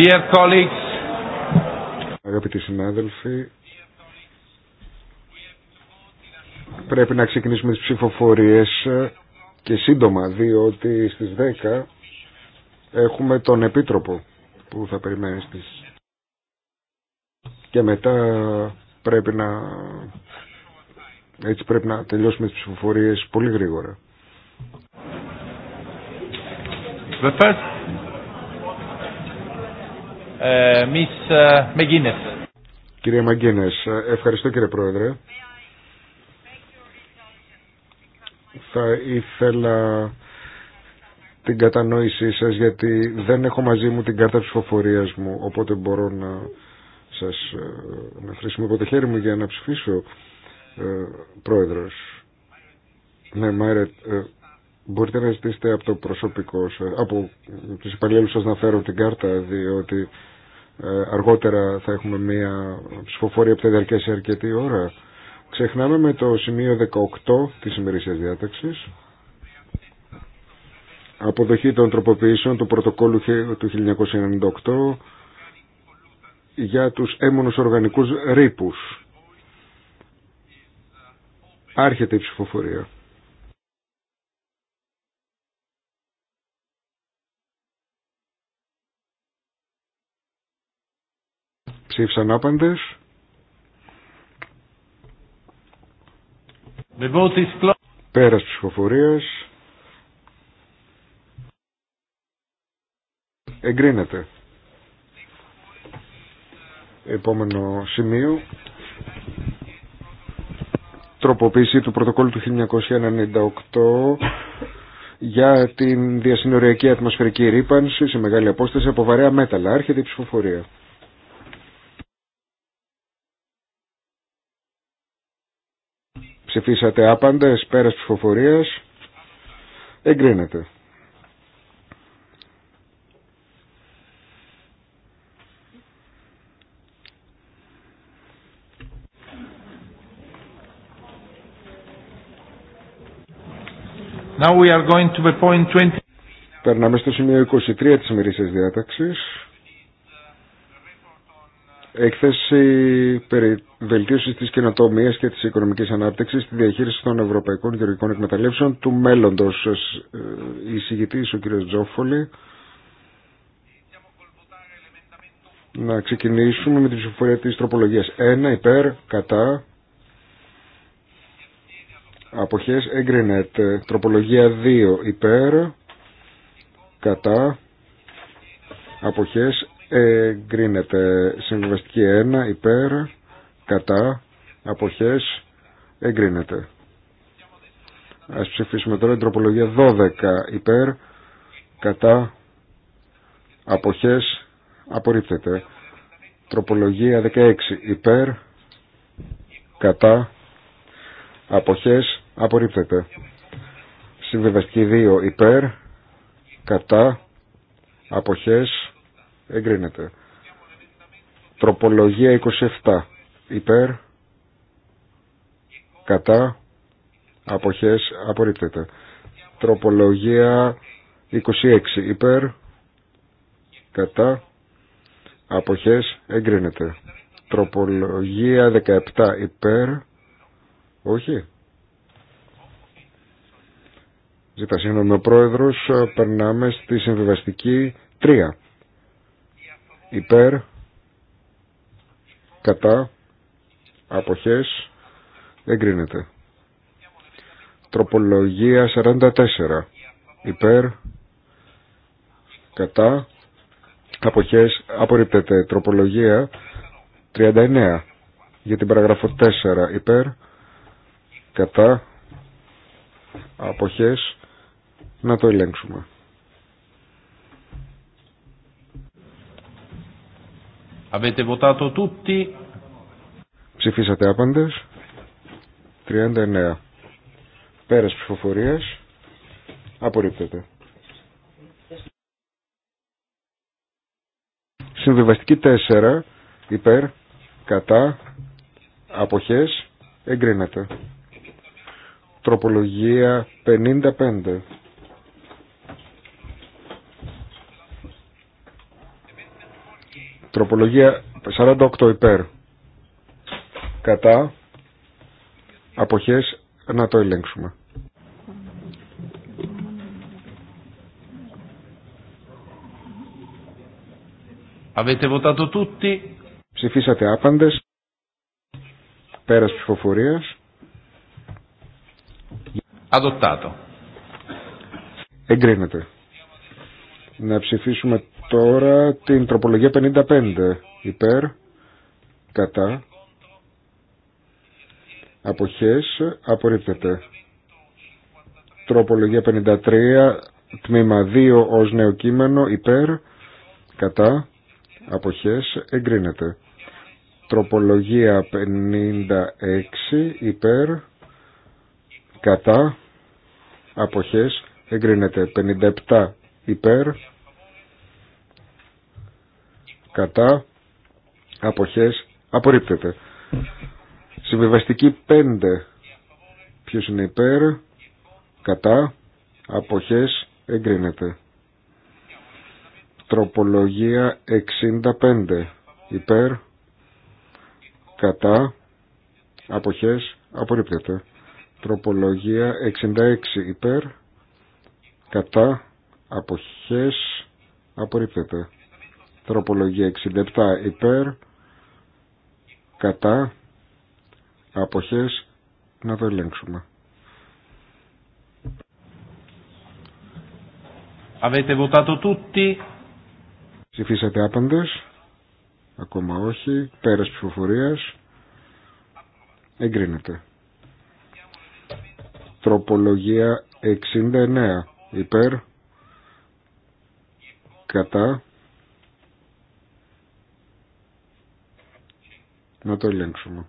Dear colleagues, Αγαπητοί συνάδελφοι, πρέπει να ξεκινήσουμε τις ψηφοφορίες και σύντομα, διότι στις 10 έχουμε τον Επίτροπο που θα περιμένει στις... Και μετά πρέπει να... Έτσι πρέπει να τελειώσουμε τις ψηφοφορίες πολύ γρήγορα. The ε, ε, κύριε Μαγκίνες, ε, ευχαριστώ κύριε Πρόεδρε. Θα ήθελα την κατανόησή σας γιατί δεν έχω μαζί μου την κάρτα ψηφοφορίας μου οπότε μπορώ να σας να χρησιμοποιώ το χέρι μου για να ψηφίσω ε, πρόεδρος. Ναι, Μάρετ, μπορείτε να ζητήσετε από το προσωπικό σας, από τους υπαλλήλους σας να φέρω την κάρτα διότι ε, αργότερα θα έχουμε μια ψηφοφορία που θα διαρκέσει αρκετή ώρα. Ξεχνάμε με το σημείο 18 της ημερήσιας διάταξης. Αποδοχή των τροποποιήσεων του πρωτοκόλου του 1998 για τους έμονους οργανικούς ρήπους. Άρχεται η ψηφοφορία. Ψήφισαν Πέρα Πέρας ψηφοφορίας. Εγκρίνεται. Επόμενο σημείο. Τροποποίηση του πρωτοκόλλου του 1998 για την διασυνοριακή ατμοσφαιρική ρήπανση σε μεγάλη απόσταση από βαρέα μέταλλα. Άρχεται η ψηφοφορία. Ψηφίσατε άπαντες, πέρας ψηφοφορίας. Εγκρίνεται. Now we are Περνάμε στο σημείο 23 της ημερήσιας διάταξης. Έκθεση περί βελτίωσης τη καινοτομία και τη οικονομική ανάπτυξη στη διαχείριση των ευρωπαϊκών γεωργικών εκμεταλλεύσεων του μέλλοντος. Ε, η ο κ. Τζόφολη. Να ξεκινήσουμε με την ψηφοφορία τη τροπολογία. 1 υπέρ, κατά, απόχέ. εγκρινέται. Τροπολογία 2 υπέρ, κατά, αποχές, εγκρίνεται συμβιβαστική 1 υπέρ κατά αποχές εγκρίνεται ας ψηφίσουμε τώρα την τροπολογία 12 υπέρ κατά αποχές απορρίπτεται τροπολογία 16 υπέρ κατά αποχές απορρίπτεται συμβιβαστική 2 υπέρ κατά αποχές Εγκρίνεται. Τροπολογία 27. Υπέρ. Κατά. Αποχές. Απορρίπτεται. Τροπολογία 26. Υπέρ. Κατά. Αποχές. Εγκρίνεται. Τροπολογία 17. Υπέρ. Όχι. Ζητά συγγνώμη ο πρόεδρος. Ε, περνάμε στη συμβιβαστική 3 υπέρ κατά αποχές εγκρίνεται τροπολογία 44 υπέρ κατά αποχές απορρίπτεται τροπολογία 39 για την παραγραφό 4 υπέρ κατά αποχές να το ελέγξουμε. Avete votato tutti? Ψηφίσατε άπαντε. 39. Πέρα ψηφοφορία, Απορρίπτεται. Συμβιβαστική 4. Υπέρ. Κατά. αποχέ, Εγκρίνεται. Τροπολογία 55. Τροπολογία 48 υπέρ. Κατά. Αποχές να το ελέγξουμε. Avete votato tutti. Ψηφίσατε άπαντες. Πέρας ψηφοφορίας. Adottato. Εγκρίνεται. Να ψηφίσουμε τώρα την τροπολογία 55 υπέρ κατά αποχές απορρίπτεται τροπολογία 53 τμήμα 2 ως νέο κείμενο υπέρ κατά αποχές εγκρίνεται τροπολογία 56 υπέρ κατά αποχές εγκρίνεται 57 υπέρ κατά αποχές απορρίπτεται συμβιβαστική 5 ποιος είναι υπέρ κατά αποχές εγκρίνεται τροπολογία 65 υπέρ κατά αποχές απορρίπτεται τροπολογία 66 υπέρ κατά αποχές απορρίπτεται Τροπολογία 67 υπέρ, κατά, αποχές, να το ελέγξουμε. Avete votato tutti? Ψηφίσατε άπαντες. Ακόμα όχι. Πέρας ψηφοφορίας. Εγκρίνεται. Τροπολογία 69. Υπέρ. Κατά. Να το ελέγξουμε.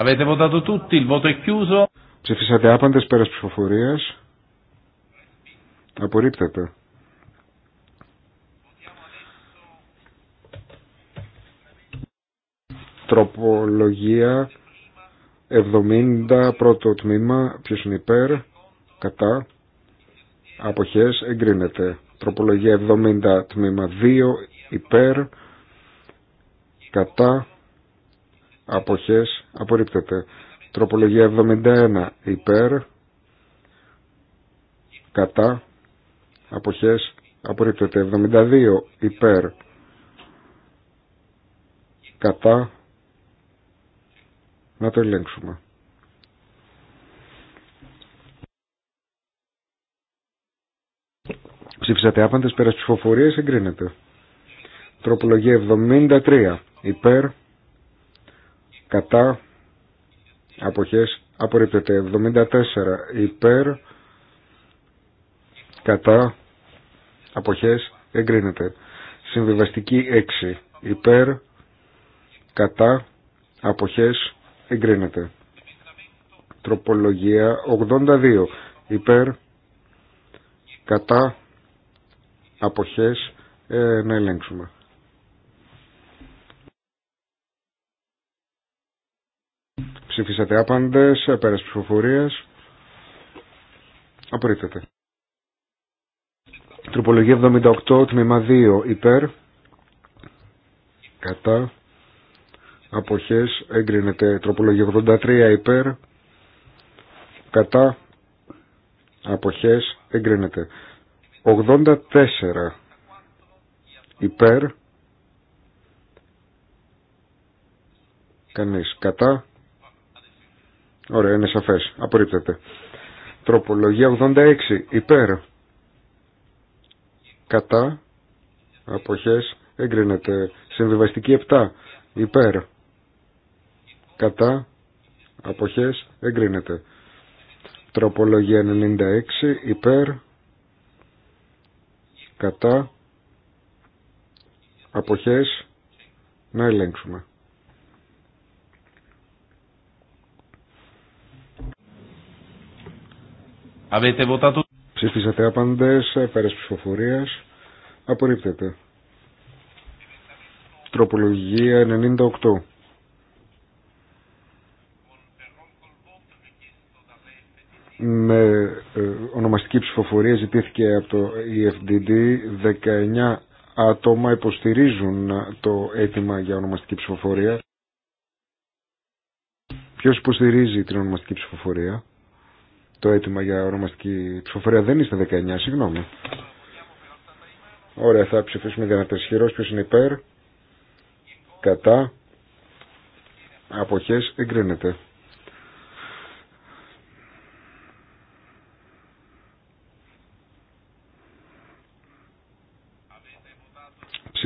Avete votato tutti, il voto è chiuso. Ψηφίσατε άπαντες πέρας ψηφοφορίας. Απορρίπτεται. Τροπολογία 70 πρώτο τμήμα. Ποιος είναι υπέρ, κατά, αποχές, εγκρίνεται. Τροπολογία 70 τμήμα 2 υπέρ κατά αποχές απορρίπτεται. Τροπολογία 71 υπέρ κατά αποχές απορρίπτεται. 72 υπέρ κατά να το ελέγξουμε. Ψήφισατε πέρα στι ψηφοφορίε εγκρίνεται. Τροπολογία 73 υπέρ κατά απόχέ, απορρίπτεται 74 υπέρ κατά απόχέ, εγκρίνεται συμβιβαστική 6 υπέρ κατά αποχές εγκρίνεται τροπολογία 82 υπέρ κατά αποχές ε, να ελέγξουμε. Ψηφίσατε άπαντες, πέρας ψηφοφορίας. Απορρίπτεται. Τροπολογία 78, τμήμα 2, υπέρ. Κατά. Αποχές, έγκρινεται. Τροπολογία 83, υπέρ. Κατά. Αποχές, έγκρινεται. 84 υπέρ κανείς κατά ωραία είναι σαφές απορρίπτεται τροπολογία 86 υπέρ κατά αποχές εγκρίνεται συμβιβαστική 7 υπέρ κατά αποχές εγκρίνεται τροπολογία 96 υπέρ κατά αποχές να ελέγξουμε. Ψηφίσατε άπαντες, πέρας ψηφοφορίας, απορρίπτεται. Τροπολογία 98. με ε, ονομαστική ψηφοφορία ζητήθηκε από το EFDD 19 άτομα υποστηρίζουν το αίτημα για ονομαστική ψηφοφορία. Ποιος υποστηρίζει την ονομαστική ψηφοφορία, το αίτημα για ονομαστική ψηφοφορία δεν είστε 19, συγγνώμη. Ωραία, θα ψηφίσουμε να τεσχυρώ, ποιος είναι υπέρ, κατά, αποχές, εγκρίνεται.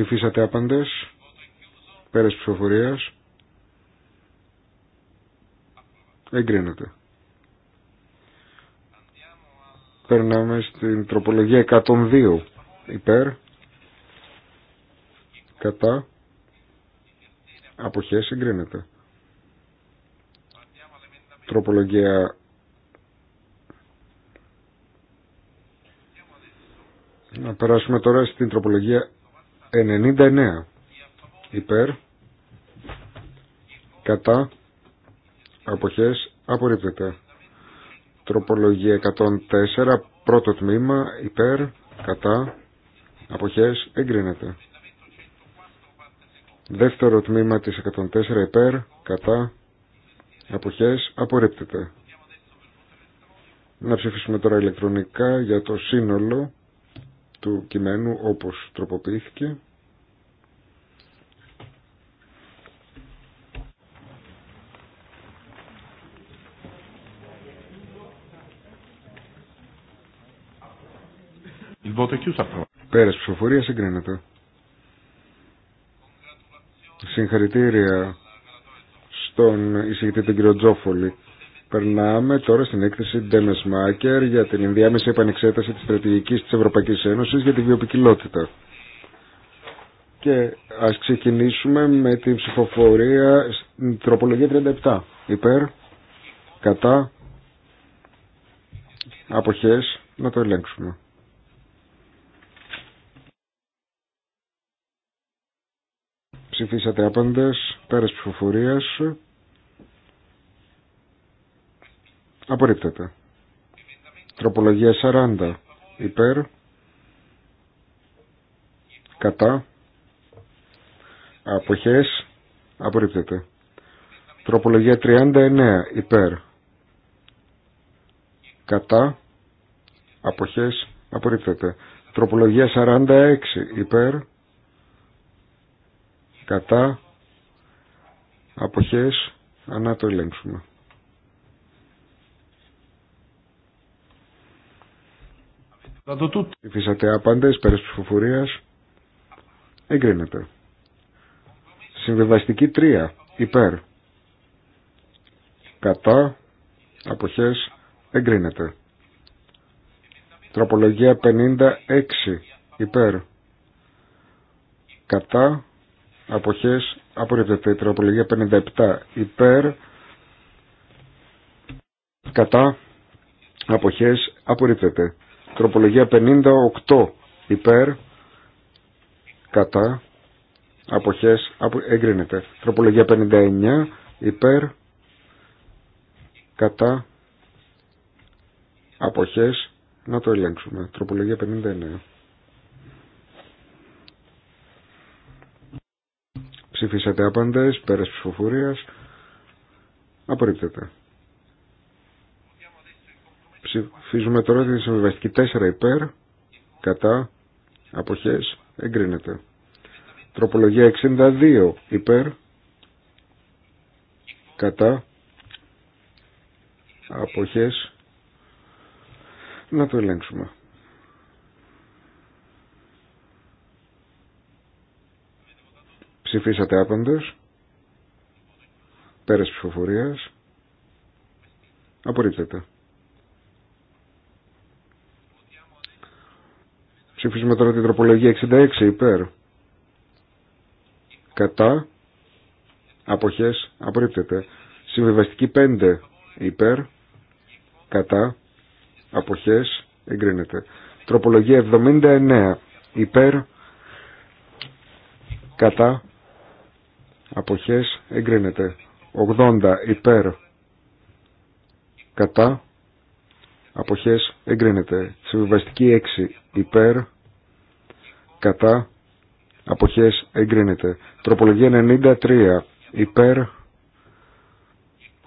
Ψηφίσατε άπαντες. Πέρας ψηφοφορίας. Εγκρίνεται. Περνάμε στην τροπολογία 102. Υπέρ. Κατά. Αποχές εγκρίνεται. Τροπολογία να περάσουμε τώρα στην τροπολογία 99 υπέρ κατά αποχές απορρίπτεται τροπολογία 104 πρώτο τμήμα υπέρ κατά αποχές εγκρίνεται δεύτερο τμήμα της 104 υπέρ κατά αποχές απορρίπτεται να ψηφίσουμε τώρα ηλεκτρονικά για το σύνολο του κειμένου όπως τροποποιήθηκε. Πέρας ψηφοφορία συγκρίνεται. Συγχαρητήρια στον εισηγητή τον κύριο Τζόφολη. Περνάμε τώρα στην έκθεση Dennis Macker για την ενδιάμεση επανεξέταση της στρατηγικής της Ευρωπαϊκής Ένωσης για τη βιοποικιλότητα. Και ας ξεκινήσουμε με την ψηφοφορία στην τροπολογία 37. Υπέρ, κατά, αποχές, να το ελέγξουμε. Ψηφίσατε άπαντες, πέρας ψηφοφορίας, Απορρίπτεται. Τροπολογία 40. Υπέρ. Κατά. Αποχές. Απορρίπτεται. Τροπολογία 39. Υπέρ. Κατά. Αποχές. Απορρίπτεται. Τροπολογία 46. Υπέρ. Κατά. Αποχές. Ανά το Ψηφίσατε άπαντες, πέρας ψηφοφορίας. Εγκρίνεται. Συμβεβαστική 3. Υπέρ. Κατά. Αποχές. Εγκρίνεται. Τροπολογία 56. Υπέρ. Κατά. Αποχές. Απορρίπτεται. Τροπολογία 57. Υπέρ. Κατά. Αποχές. Απορρίπτεται. Τροπολογία 58 υπέρ, κατά, αποχές, εγκρίνεται. Τροπολογία 59 υπέρ, κατά, αποχές, να το ελέγξουμε. Τροπολογία 59. Ψηφίσατε άπαντες, πέρας ψηφοφορίας, απορρίπτεται. Ψηφίζουμε τώρα τη συμβιβαστική 4 υπέρ, κατά, αποχές, εγκρίνεται. Τροπολογία 62 υπέρ, κατά, αποχές, να το ελέγξουμε. Ψηφίσατε άπαντες, πέρας ψηφοφορίας, απορρίπτεται. Ψηφίσουμε τώρα την τροπολογία 66 υπέρ. Κατά. Αποχές. Απορρίπτεται. Συμβεβαστική 5 υπέρ. Κατά. Αποχές. Εγκρίνεται. Τροπολογία 79 υπέρ. Κατά. Αποχές. Εγκρίνεται. 80 υπέρ. Κατά αποχές εγκρίνεται. Συμβιβαστική 6 υπέρ, κατά, αποχές εγκρίνεται. Τροπολογία 93 υπέρ,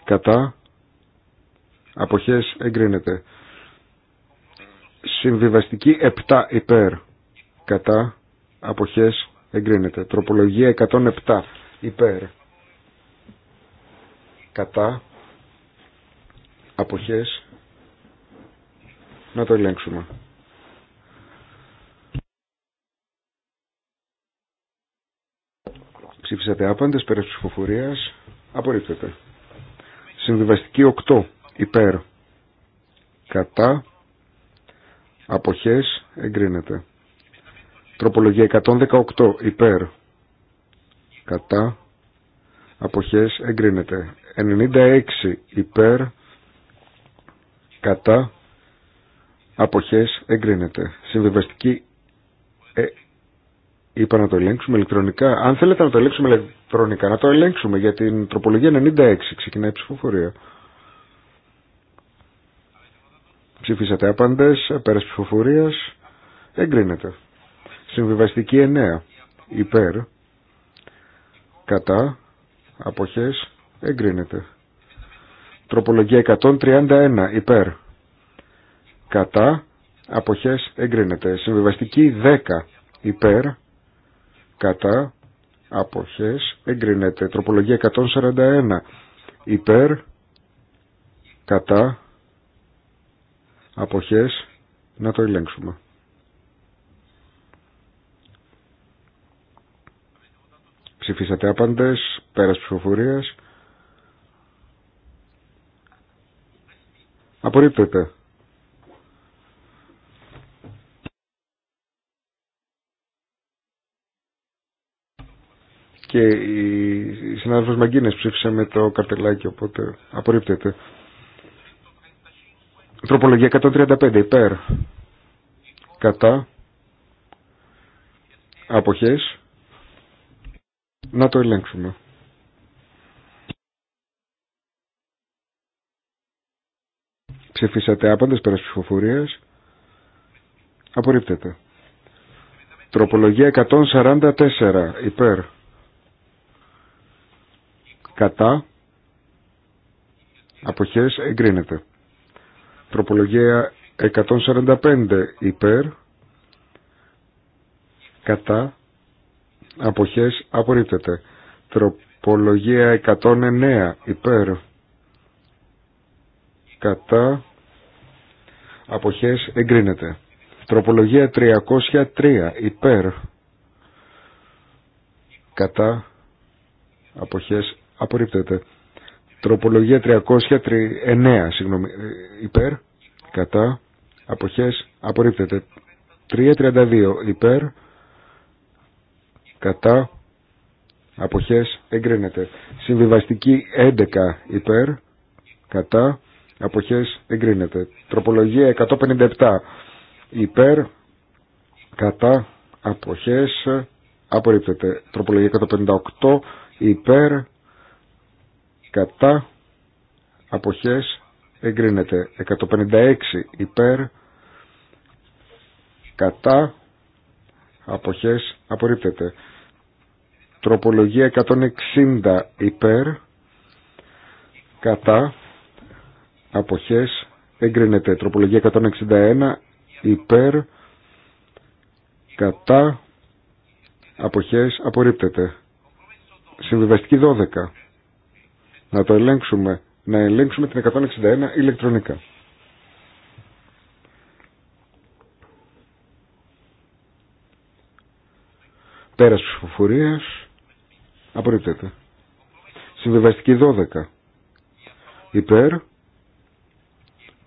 κατά, αποχές εγκρίνεται. Συμβιβαστική 7 υπέρ, κατά, αποχές εγκρίνεται. Τροπολογία 107 υπέρ, κατά, αποχές να το ελέγξουμε. Ψήφισατε άπαντες πέρα της ψηφοφορίας. Απορρίπτεται. Συμβιβαστική 8. Υπέρ. Κατά. Αποχές. Εγκρίνεται. Τροπολογία 118. Υπέρ. Κατά. Αποχές. Εγκρίνεται. 96. Υπέρ. Κατά Αποχές εγκρίνεται. Συμβιβαστική ε, είπα να το ελέγξουμε ηλεκτρονικά. Αν θέλετε να το ελέγξουμε ηλεκτρονικά, να το ελέγξουμε για την τροπολογία 96. Ξεκινάει η ψηφοφορία. Ψηφίσατε απαντέ, πέρας ψηφοφορίας, εγκρίνεται. Συμβιβαστική 9. Υπέρ. Κατά. Αποχές. Εγκρίνεται. Τροπολογία 131. Υπέρ κατά αποχές εγκρίνεται. Συμβιβαστική 10 υπέρ κατά αποχές εγκρίνεται. Τροπολογία 141 υπέρ κατά αποχές να το ελέγξουμε. Ψηφίσατε άπαντες, πέρας ψηφοφορίας. Απορρίπτεται. και η συνάδελφος Μαγκίνες ψήφισε με το καρτελάκι οπότε απορρίπτεται τροπολογία 135 υπέρ κατά αποχές να το ελέγξουμε ψηφίσατε άπαντες πέρας ψηφοφορίας απορρίπτεται τροπολογία 144 υπέρ κατά αποχές εγκρίνεται. Τροπολογία 145 υπέρ κατά αποχές απορρίπτεται. Τροπολογία 109 υπέρ κατά αποχές εγκρίνεται. Τροπολογία 303 υπέρ κατά αποχές απορρίπτεται. Τροπολογία 309, συγγνώμη, ε, υπέρ, κατά, αποχές, απορρίπτεται. 332, υπέρ, κατά, αποχές, εγκρίνεται. Συμβιβαστική 11, υπέρ, κατά, αποχές, εγκρίνεται. Τροπολογία 157, υπέρ, κατά, αποχές, απορρίπτεται. Τροπολογία 158, υπέρ, κατά αποχές εγκρίνεται 156 υπέρ κατά αποχές απορρίπτεται τροπολογία 160 υπέρ κατά αποχές εγκρίνεται τροπολογία 161 υπέρ κατά αποχές απορρίπτεται συμβιβαστική 12 να το ελέγξουμε, να ελέγξουμε την 161 ηλεκτρονικά. Πέρας ψηφοφορίας, απορρίπτεται. Συμβιβαστική 12. Υπέρ,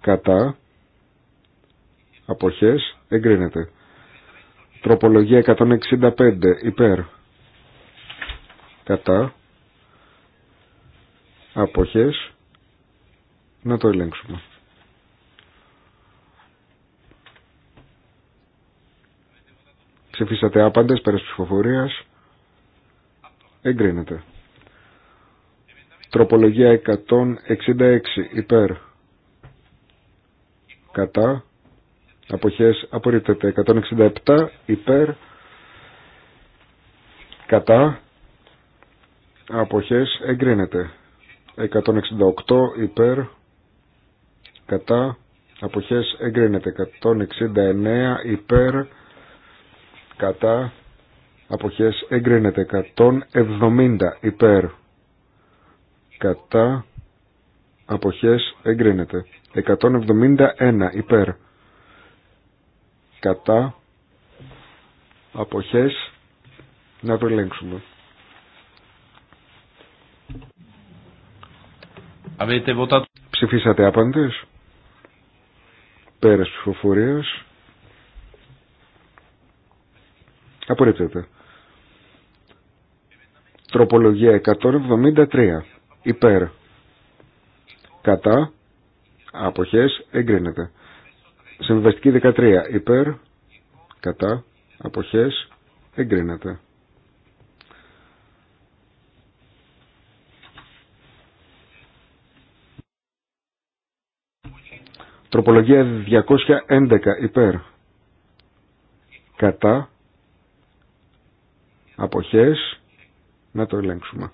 κατά, αποχές, εγκρίνεται. Τροπολογία 165, υπέρ, κατά, αποχές να το ελέγξουμε. Ξεφίσατε άπαντες πέρας ψηφοφορίας. Εγκρίνεται. Τροπολογία 166 υπέρ. Κατά. Αποχές απορρίπτεται. 167 υπέρ. Κατά. Αποχές εγκρίνεται. 168 υπέρ κατά αποχές εγκρίνεται 169 υπέρ κατά αποχές εγκρίνεται 170 υπέρ κατά αποχές εγκρίνεται 171 υπέρ κατά αποχές να το ελέγξουμε Ψηφίσατε άπαντες. Πέρας ψηφοφορίας. Απορρίπτεται. Τροπολογία 173. Υπέρ. Κατά. Αποχές. Εγκρίνεται. Συμβεβαστική 13. Υπέρ. Κατά. Αποχές. Εγκρίνεται. Τροπολογία 211 υπέρ. Κατά. Αποχές. Να το ελέγξουμε.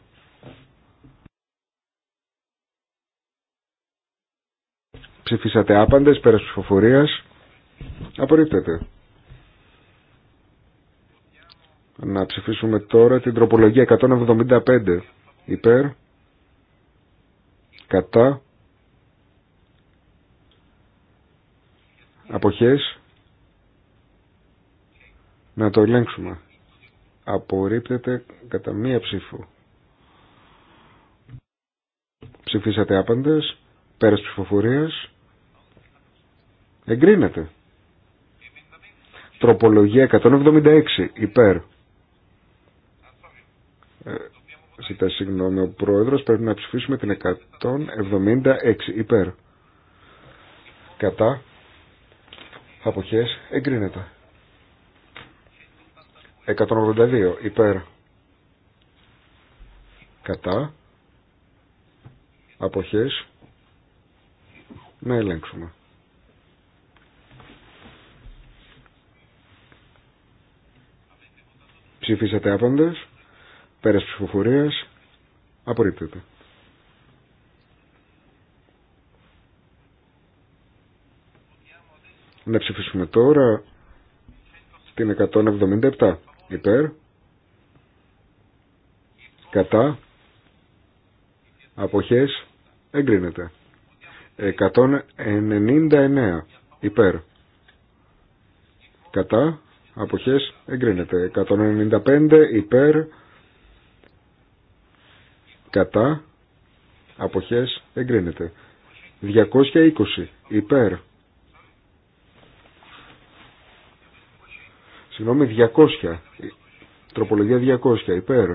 Ψηφίσατε άπαντες πέρα φοφορίας. Απορρίπτεται. Να ψηφίσουμε τώρα την τροπολογία 175 υπέρ. Κατά. Αποχές. Να το ελέγξουμε. Απορρίπτεται κατά μία ψήφο. Ψηφίσατε άπαντες. Πέρας ψηφοφορίας. Εγκρίνεται. Τροπολογία 176 υπέρ. Ε, συγγνώμη ο πρόεδρος. Πρέπει να ψηφίσουμε την 176 υπέρ. Κατά αποχές εγκρίνεται 182 υπέρ κατά αποχές να ελέγξουμε ψηφίσατε άπαντες πέρας ψηφοφορίας απορρίπτεται Να ψηφίσουμε τώρα την 177 υπέρ κατά αποχές εγκρίνεται 199 υπέρ κατά αποχές εγκρίνεται 195 υπέρ κατά αποχές εγκρίνεται 220 υπέρ Συγγνώμη, 200. Τροπολογία 200. Υπέρ.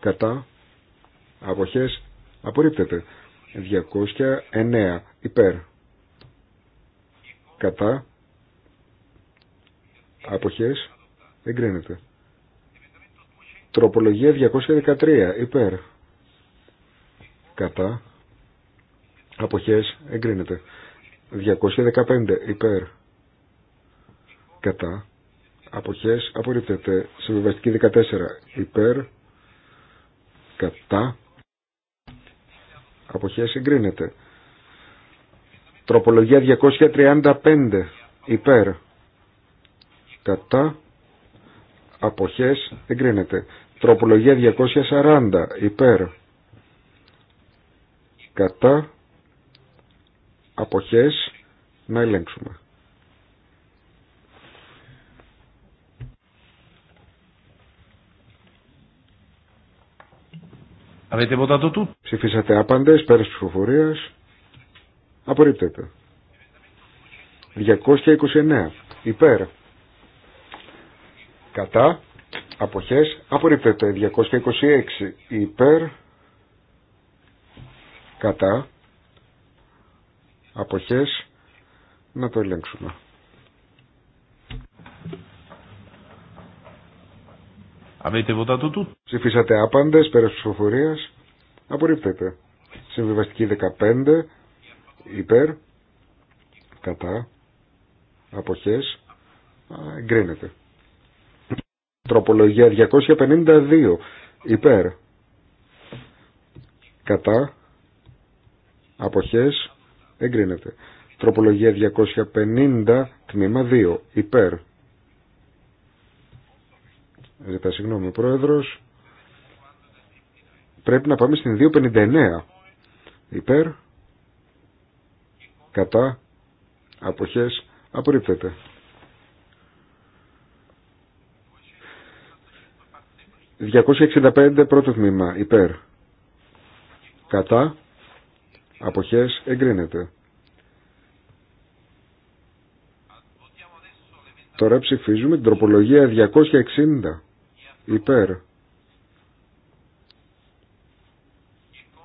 Κατά. Αποχές. Απορρίπτεται. 209. Υπέρ. Κατά. Αποχές. Εγκρίνεται. Τροπολογία 213. Υπέρ. Κατά. Αποχές. Εγκρίνεται. 215. Υπέρ. Κατά αποχές απορρίπτεται. Συμβιβαστική 14 υπέρ κατά αποχές εγκρίνεται. Τροπολογία 235 υπέρ κατά αποχές εγκρίνεται. Τροπολογία 240 υπέρ κατά αποχές να ελέγξουμε. το Ψηφίσατε άπαντε, πέρα τη ψηφοφορία. Απορρίπτεται. 229. Υπέρ. Κατά. Αποχές. Απορρίπτεται. 226. Υπέρ. Κατά. Αποχές. Να το ελέγξουμε. βοτά το Ψηφίσατε άπαντε πέρα ψηφοφορία. Απορρίπτεται. Συμβιβαστική 15 υπέρ κατά απόχέ. εγκρίνεται. Τροπολογία 252 υπέρ κατά αποχές εγκρίνεται. Τροπολογία 250 τμήμα 2 υπέρ Ζητά συγγνώμη ο Πρόεδρος. Πρέπει να πάμε στην 259. Υπέρ. Κατά. Αποχές. Απορρίπτεται. «265 πρώτο τμήμα υπέρ» «Κατά» «Αποχές» «Εγκρίνεται» Τώρα ψηφίζουμε την τροπολογία 260 υπέρ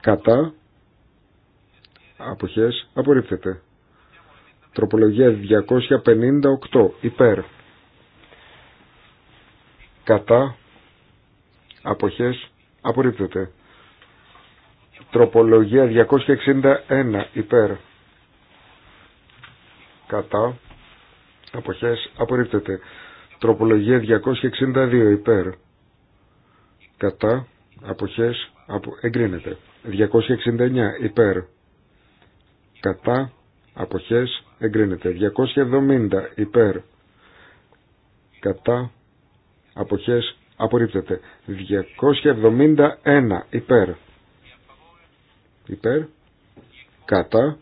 κατά αποχές απορρίπτεται τροπολογία 258 υπέρ κατά αποχές απορρίπτεται τροπολογία 261 υπέρ κατά αποχές απορρίπτεται τροπολογία 262 υπέρ κατά αποχές εγκρίνεται 269 υπέρ κατά αποχές εγκρίνεται 270 υπέρ κατά αποχές απορρίπτεται 271 υπέρ υπέρ κατά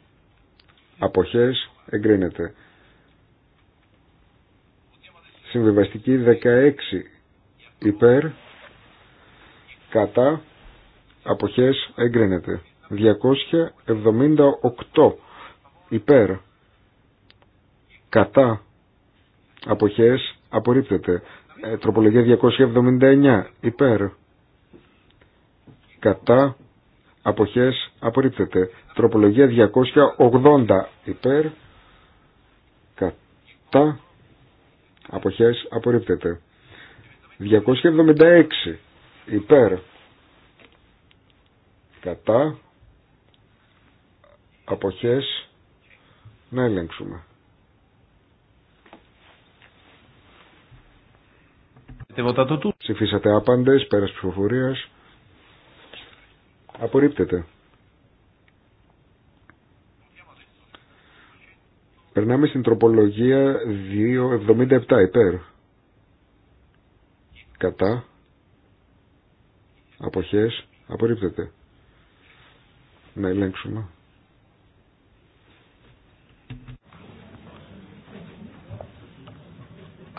αποχές εγκρίνεται συμβιβαστική 16 υπέρ κατά αποχές εγκρίνεται 278 ε, υπέρ κατά αποχές απορρίπτεται τροπολογία 279 υπέρ κατά αποχές απορρίπτεται τροπολογία 280 υπέρ κατά αποχές απορρίπτεται 276 υπέρ κατά αποχές να ελέγξουμε. Ψηφίσατε άπαντες, πέρας ψηφοφορίας. Απορρίπτεται. Περνάμε στην τροπολογία 2.77 υπέρ. Κατά αποχές απορρίπτεται. Να ελέγξουμε.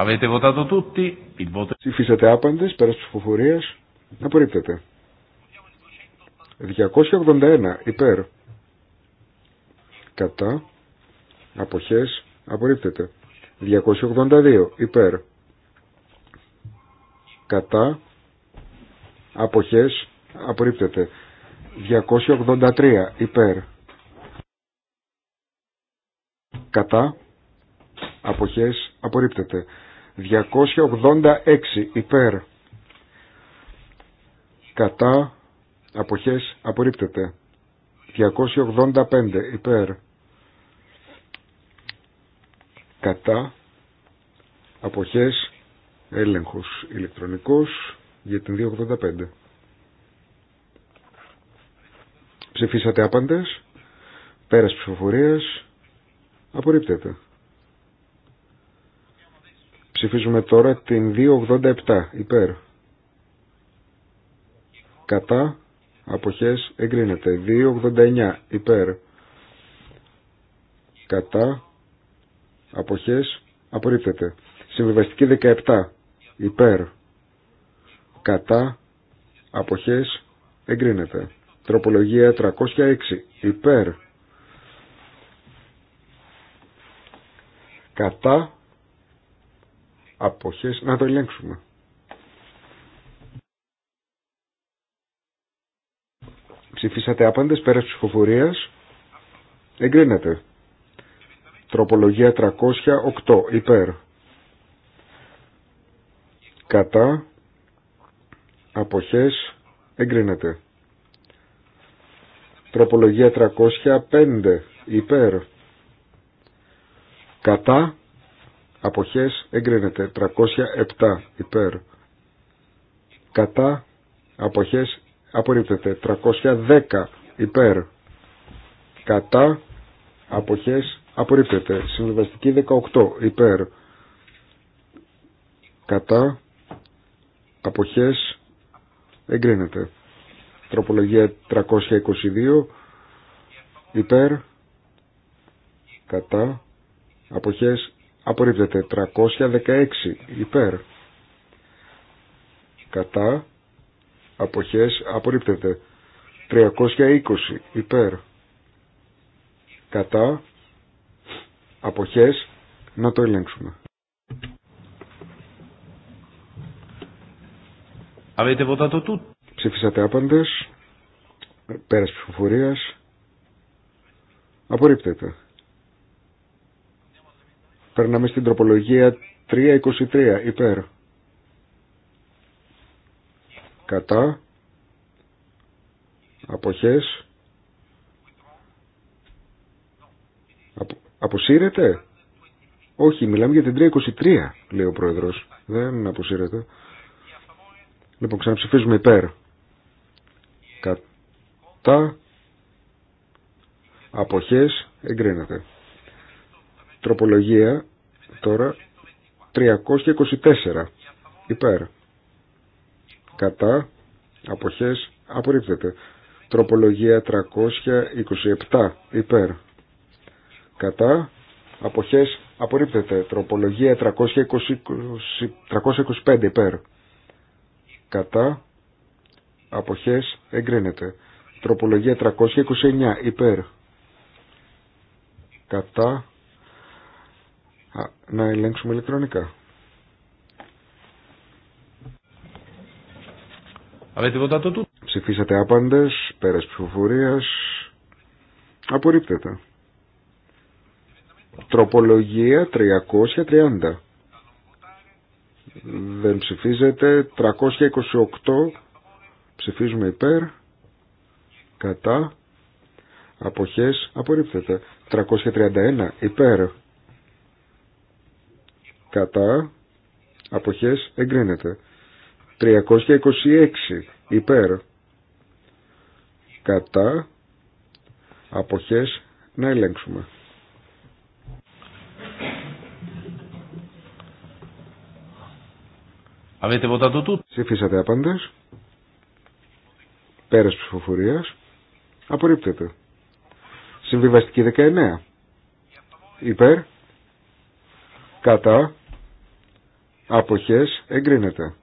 Avete votato tutti, il voto... Ψηφίσατε άπαντες, πέρας ψηφοφορίας, απορρίπτεται. 281 υπέρ. Κατά. Αποχές. Απορρίπτεται. 282 υπέρ. Κατά αποχές απορρίπτεται 283 υπέρ κατά αποχές απορρίπτεται 286 υπέρ κατά αποχές απορρίπτεται 285 υπέρ κατά αποχές έλεγχος ηλεκτρονικός για την 285. Ψηφίσατε άπαντες. Πέρας ψηφοφορίας. Απορρίπτεται. Ψηφίζουμε τώρα την 287 υπέρ. Κατά. Αποχές εγκρίνεται. 289 υπέρ. Κατά. Αποχές απορρίπτεται. Συμβιβαστική 17 υπέρ κατά αποχές εγκρίνεται. Τροπολογία 306 υπέρ κατά αποχές να το ελέγξουμε. Ψηφίσατε άπαντες πέρα της ψηφοφορίας. Εγκρίνεται. Τροπολογία 308 υπέρ. Κατά αποχές εγκρίνεται. Τροπολογία 305 υπέρ κατά αποχές εγκρίνεται. 307 υπέρ κατά αποχές απορρίπτεται. 310 υπέρ κατά αποχές απορρίπτεται. Συμβιβαστική 18 υπέρ κατά αποχές εγκρίνεται. Τροπολογία 322 υπέρ κατά αποχές απορρίπτεται. 316 υπέρ κατά αποχές απορρίπτεται. 320 υπέρ κατά αποχές να το ελέγξουμε. το Ψήφισατε άπαντες. Πέρας ψηφοφορίας. Απορρίπτεται. Περνάμε στην τροπολογία 323 υπέρ. Κατά. Αποχές. Αποσύρεται. Όχι, μιλάμε για την 323, λέει ο πρόεδρος. Δεν αποσύρεται. Λοιπόν, ξαναψηφίζουμε υπέρ. Κατά. Αποχές. Εγκρίνεται. Τροπολογία. Τώρα. 324. Υπέρ. Κατά. Αποχές. Απορρίπτεται. Τροπολογία 327. Υπέρ. Κατά. Αποχές. Απορρίπτεται. Τροπολογία 320, 325. Υπέρ κατά αποχές εγκρίνεται. Τροπολογία 329 υπέρ κατά να ελέγξουμε ηλεκτρονικά. Ψηφίσατε άπαντες, πέρας ψηφοφορίας, απορρίπτεται. Τροπολογία 330 δεν ψηφίζεται 328 ψηφίζουμε υπέρ κατά αποχές απορρίπτεται 331 υπέρ κατά αποχές εγκρίνεται 326 υπέρ κατά αποχές να ελέγξουμε Avete votato tutti. Ψηφίσατε άπαντες. τη ψηφοφορίας. Απορρίπτεται. Συμβιβαστική 19. Υπέρ. Κατά. Αποχές. Εγκρίνεται.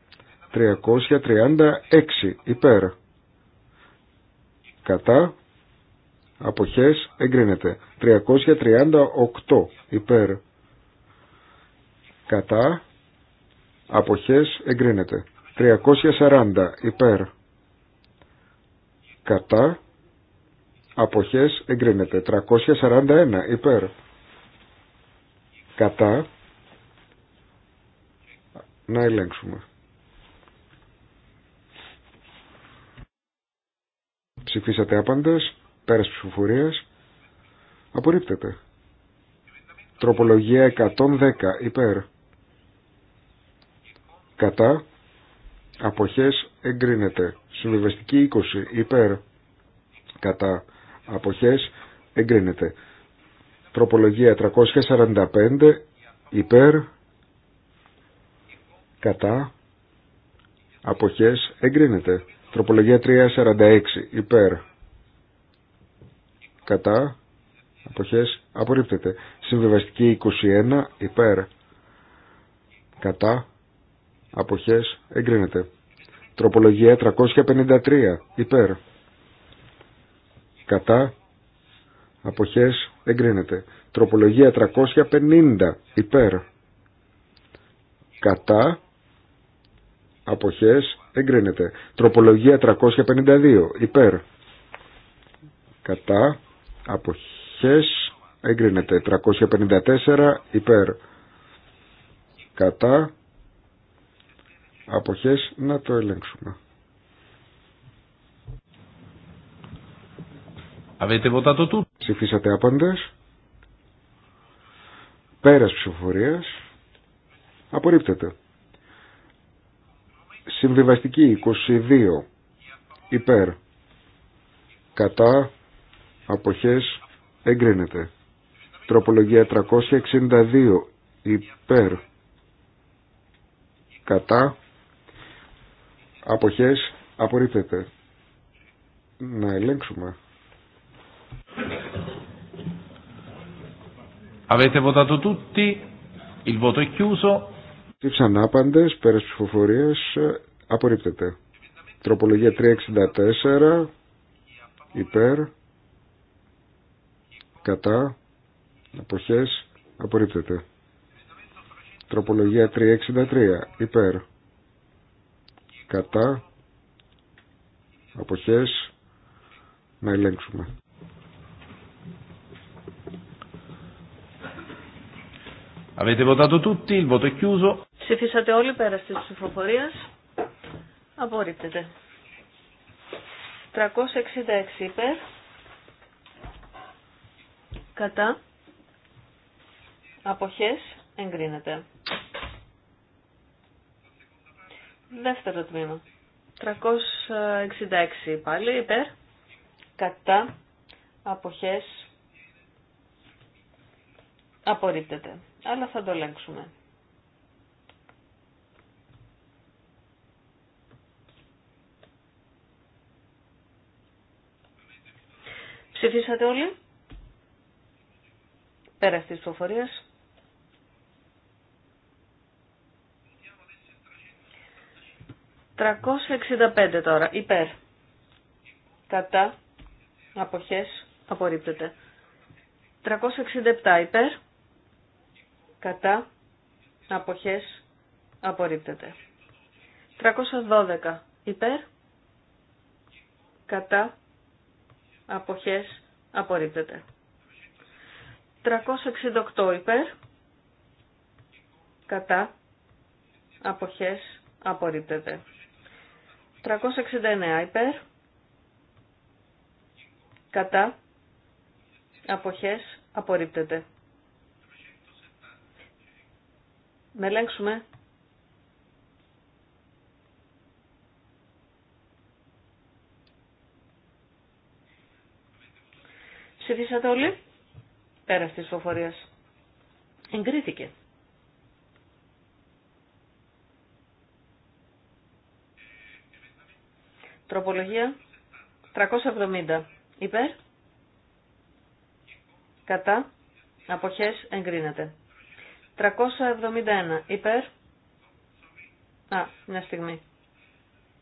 336. Υπέρ. Κατά. Αποχές. Εγκρίνεται. 338. Υπέρ. Κατά Αποχές εγκρίνεται. 340 υπέρ. Κατά. Αποχές εγκρίνεται. 341 υπέρ. Κατά. Να ελέγξουμε. Ψηφίσατε άπαντες. Πέρας ψηφοφορίας. Απορρίπτεται. Τροπολογία 110 υπέρ κατά αποχές εγκρίνεται συμβιβαστική 20 υπέρ κατά αποχές εγκρίνεται τροπολογία 345 υπέρ κατά αποχές εγκρίνεται τροπολογία 346 υπέρ κατά αποχές απορρίπτεται συμβιβαστική 21 υπέρ κατά Αποχές εγκρίνεται. Τροπολογία 353 υπέρ. Κατά. Αποχές εγκρίνεται. Τροπολογία 350 υπέρ. Κατά. Αποχές εγκρίνεται. Τροπολογία 352 υπέρ. Κατά. Αποχές εγκρίνεται. 354 υπέρ. Κατά αποχές να το ελέγξουμε. Ψηφίσατε άπαντες. Πέρας ψηφοφορίας. Απορρίπτεται. Συμβιβαστική 22 υπέρ κατά αποχές εγκρίνεται. Τροπολογία 362 υπέρ κατά Αποχές απορρίπτεται. Να ελέγξουμε. Avete votato tutti, il voto è chiuso. άπαντες, πέρας ψηφοφορίας, απορρίπτεται. Τροπολογία 364, υπέρ, κατά, αποχές, απορρίπτεται. Τροπολογία 363, υπέρ, κατά αποχές να ελέγξουμε. Avete votato tutti, il voto όλοι πέρα τη ψηφοφορία. Απορρίπτεται. 366 υπέρ. Κατά. Αποχές εγκρίνεται. Δεύτερο τμήμα. 366 πάλι υπέρ. Κατά. Αποχές. Απορρίπτεται. Αλλά θα το ελέγξουμε. Ψηφίσατε όλοι. Πέρα της 365 τώρα, υπέρ. Κατά, αποχές, απορρίπτεται. 367 υπέρ, κατά, αποχές, απορρίπτεται. 312 υπέρ, κατά, αποχές, απορρίπτεται. 368 υπέρ, κατά, αποχές, απορρίπτεται. 369 υπέρ, κατά, αποχές, απορρίπτεται. Να ελέγξουμε. Ψηφίσατε όλοι. Πέρα τη Εγκρίθηκε. Τροπολογία 370. Υπέρ. Κατά. Αποχές εγκρίνεται. 371. Υπέρ. Α, μια στιγμή.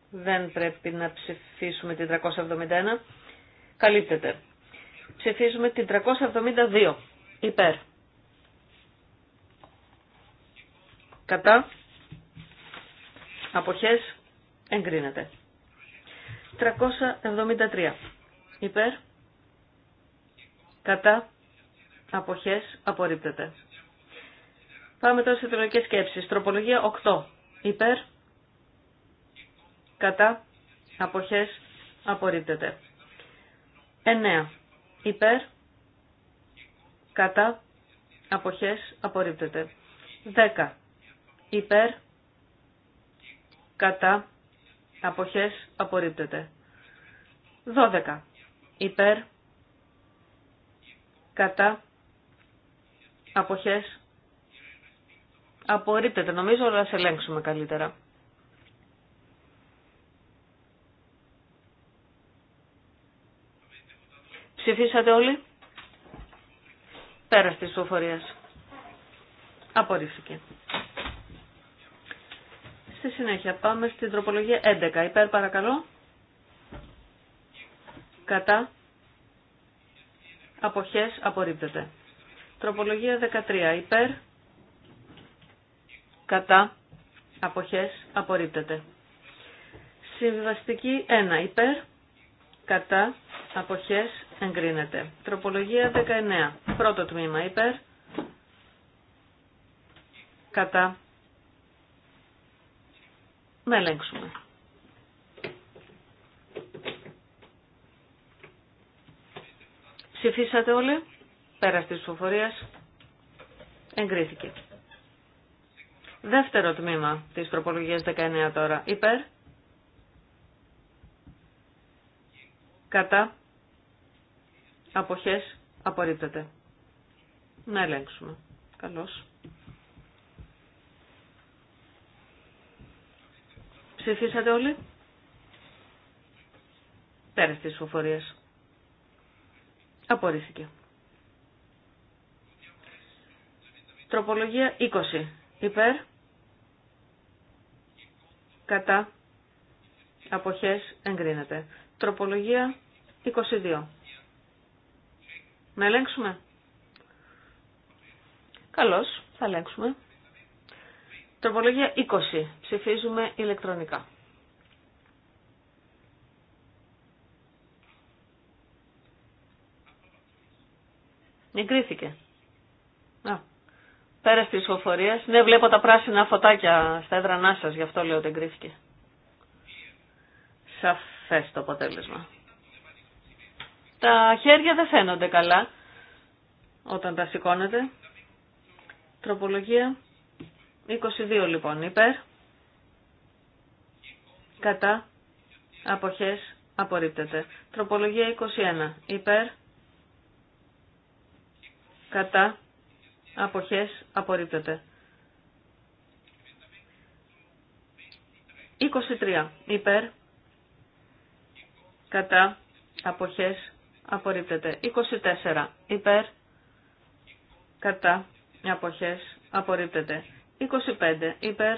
Δεν πρέπει να ψηφίσουμε την 371. Καλύπτεται. Ψηφίζουμε την 372. Υπέρ. Κατά. Αποχές εγκρίνεται. 373. Υπέρ. Κατά. Αποχές. Απορρίπτεται. Πάμε τώρα σε τελευταίες σκέψεις. Τροπολογία 8. Υπέρ. Κατά. Αποχές. Απορρίπτεται. 9. Υπέρ. Κατά. Αποχές. Απορρίπτεται. 10. Υπέρ. Κατά. Αποχές απορρίπτεται. 12. Υπέρ. Κατά. Αποχές. Απορρίπτεται. Νομίζω να σε ελέγξουμε καλύτερα. Ψηφίσατε όλοι. Πέρα της ψηφοφορίας. Απορρίφθηκε. Στη συνέχεια πάμε στην τροπολογία 11. Υπέρ παρακαλώ. Κατά. Αποχές απορρίπτεται. Τροπολογία 13. Υπέρ. Κατά. Αποχές απορρίπτεται. Συμβαστική 1. Υπέρ. Κατά. Αποχές εγκρίνεται. Τροπολογία 19. Πρώτο τμήμα. Υπέρ. Κατά να ελέγξουμε. Ψηφίσατε όλοι. Πέρα τη ψηφοφορία. Εγκρίθηκε. Δεύτερο τμήμα της τροπολογίας 19 τώρα. Υπέρ. Κατά. Αποχές. Απορρίπτεται. Να ελέγξουμε. Καλώς. Ψηφίσατε όλοι. Πέρασε τις ψηφοφορίες. Απορρίφθηκε. Τροπολογία 20. Υπέρ. Κατά. Αποχές εγκρίνεται. Τροπολογία 22. Να ελέγξουμε. Καλώς, θα ελέγξουμε. Τροπολογία 20. Ψηφίζουμε ηλεκτρονικά. Εγκρίθηκε. Α, πέρα τη ψηφοφορία. Ναι, βλέπω τα πράσινα φωτάκια στα έδρανά σα, γι' αυτό λέω ότι εγκρίθηκε. Σαφέ το αποτέλεσμα. Τα χέρια δεν φαίνονται καλά όταν τα σηκώνετε. Τροπολογία 22 λοιπόν υπέρ. Κατά. Αποχές. Απορρίπτεται. Τροπολογία 21 υπέρ. Κατά. Αποχές. Απορρίπτεται. 23 υπέρ. Κατά. Αποχές. Απορρίπτεται. 24 υπέρ. Κατά. Αποχές. Απορρίπτεται. 25 υπέρ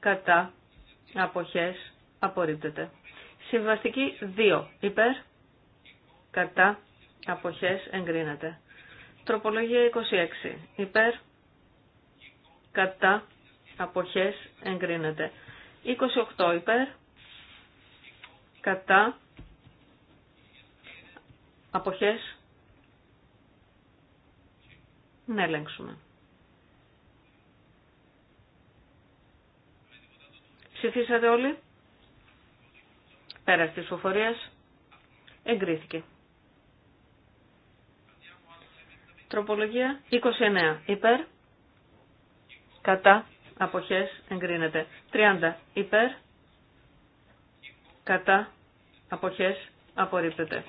κατά αποχές απορρίπτεται. Συμβαστική 2 υπέρ κατά αποχές εγκρίνεται. Τροπολογία 26 υπέρ κατά αποχές εγκρίνεται. 28 υπέρ κατά αποχές να ελέγξουμε. Ψηφίσατε όλοι. πέρα τη ψηφοφορίας. Εγκρίθηκε. Τροπολογία 29. Υπέρ. Κατά. Αποχές. Εγκρίνεται. 30. Υπέρ. Κατά. Αποχές. Απορρίπτεται.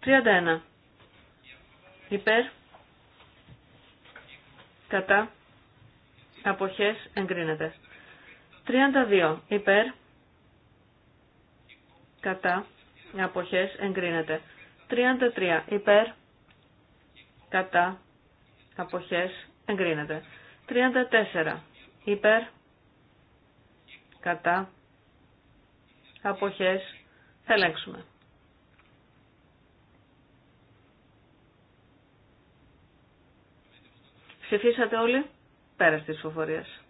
31. Υπέρ. Κατά. Αποχές. Εγκρίνεται. 32 υπέρ κατά αποχές εγκρίνεται. 33 υπέρ κατά αποχές εγκρίνεται. 34 υπέρ κατά αποχές θα ελέγξουμε. Ψηφίσατε όλοι πέρα της ψηφοφορίας.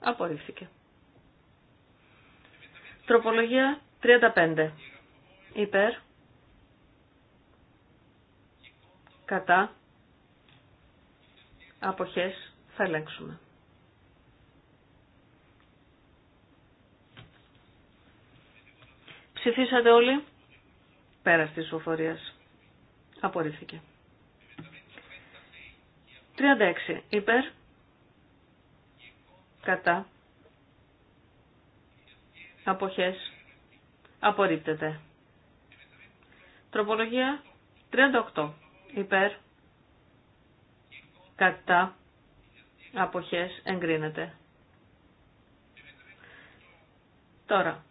Απορρίφθηκε. Τροπολογία 35. Υπέρ. Κατά. Αποχές. Θα ελέγξουμε. Ψηφίσατε όλοι. Πέρα της ψηφοφορίας. Απορρίφθηκε. 36. Υπέρ κατά, αποχές, απορρίπτεται. Τροπολογία 38. Υπέρ, κατά, αποχές, εγκρίνεται. Τώρα,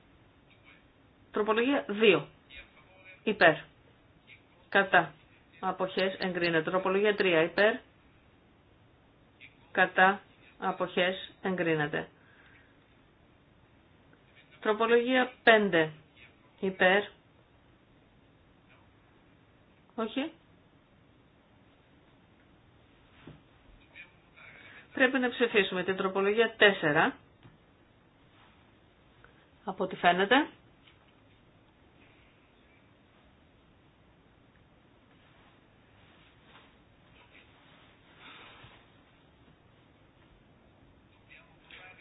τροπολογία 2. Υπέρ, κατά, αποχές, εγκρίνεται. Τροπολογία 3. Υπέρ, κατά, αποχές εγκρίνεται. Τροπολογία 5 υπέρ. Όχι. Πρέπει να ψηφίσουμε την τροπολογία 4. Από ό,τι φαίνεται.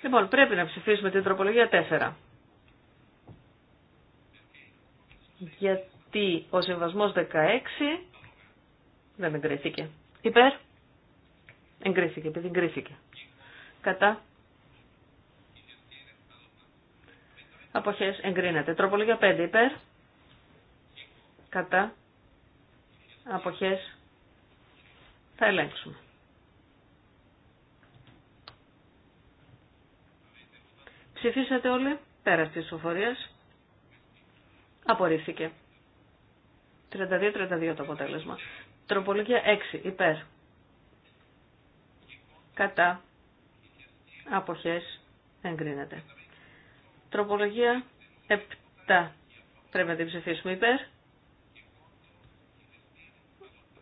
Λοιπόν, πρέπει να ψηφίσουμε την τροπολογία 4. Γιατί ο συμβασμός 16 δεν εγκρίθηκε. Υπέρ. Εγκρίθηκε, επειδή εγκρίθηκε. Κατά. Αποχές εγκρίνεται. Τροπολογία 5 υπέρ. Κατά. Αποχές. Θα ελέγξουμε. Ψηφίσατε όλοι πέρα τη ψηφοφορία. Απορρίφθηκε. 32-32 το αποτέλεσμα. Τροπολογία 6 υπέρ. Κατά. Αποχές. Εγκρίνεται. Τροπολογία 7. Πρέπει να την ψηφίσουμε υπέρ.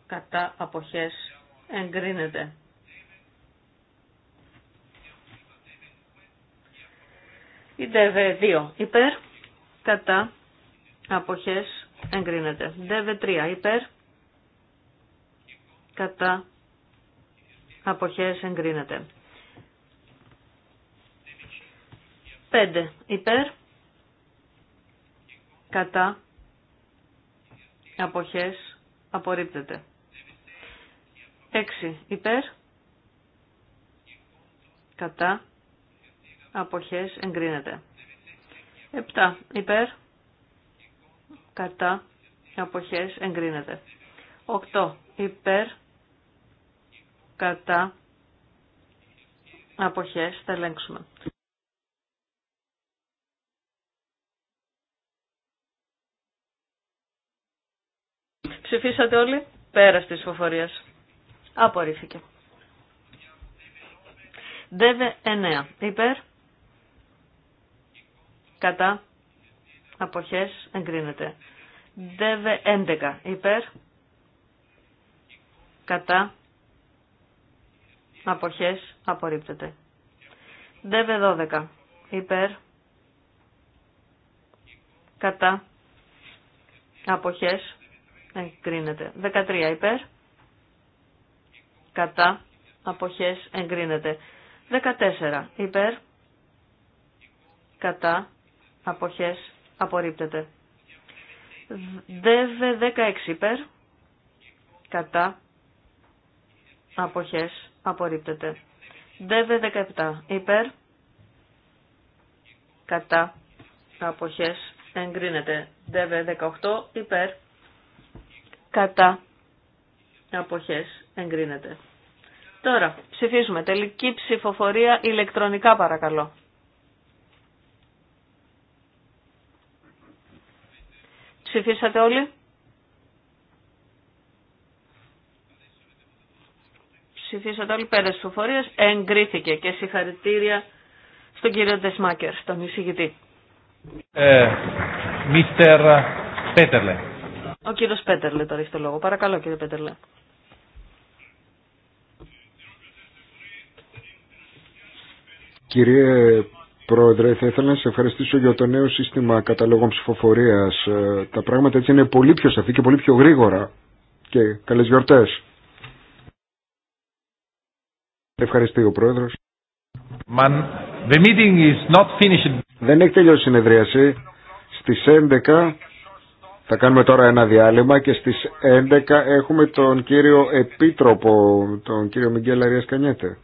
Κατά. Αποχές. Εγκρίνεται. Η ΔΕΒΕ 2 υπέρ, κατά, αποχές, εγκρίνεται. ΔΕΒΕ 3 υπέρ, κατά, αποχές, εγκρίνεται. 5 υπέρ, κατά, αποχές, απορρίπτεται. 6 υπέρ, κατά, αποχές εγκρίνεται. 7. Υπέρ, κατά, αποχές εγκρίνεται. 8. Υπέρ, κατά, αποχές θα ελέγξουμε. Ψηφίσατε όλοι πέρα τη ψηφοφορία. Απορρίφθηκε. ΔΕΒΕ 9. Υπέρ κατά αποχές εγκρίνεται. ΔΕΒΕ 11 υπέρ κατά αποχές απορρίπτεται. ΔΕΒΕ 12 υπέρ κατά αποχές εγκρίνεται. 13 υπέρ κατά αποχές εγκρίνεται. 14 υπέρ κατά αποχές απορρίπτεται. ΔΕΒΕ 16 υπέρ, κατά, αποχές απορρίπτεται. ΔΕΒΕ 17 υπέρ, κατά, αποχές εγκρίνεται. ΔΕΒΕ 18 υπέρ, κατά, αποχές εγκρίνεται. Τώρα ψηφίσουμε τελική ψηφοφορία ηλεκτρονικά παρακαλώ. Ψηφίσατε όλοι. Ψηφίσατε όλοι πέρα στις Εγκρίθηκε και συγχαρητήρια στον κύριο Ντεσμάκερ, στον εισηγητή. Πέτερλε. Ο κύριος Πέτερλε τώρα έχει το λόγο. Παρακαλώ κύριε Πέτερλε. Κύριε Πρόεδρε, θα ήθελα να σε ευχαριστήσω για το νέο σύστημα καταλόγων ψηφοφορία. Ε, τα πράγματα έτσι είναι πολύ πιο σαφή και πολύ πιο γρήγορα. Και καλέ γιορτέ. Ευχαριστεί ο Πρόεδρο. Δεν έχει τελειώσει η συνεδρίαση. Στι 11 θα κάνουμε τώρα ένα διάλειμμα και στι 11 έχουμε τον κύριο Επίτροπο, τον κύριο Μιγγέλα Κανιέτε.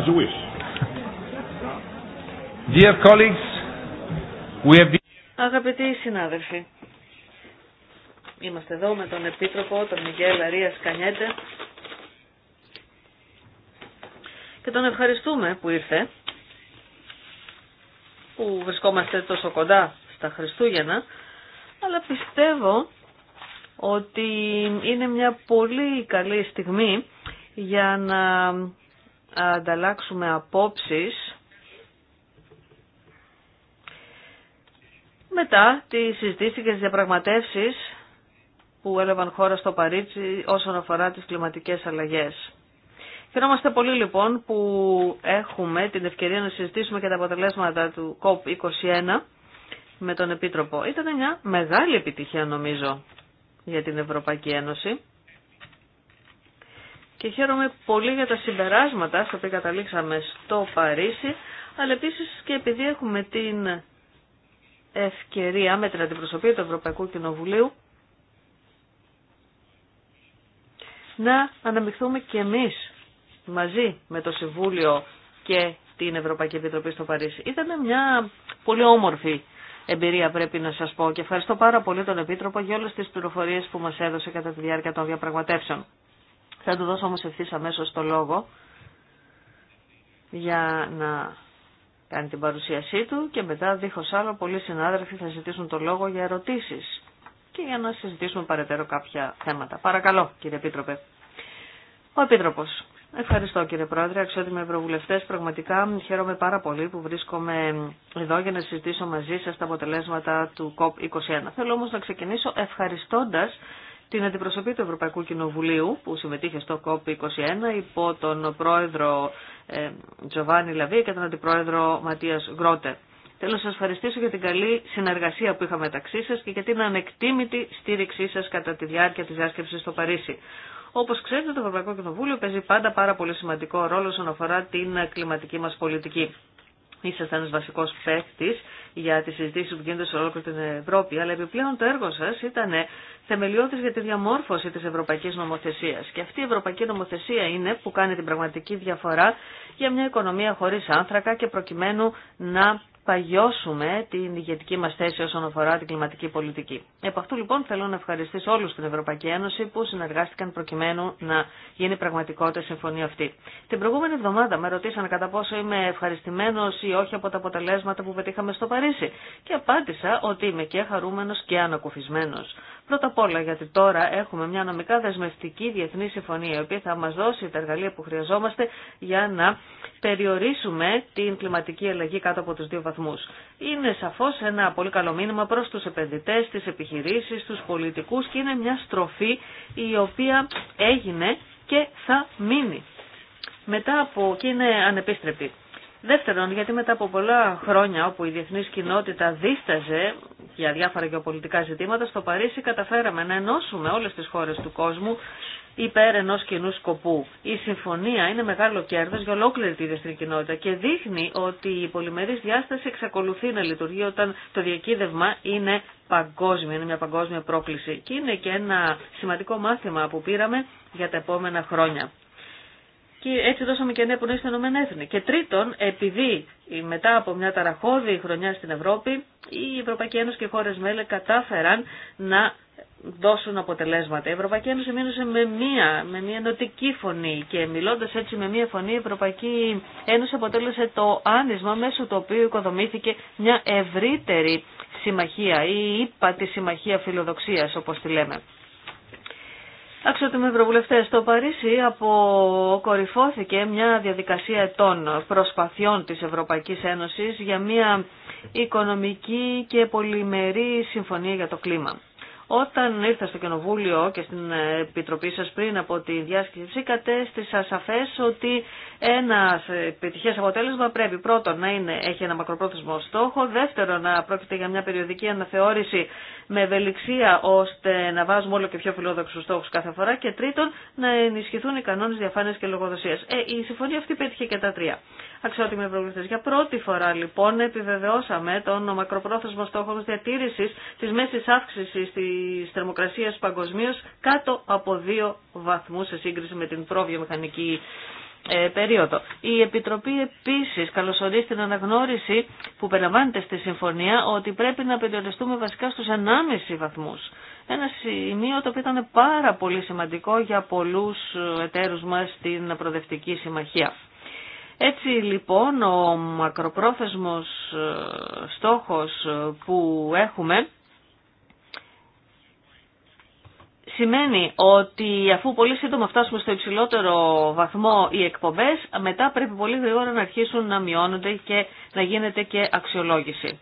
as you wish. Dear colleagues, we have been... Αγαπητοί συνάδελφοι, είμαστε εδώ με τον Επίτροπο, τον Μιγέλ Αρίας Κανιέτε και τον ευχαριστούμε που ήρθε, που βρισκόμαστε τόσο κοντά στα Χριστούγεννα, αλλά πιστεύω ότι είναι μια πολύ καλή στιγμή για να ανταλλάξουμε απόψεις μετά τις συζητήσεις και τις διαπραγματεύσεις που έλαβαν χώρα στο Παρίτσι όσον αφορά τις κλιματικές αλλαγές. Χαιρόμαστε πολύ λοιπόν που έχουμε την ευκαιρία να συζητήσουμε και τα αποτελέσματα του COP21 με τον Επίτροπο. Ήταν μια μεγάλη επιτυχία νομίζω για την Ευρωπαϊκή Ένωση. Και χαίρομαι πολύ για τα συμπεράσματα στα οποία καταλήξαμε στο Παρίσι, αλλά επίσης και επειδή έχουμε την ευκαιρία με την αντιπροσωπεία του Ευρωπαϊκού Κοινοβουλίου να αναμειχθούμε και εμείς μαζί με το Συμβούλιο και την Ευρωπαϊκή Επιτροπή στο Παρίσι. Ήταν μια πολύ όμορφη εμπειρία πρέπει να σας πω και ευχαριστώ πάρα πολύ τον Επίτροπο για όλες τις πληροφορίες που μας έδωσε κατά τη διάρκεια των διαπραγματεύσεων. Θα του δώσω όμως ευθύ αμέσως το λόγο για να κάνει την παρουσίασή του και μετά δίχως άλλο πολλοί συνάδελφοι θα ζητήσουν το λόγο για ερωτήσεις και για να συζητήσουμε παρετέρω κάποια θέματα. Παρακαλώ κύριε Επίτροπε. Ο Επίτροπος. Ευχαριστώ κύριε Πρόεδρε, αξιότιμοι ευρωβουλευτέ. Πραγματικά χαίρομαι πάρα πολύ που βρίσκομαι εδώ για να συζητήσω μαζί σα τα αποτελέσματα του COP21. Θέλω όμω να ξεκινήσω ευχαριστώντα την αντιπροσωπή του Ευρωπαϊκού Κοινοβουλίου που συμμετείχε στο COP21 υπό τον πρόεδρο ε, Τζοβάνι Λαβί και τον αντιπρόεδρο Ματίας Γκρότερ. Θέλω να σας ευχαριστήσω για την καλή συνεργασία που είχαμε μεταξύ σας και για την ανεκτήμητη στήριξή σας κατά τη διάρκεια της διάσκεψης στο Παρίσι. Όπως ξέρετε, το Ευρωπαϊκό Κοινοβούλιο παίζει πάντα πάρα πολύ σημαντικό ρόλο όσον αφορά την κλιματική μας πολιτική. Ήσασταν ένα βασικό παίκτη για τι συζητήσει που γίνονται σε ολόκληρη την Ευρώπη, αλλά επιπλέον το έργο σα ήταν θεμελιώδη για τη διαμόρφωση τη ευρωπαϊκή νομοθεσία. Και αυτή η ευρωπαϊκή νομοθεσία είναι που κάνει την πραγματική διαφορά για μια οικονομία χωρί άνθρακα και προκειμένου να παγιώσουμε την ηγετική μας θέση όσον αφορά την κλιματική πολιτική. Επ' αυτού λοιπόν θέλω να ευχαριστήσω όλους την Ευρωπαϊκή Ένωση που συνεργάστηκαν προκειμένου να γίνει πραγματικότητα η συμφωνία αυτή. Την προηγούμενη εβδομάδα με ρωτήσαν κατά πόσο είμαι ευχαριστημένος ή όχι από τα αποτελέσματα που πετύχαμε στο Παρίσι και απάντησα ότι είμαι και χαρούμενος και ανακουφισμένος. Πρώτα απ' όλα γιατί τώρα έχουμε μια νομικά δεσμευτική διεθνή συμφωνία η οποία θα μας δώσει τα εργαλεία που χρειαζόμαστε για να περιορίσουμε την κλιματική αλλαγή κάτω από τους δύο βαθμούς. Είναι σαφώς ένα πολύ καλό μήνυμα προς τους επενδυτέ, τι επιχειρήσει, τους πολιτικούς και είναι μια στροφή η οποία έγινε και θα μείνει. Μετά από... και είναι ανεπίστρεπτη. Δεύτερον, γιατί μετά από πολλά χρόνια όπου η διεθνής κοινότητα δίσταζε για διάφορα γεωπολιτικά ζητήματα, στο Παρίσι καταφέραμε να ενώσουμε όλες τις χώρες του κόσμου υπέρ ενό κοινού σκοπού. Η συμφωνία είναι μεγάλο κέρδο για ολόκληρη τη διεθνή κοινότητα και δείχνει ότι η πολυμερή διάσταση εξακολουθεί να λειτουργεί όταν το διακύδευμα είναι παγκόσμιο, είναι μια παγκόσμια πρόκληση. Και είναι και ένα σημαντικό μάθημα που πήραμε για τα επόμενα χρόνια και έτσι δώσαμε και νέα στα στην Έθνη. Και τρίτον, επειδή μετά από μια ταραχώδη χρονιά στην Ευρώπη, η Ευρωπαϊκή Ένωση και οι χώρε μέλη κατάφεραν να δώσουν αποτελέσματα. Η Ευρωπαϊκή Ένωση μείνωσε με μία, με μία ενωτική φωνή και μιλώντας έτσι με μία φωνή η Ευρωπαϊκή Ένωση αποτέλεσε το άνισμα μέσω του οποίου οικοδομήθηκε μια ευρύτερη συμμαχία ή ύπατη συμμαχία φιλοδοξίας όπως τη λέμε. Αξιότιμοι Ευρωβουλευτέ, στο Παρίσι αποκορυφώθηκε μια διαδικασία ετών προσπαθειών της Ευρωπαϊκής Ένωσης για μια οικονομική και πολυμερή συμφωνία για το κλίμα. Όταν ήρθα στο Κοινοβούλιο και στην Επιτροπή σας πριν από τη διάσκεψη, κατέστησα σαφές ότι ένα επιτυχές αποτέλεσμα πρέπει πρώτον να είναι, έχει ένα μακροπρόθεσμο στόχο, δεύτερον να πρόκειται για μια περιοδική αναθεώρηση με ευελιξία ώστε να βάζουμε όλο και πιο φιλόδοξους στόχους κάθε φορά και τρίτον να ενισχυθούν οι κανόνες διαφάνειας και λογοδοσίας. Ε, η συμφωνία αυτή πέτυχε και τα τρία αξιότιμοι ευρωβουλευτέ. Για πρώτη φορά λοιπόν επιβεβαιώσαμε τον μακροπρόθεσμο στόχο διατήρηση τη μέση αύξηση τη θερμοκρασία παγκοσμίω κάτω από 2 βαθμού σε σύγκριση με την προβιομηχανική ε, περίοδο. Η Επιτροπή επίση καλωσορίζει την αναγνώριση που περιλαμβάνεται στη συμφωνία ότι πρέπει να περιοριστούμε βασικά στου 1,5 βαθμού. Ένα σημείο το οποίο ήταν πάρα πολύ σημαντικό για πολλούς ε, εταίρους μας στην Προδευτική Συμμαχία. Έτσι λοιπόν ο μακροπρόθεσμος ε, στόχος ε, που έχουμε σημαίνει ότι αφού πολύ σύντομα φτάσουμε στο υψηλότερο βαθμό οι εκπομπές, μετά πρέπει πολύ γρήγορα να αρχίσουν να μειώνονται και να γίνεται και αξιολόγηση.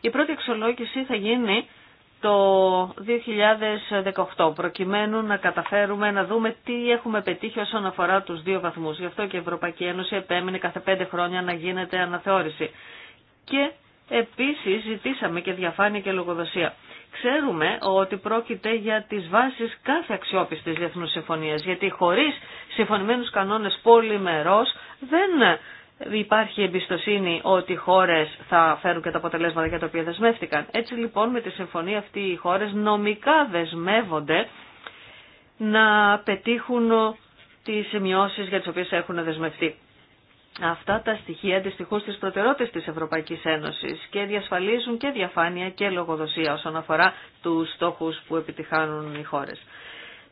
Η πρώτη αξιολόγηση θα γίνει το 2018 προκειμένου να καταφέρουμε να δούμε τι έχουμε πετύχει όσον αφορά τους δύο βαθμούς. Γι' αυτό και η Ευρωπαϊκή Ένωση επέμεινε κάθε πέντε χρόνια να γίνεται αναθεώρηση. Και επίσης ζητήσαμε και διαφάνεια και λογοδοσία. Ξέρουμε ότι πρόκειται για τις βάσεις κάθε αξιόπιστης διεθνούς συμφωνίας, γιατί χωρίς συμφωνημένους κανόνες πολυμερός δεν υπάρχει εμπιστοσύνη ότι οι χώρες θα φέρουν και τα αποτελέσματα για τα οποία δεσμεύτηκαν. Έτσι λοιπόν με τη συμφωνία αυτή οι χώρες νομικά δεσμεύονται να πετύχουν τι σημειώσει για τις οποίε έχουν δεσμευτεί. Αυτά τα στοιχεία αντιστοιχούν στις προτεραιότητες της Ευρωπαϊκής Ένωσης και διασφαλίζουν και διαφάνεια και λογοδοσία όσον αφορά τους στόχους που επιτυχάνουν οι χώρες.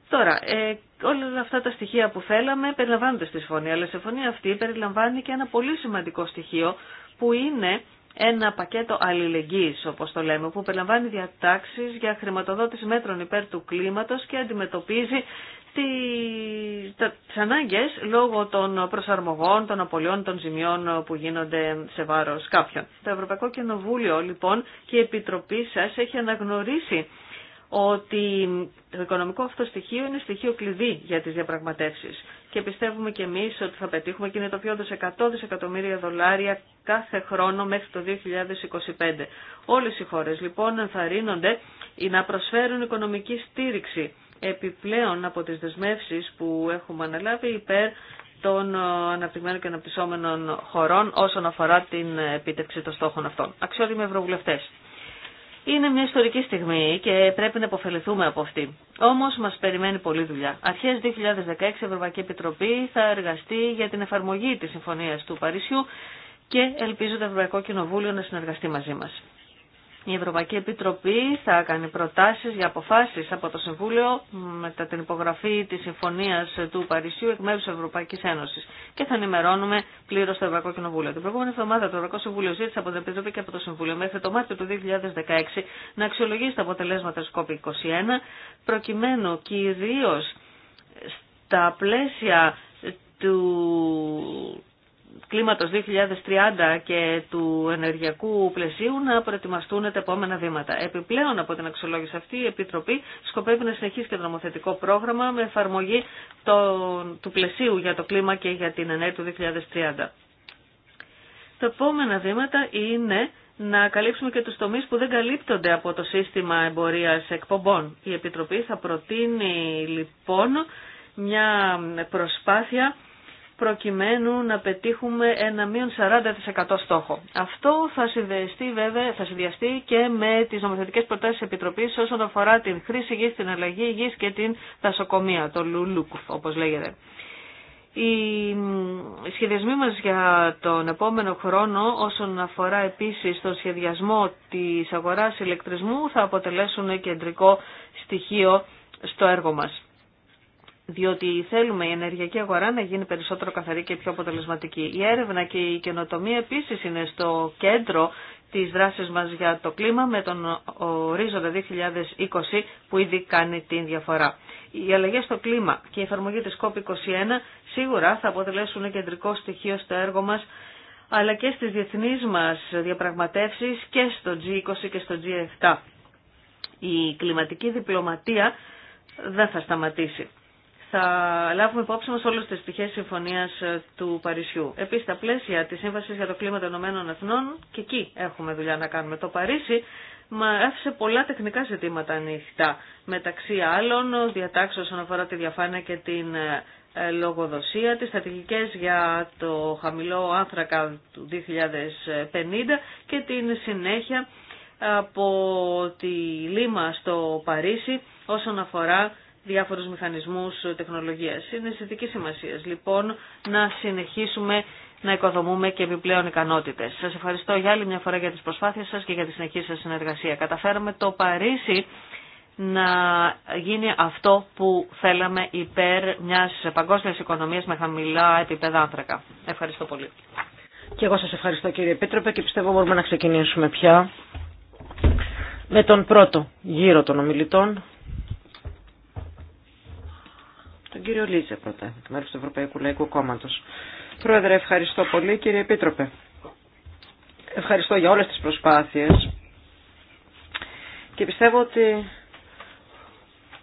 Τώρα, ε, όλα αυτά τα στοιχεία που θέλαμε περιλαμβάνονται στη συμφωνία, αλλά η συμφωνία αυτή περιλαμβάνει και ένα πολύ σημαντικό στοιχείο που είναι ένα πακέτο αλληλεγγύης, όπως το λέμε, που περιλαμβάνει διατάξεις για χρηματοδότηση μέτρων υπέρ του κλίματος και αντιμετωπίζει τις ανάγκες λόγω των προσαρμογών, των απολειών, των ζημιών που γίνονται σε βάρος κάποιων. Το Ευρωπαϊκό Κοινοβούλιο, λοιπόν, και η Επιτροπή σας έχει αναγνωρίσει ότι το οικονομικό αυτό στοιχείο είναι στοιχείο κλειδί για τις διαπραγματεύσεις και πιστεύουμε και εμείς ότι θα πετύχουμε και είναι το 100 δισεκατομμύρια δολάρια κάθε χρόνο μέχρι το 2025. Όλες οι χώρες λοιπόν ενθαρρύνονται να προσφέρουν οικονομική στήριξη επιπλέον από τις δεσμεύσεις που έχουμε αναλάβει υπέρ των ε, αναπτυγμένων και αναπτυσσόμενων χωρών όσον αφορά την επίτευξη των στόχων αυτών. Αξιόδημοι ευρωβουλευτές. Είναι μια ιστορική στιγμή και πρέπει να υποφεληθούμε από αυτή. Όμως μας περιμένει πολλή δουλειά. Αρχές 2016 η Ευρωπαϊκή Επιτροπή θα εργαστεί για την εφαρμογή της Συμφωνίας του Παρισιού και ελπίζω το Ευρωπαϊκό Κοινοβούλιο να συνεργαστεί μαζί μας. Η Ευρωπαϊκή Επιτροπή θα κάνει προτάσεις για αποφάσεις από το Συμβούλιο μετά την υπογραφή της Συμφωνίας του Παρισιού εκ μέρους της Ευρωπαϊκής Ένωσης και θα ενημερώνουμε πλήρως το Ευρωπαϊκό Κοινοβούλιο. Την προηγούμενη εβδομάδα το Ευρωπαϊκό Συμβούλιο ζήτησε από την Επιτροπή και από το Συμβούλιο μέχρι το Μάρτιο του 2016 να αξιολογήσει τα αποτελέσματα της COP21 προκειμένου κυρίως στα πλαίσια του κλίματος 2030 και του ενεργειακού πλαισίου να προετοιμαστούν τα επόμενα βήματα. Επιπλέον από την αξιολόγηση αυτή η Επιτροπή σκοπεύει να συνεχίσει και το νομοθετικό πρόγραμμα με εφαρμογή το, του πλαισίου για το κλίμα και για την ενέργεια του 2030. Τα επόμενα βήματα είναι να καλύψουμε και τους τομείς που δεν καλύπτονται από το σύστημα εμπορίας εκπομπών. Η Επιτροπή θα προτείνει λοιπόν μια προσπάθεια προκειμένου να πετύχουμε ένα μείον 40% στόχο. Αυτό θα συνδυαστεί βέβαια, θα και με τις νομοθετικές προτάσεις της Επιτροπής όσον αφορά την χρήση γης, την αλλαγή γης και την δασοκομεία, το λουλούκουφ όπως λέγεται. Οι σχεδιασμοί μας για τον επόμενο χρόνο όσον αφορά επίσης τον σχεδιασμό της αγοράς ηλεκτρισμού θα αποτελέσουν κεντρικό στοιχείο στο έργο μας διότι θέλουμε η ενεργειακή αγορά να γίνει περισσότερο καθαρή και πιο αποτελεσματική. Η έρευνα και η καινοτομία επίσης είναι στο κέντρο της δράσης μας για το κλίμα με τον ορίζοντα 2020 που ήδη κάνει την διαφορά. Οι αλλαγές στο κλίμα και η εφαρμογή της COP21 σίγουρα θα αποτελέσουν κεντρικό στοιχείο στο έργο μας αλλά και στις διεθνείς μας διαπραγματεύσεις και στο G20 και στο G7. Η κλιματική διπλωματία δεν θα σταματήσει θα λάβουμε υπόψη μα όλε τι πτυχές συμφωνία ε, του Παρισιού. Επίση, τα πλαίσια τη Σύμβαση για το Κλίμα των Ηνωμένων Εθνών, και εκεί έχουμε δουλειά να κάνουμε. Το Παρίσι μα άφησε πολλά τεχνικά ζητήματα ανοιχτά. Μεταξύ άλλων, διατάξει όσον αφορά τη διαφάνεια και την ε, ε, λογοδοσία, τι στρατηγικές για το χαμηλό άνθρακα του 2050 και την συνέχεια από τη Λίμα στο Παρίσι όσον αφορά διάφορους μηχανισμούς ε, τεχνολογίας. Είναι αισθητική σημασία λοιπόν να συνεχίσουμε να οικοδομούμε και επιπλέον ικανότητες. Σας ευχαριστώ για άλλη μια φορά για τις προσπάθειες σας και για τη συνεχή σα συνεργασία. Καταφέραμε το Παρίσι να γίνει αυτό που θέλαμε υπέρ μιας παγκόσμιας οικονομίας με χαμηλά επίπεδα άνθρακα. Ευχαριστώ πολύ. Και εγώ σας ευχαριστώ κύριε Επίτροπε και πιστεύω μπορούμε να ξεκινήσουμε πια με τον πρώτο γύρο των ομιλητών. κύριο Λίζε πρώτα, εκ του Ευρωπαϊκού Λαϊκού Κόμματο. Πρόεδρε, ευχαριστώ πολύ. Κύριε Επίτροπε, ευχαριστώ για όλες τις προσπάθειες και πιστεύω ότι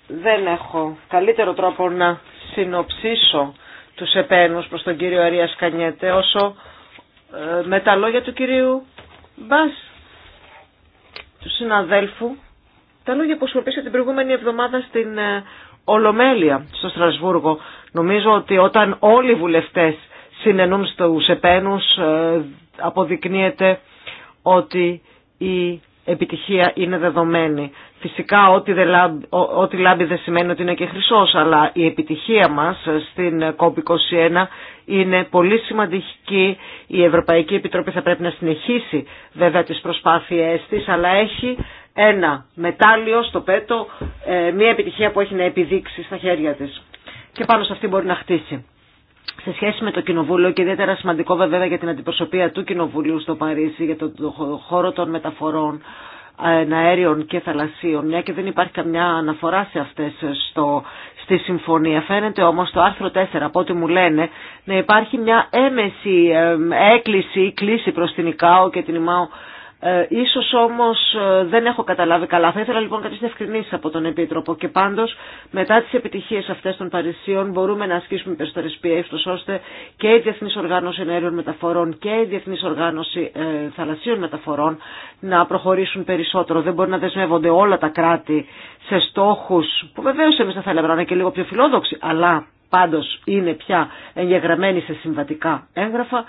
δεν έχω καλύτερο τρόπο να συνοψίσω τους επένους προς τον κύριο Αρία Κανιέτε όσο ε, με τα λόγια του κυρίου Μπάς, του συναδέλφου, τα λόγια που χρησιμοποίησα την προηγούμενη εβδομάδα στην ε, Ολομέλεια στο Στρασβούργο. Νομίζω ότι όταν όλοι οι βουλευτές συνενούν στους επένους ε, αποδεικνύεται ότι η επιτυχία είναι δεδομένη. Φυσικά ό,τι, λάμπει, δεν σημαίνει ότι είναι και χρυσός, αλλά η επιτυχία μας ε, στην COP21 είναι πολύ σημαντική. Η Ευρωπαϊκή Επιτροπή θα πρέπει να συνεχίσει βέβαια τις προσπάθειές της, αλλά έχει ένα μετάλλιο στο πέτο, ε, μια επιτυχία που έχει να επιδείξει στα χέρια της. Και πάνω σε αυτή μπορεί να χτίσει. Σε σχέση με το Κοινοβούλιο και ιδιαίτερα σημαντικό βέβαια για την αντιπροσωπεία του Κοινοβουλίου στο Παρίσι, για τον χώρο των μεταφορών, ε, αέριων και θαλασσίων, μια και δεν υπάρχει καμιά αναφορά σε αυτές ε, στο, στη συμφωνία. Φαίνεται όμως το άρθρο 4, από ό,τι μου λένε, να υπάρχει μια έμεση έκκληση ή κλίση προς την ΙΚΑΟ και την ΙΜΑΟ ε, ίσως όμως ε, δεν έχω καταλάβει καλά. Θα ήθελα λοιπόν κάτι ευκρινήσεις από τον Επίτροπο και πάντως μετά τις επιτυχίες αυτές των Παρισίων μπορούμε να ασκήσουμε περισσότερες πιέσεις ώστε και η Διεθνής Οργάνωση Ενέργειων Μεταφορών και η Διεθνής Οργάνωση ε, Θαλασσίων Μεταφορών να προχωρήσουν περισσότερο. Δεν μπορεί να δεσμεύονται όλα τα κράτη σε στόχους που βεβαίως εμείς θα θέλαμε να είναι και λίγο πιο φιλόδοξοι αλλά πάντως είναι πια εγγεγραμμένοι σε συμβατικά έγγραφα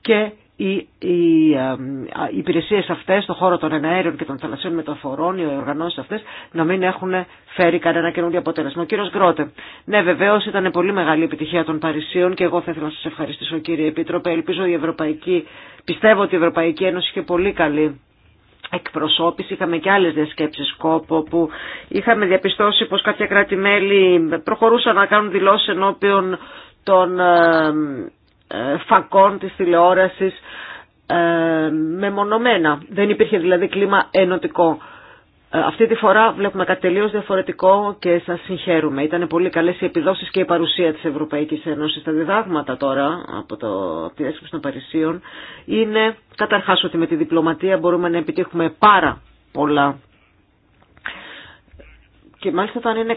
και οι, οι ε, υπηρεσίε αυτέ, το χώρο των εναέριων και των θαλασσίων μεταφορών, οι οργανώσει αυτέ, να μην έχουν φέρει κανένα καινούριο αποτέλεσμα. Ο κύριο Γκρότε. Ναι, βεβαίω ήταν πολύ μεγάλη επιτυχία των Παρισίων και εγώ θα ήθελα να σα ευχαριστήσω, κύριε Επίτροπε. Ελπίζω η Ευρωπαϊκή, πιστεύω ότι η Ευρωπαϊκή Ένωση είχε πολύ καλή εκπροσώπηση, είχαμε και άλλε διασκέψει κόπο που είχαμε διαπιστώσει πω κάποια κράτη-μέλη προχωρούσαν να κάνουν δηλώσει ενώπιον των ε, ε, φακών της τηλεόρασης ε, μεμονωμένα. Δεν υπήρχε δηλαδή κλίμα ενωτικό. Ε, αυτή τη φορά βλέπουμε κάτι τελείω διαφορετικό και σα συγχαίρουμε. Ήταν πολύ καλέ οι επιδόσεις και η παρουσία της Ευρωπαϊκής Ένωσης Τα διδάγματα τώρα από, το, από τη των Παρισίων είναι καταρχάς ότι με τη διπλωματία μπορούμε να επιτύχουμε πάρα πολλά. Και μάλιστα όταν είναι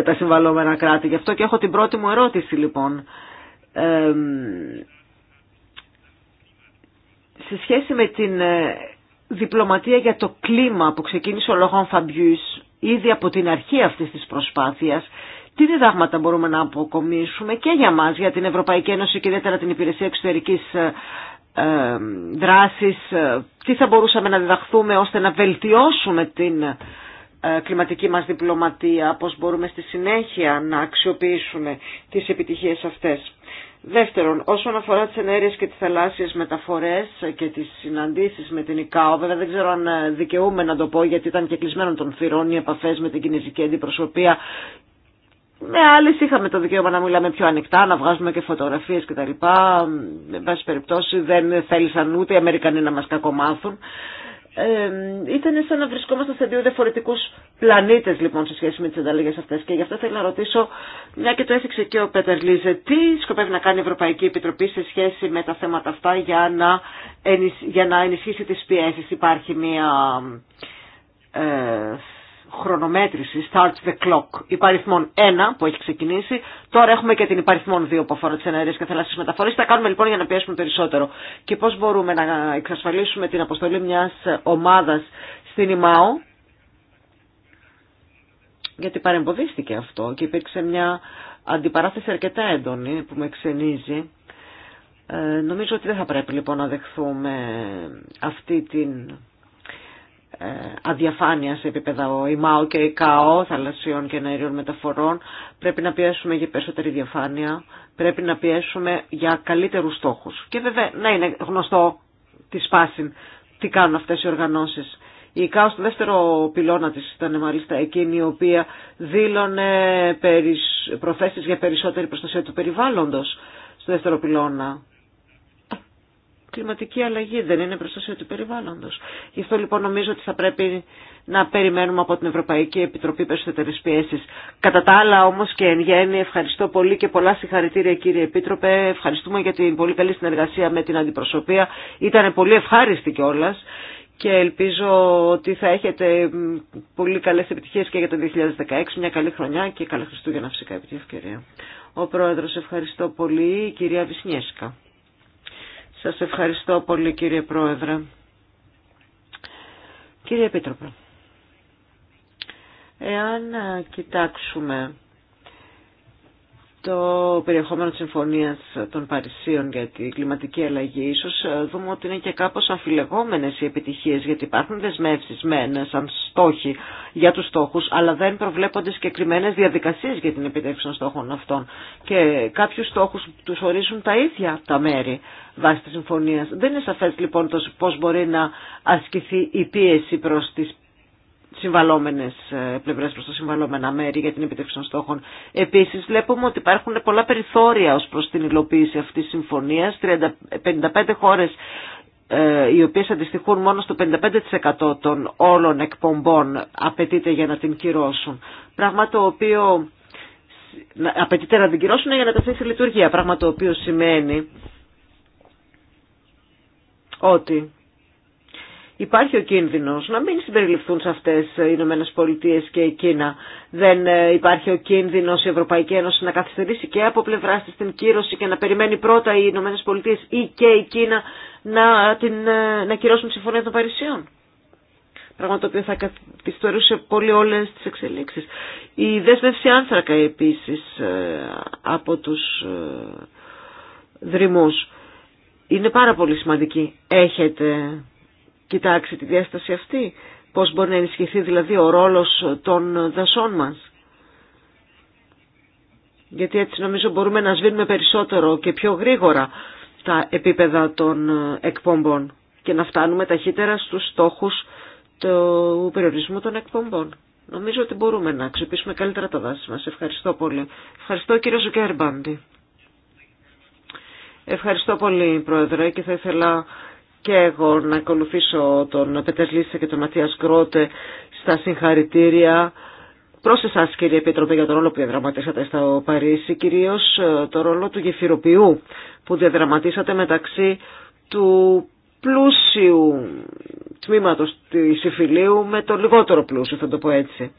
195 τα συμβαλώμενα κράτη. Γι' αυτό και έχω την πρώτη μου ερώτηση λοιπόν σε σχέση με την ε, διπλωματία για το κλίμα που ξεκίνησε ο Λογόν Φαμπιούς ήδη από την αρχή αυτής της προσπάθειας, τι διδάγματα μπορούμε να αποκομίσουμε και για μας, για την Ευρωπαϊκή Ένωση και ιδιαίτερα την Υπηρεσία Εξωτερικής ε, ε, Δράσης, τι θα μπορούσαμε να διδαχθούμε ώστε να βελτιώσουμε την ε, κλιματική μας διπλωματία, πώς μπορούμε στη συνέχεια να αξιοποιήσουμε τις επιτυχίες αυτές. Δεύτερον, όσον αφορά τις ενέργειες και τις θαλάσσιες μεταφορές και τις συναντήσεις με την ΙΚΑΟ, βέβαια δεν ξέρω αν ε, δικαιούμαι να το πω γιατί ήταν και κλεισμένο των θυρών οι επαφές με την Κινέζικη Αντιπροσωπεία με άλλε είχαμε το δικαίωμα να μιλάμε πιο ανοιχτά, να βγάζουμε και φωτογραφίε κτλ. Με πάση περιπτώσει δεν θέλησαν ούτε οι Αμερικανοί να μα κακομάθουν ήταν σαν να βρισκόμαστε σε δύο διαφορετικούς πλανήτες λοιπόν σε σχέση με τις ανταλλαγές αυτές και γι' αυτό θέλω να ρωτήσω, μια και το έθιξε και ο Πέτερ Λίζε, τι σκοπεύει να κάνει η Ευρωπαϊκή Επιτροπή σε σχέση με τα θέματα αυτά για να, για να ενισχύσει τις πιέσεις. Υπάρχει μια ε, χρονομέτρηση, starts the clock, υπαριθμών 1 που έχει ξεκινήσει. Τώρα έχουμε και την υπαριθμών 2 που αφορά τι ενέργειε και θαλάσσιε μεταφορέ. Τα κάνουμε λοιπόν για να πιέσουμε περισσότερο. Και πώ μπορούμε να εξασφαλίσουμε την αποστολή μια ομάδα στην ΙΜΑΟ. Γιατί παρεμποδίστηκε αυτό και υπήρξε μια αντιπαράθεση αρκετά έντονη που με ξενίζει. Ε, νομίζω ότι δεν θα πρέπει λοιπόν να δεχθούμε αυτή την ε, αδιαφάνεια σε επίπεδα ΙΜΑΟ και η καό, θαλασσιών και αερίων μεταφορών. Πρέπει να πιέσουμε για περισσότερη διαφάνεια, πρέπει να πιέσουμε για καλύτερους στόχους. Και βέβαια να είναι γνωστό τη σπάση τι κάνουν αυτές οι οργανώσεις. Η καό στο δεύτερο πυλώνα της ήταν μάλιστα εκείνη η οποία δήλωνε προθέσεις για περισσότερη προστασία του περιβάλλοντος στο δεύτερο πυλώνα κλιματική αλλαγή, δεν είναι προστασία του περιβάλλοντος. Γι' αυτό λοιπόν νομίζω ότι θα πρέπει να περιμένουμε από την Ευρωπαϊκή Επιτροπή περισσότερε πιέσει. Κατά τα άλλα όμω και εν γέννη ευχαριστώ πολύ και πολλά συγχαρητήρια κύριε Επίτροπε. Ευχαριστούμε για την πολύ καλή συνεργασία με την αντιπροσωπεία. Ήταν πολύ ευχάριστη κιόλα και ελπίζω ότι θα έχετε πολύ καλέ επιτυχίε και για το 2016, μια καλή χρονιά και καλά Χριστούγεννα φυσικά επί την ευκαιρία. Ο Πρόεδρος ευχαριστώ πολύ, η κυρία Βυσνιέσκα. Σας ευχαριστώ πολύ κύριε Πρόεδρε. Κύριε Επίτροπε, εάν κοιτάξουμε το περιεχόμενο της Συμφωνίας των Παρισίων για την κλιματική αλλαγή. Ίσως ε, δούμε ότι είναι και κάπως αφιλεγόμενες οι επιτυχίες, γιατί υπάρχουν δεσμεύσεις μεν σαν στόχοι για τους στόχους, αλλά δεν προβλέπονται συγκεκριμένε διαδικασίες για την επιτεύξη των στόχων αυτών. Και κάποιους στόχους τους ορίζουν τα ίδια τα μέρη βάσει της Συμφωνίας. Δεν είναι σαφές λοιπόν πώς μπορεί να ασκηθεί η πίεση προς τις συμβαλόμενες ε, πλευρές προς τα συμβαλόμενα μέρη για την επιτεύξη των στόχων. Επίσης βλέπουμε ότι υπάρχουν πολλά περιθώρια ως προς την υλοποίηση αυτής της συμφωνίας. 55 χώρες ε, οι οποίες αντιστοιχούν μόνο στο 55% των όλων εκπομπών απαιτείται για να την κυρώσουν. Πράγμα το οποίο απαιτείται να την κυρώσουν για να τα θέσει λειτουργία. Πράγμα το οποίο σημαίνει ότι υπάρχει ο κίνδυνος να μην συμπεριληφθούν σε αυτές ε, οι Ηνωμένε Πολιτείε και η Κίνα. Δεν ε, υπάρχει ο κίνδυνος η Ευρωπαϊκή Ένωση να καθυστερήσει και από πλευρά της την κύρωση και να περιμένει πρώτα οι Ηνωμένε Πολιτείε ή και η Κίνα να, την, ε, να κυρώσουν τη Συμφωνία των Παρισιών. Πράγμα το οποίο θα καθυστερούσε πολύ όλες τις εξελίξεις. Η δέσμευση άνθρακα επίσης από τους δρυμούς είναι πάρα πολύ σημαντική. Έχετε κοιτάξει τη διάσταση αυτή, πώς μπορεί να ενισχυθεί δηλαδή ο ρόλος των δασών μας. Γιατί έτσι νομίζω μπορούμε να σβήνουμε περισσότερο και πιο γρήγορα τα επίπεδα των εκπομπών και να φτάνουμε ταχύτερα στους στόχους του περιορισμού των εκπομπών. Νομίζω ότι μπορούμε να αξιοποιήσουμε καλύτερα τα δάση μας. Ευχαριστώ πολύ. Ευχαριστώ κύριο Ζουκέρμπαντι. Ευχαριστώ πολύ Πρόεδρε και θα ήθελα και εγώ να ακολουθήσω τον Πέτερ Λίσσα και τον Ματίας Γκρότε στα συγχαρητήρια. Προς εσάς κύριε Επίτροπε για τον ρόλο που διαδραματίσατε στο Παρίσι, κυρίως ε, το ρόλο του γεφυροποιού που διαδραματίσατε μεταξύ του πλούσιου τμήματος της Ιφιλίου με το λιγότερο πλούσιο, θα το πω έτσι.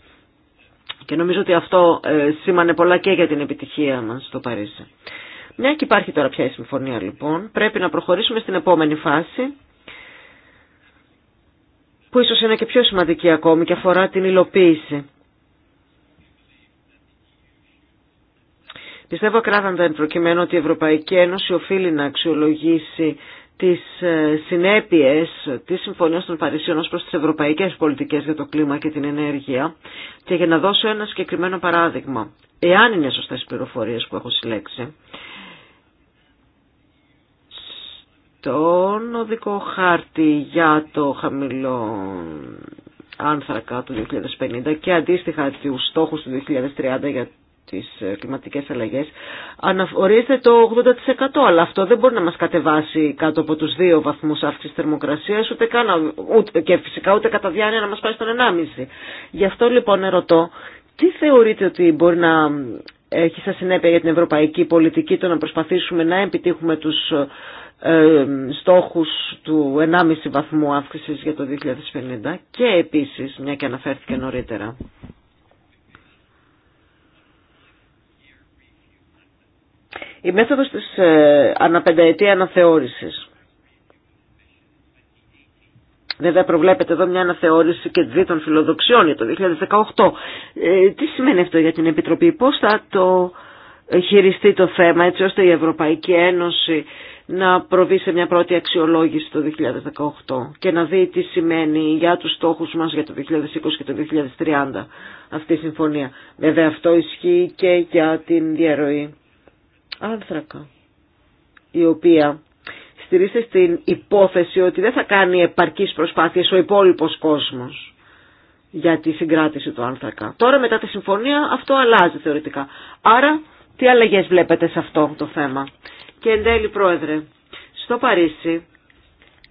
Και νομίζω ότι αυτό ε, σήμανε πολλά και για την επιτυχία μας στο Παρίσι. Μια και υπάρχει τώρα πια η συμφωνία λοιπόν, πρέπει να προχωρήσουμε στην επόμενη φάση, που ίσως είναι και πιο σημαντική ακόμη και αφορά την υλοποίηση. Πιστεύω ακράδαντα εν προκειμένου ότι η Ευρωπαϊκή Ένωση οφείλει να αξιολογήσει τις ε, συνέπειες της Συμφωνίας των Παρισιών ως προς τις ευρωπαϊκές πολιτικές για το κλίμα και την ενέργεια και για να δώσω ένα συγκεκριμένο παράδειγμα. Εάν είναι σωστές οι πληροφορίες που έχω συλλέξει, τον οδικό χάρτη για το χαμηλό άνθρακα του 2050 και αντίστοιχα του στόχους του 2030 για τις ε, κλιματικές αλλαγές αναφορίζεται το 80% αλλά αυτό δεν μπορεί να μας κατεβάσει κάτω από τους δύο βαθμούς αύξησης θερμοκρασίας ούτε καν, ούτε, και φυσικά ούτε κατά διάνοια να μας πάει στον 1,5. Γι' αυτό λοιπόν ερωτώ τι θεωρείτε ότι μπορεί να έχει σαν συνέπεια για την ευρωπαϊκή πολιτική το να προσπαθήσουμε να επιτύχουμε τους ε, στόχους του 1,5 βαθμού αύξησης για το 2050 και επίσης, μια και αναφέρθηκε νωρίτερα, η μέθοδος της ε, αναπενταετία αναθεώρησης Βέβαια προβλέπεται εδώ μια αναθεώρηση και των φιλοδοξιών για το 2018. Ε, τι σημαίνει αυτό για την Επιτροπή, πώς θα το χειριστεί το θέμα έτσι ώστε η Ευρωπαϊκή Ένωση να προβεί σε μια πρώτη αξιολόγηση το 2018 και να δει τι σημαίνει για τους στόχους μας για το 2020 και το 2030 αυτή η συμφωνία. Βέβαια αυτό ισχύει και για την διαρροή άνθρακα η οποία στηρίζεται στην υπόθεση ότι δεν θα κάνει επαρκείς προσπάθειες ο υπόλοιπος κόσμος για τη συγκράτηση του άνθρακα. Τώρα μετά τη συμφωνία αυτό αλλάζει θεωρητικά. Άρα τι αλλαγές βλέπετε σε αυτό το θέμα. Και εν τέλει πρόεδρε, στο Παρίσι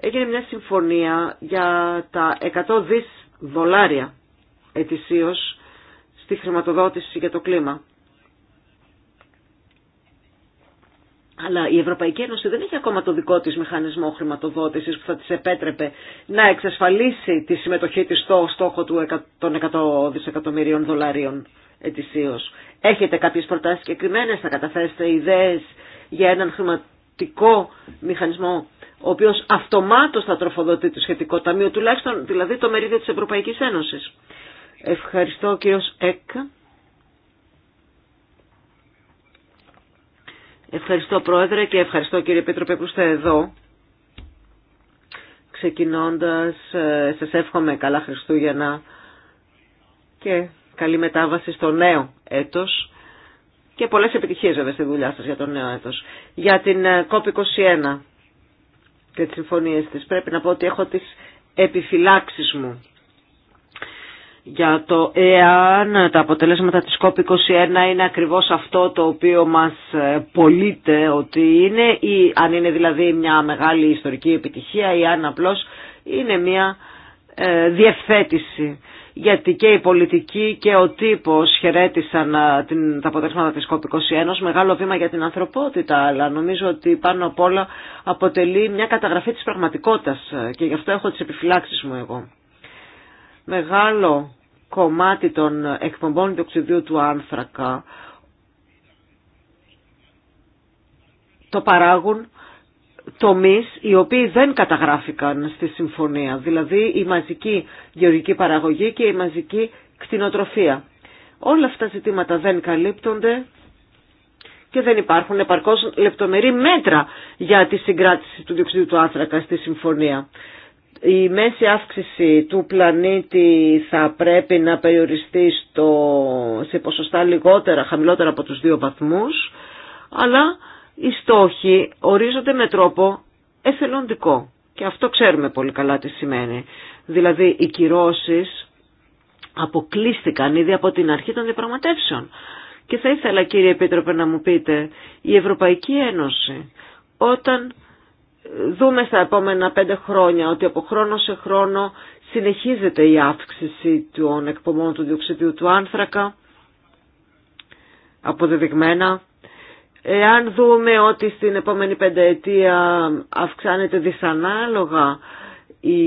έγινε μια συμφωνία για τα 100 δις δολάρια ετησίως στη χρηματοδότηση για το κλίμα. Αλλά η Ευρωπαϊκή Ένωση δεν έχει ακόμα το δικό της μηχανισμό χρηματοδότησης που θα της επέτρεπε να εξασφαλίσει τη συμμετοχή της στο στόχο του των 100 δισεκατομμυρίων δολαρίων ετησίως. Έχετε κάποιες προτάσεις συγκεκριμένε, θα καταθέσετε ιδέες για έναν χρηματικό μηχανισμό ο οποίος αυτομάτως θα τροφοδοτεί το σχετικό ταμείο, τουλάχιστον δηλαδή το μερίδιο της Ευρωπαϊκής Ένωσης. Ευχαριστώ κύριος Εκ. Ευχαριστώ Πρόεδρε και ευχαριστώ κύριε Πέτροπε που είστε εδώ. Ξεκινώντας, ε, σας εύχομαι καλά Χριστούγεννα και καλή μετάβαση στο νέο έτος και πολλές επιτυχίες βέβαια στη δουλειά σας για το νέο έτος. Για την COP21 ε, και τις συμφωνίες της πρέπει να πω ότι έχω τις επιφυλάξεις μου για το εάν τα αποτελέσματα της COP21 είναι ακριβώς αυτό το οποίο μας ε, πωλείται ότι είναι ή αν είναι δηλαδή μια μεγάλη ιστορική επιτυχία ή αν απλώς είναι μια ε, διευθέτηση. Γιατί και η πολιτική και ο τύπος χαιρέτησαν ε, την, τα αποτελέσματα της COP21 μεγάλο βήμα για την ανθρωπότητα, αλλά νομίζω ότι πάνω απ' όλα αποτελεί μια καταγραφή της πραγματικότητας ε, και γι' αυτό έχω τις επιφυλάξεις μου εγώ μεγάλο κομμάτι των εκπομπών διοξιδίου του άνθρακα το παράγουν τομείς οι οποίοι δεν καταγράφηκαν στη συμφωνία, δηλαδή η μαζική γεωργική παραγωγή και η μαζική κτηνοτροφία. Όλα αυτά τα ζητήματα δεν καλύπτονται και δεν υπάρχουν επαρκώς λεπτομερή μέτρα για τη συγκράτηση του διοξιδίου του άνθρακα στη συμφωνία η μέση αύξηση του πλανήτη θα πρέπει να περιοριστεί στο, σε ποσοστά λιγότερα, χαμηλότερα από τους δύο βαθμούς, αλλά οι στόχοι ορίζονται με τρόπο εθελοντικό. Και αυτό ξέρουμε πολύ καλά τι σημαίνει. Δηλαδή οι κυρώσεις αποκλείστηκαν ήδη από την αρχή των διαπραγματεύσεων. Και θα ήθελα κύριε Επίτροπε να μου πείτε, η Ευρωπαϊκή Ένωση όταν δούμε στα επόμενα πέντε χρόνια ότι από χρόνο σε χρόνο συνεχίζεται η αύξηση των εκπομπών του διοξιδίου του άνθρακα αποδεδειγμένα. Εάν δούμε ότι στην επόμενη πενταετία αυξάνεται δυσανάλογα η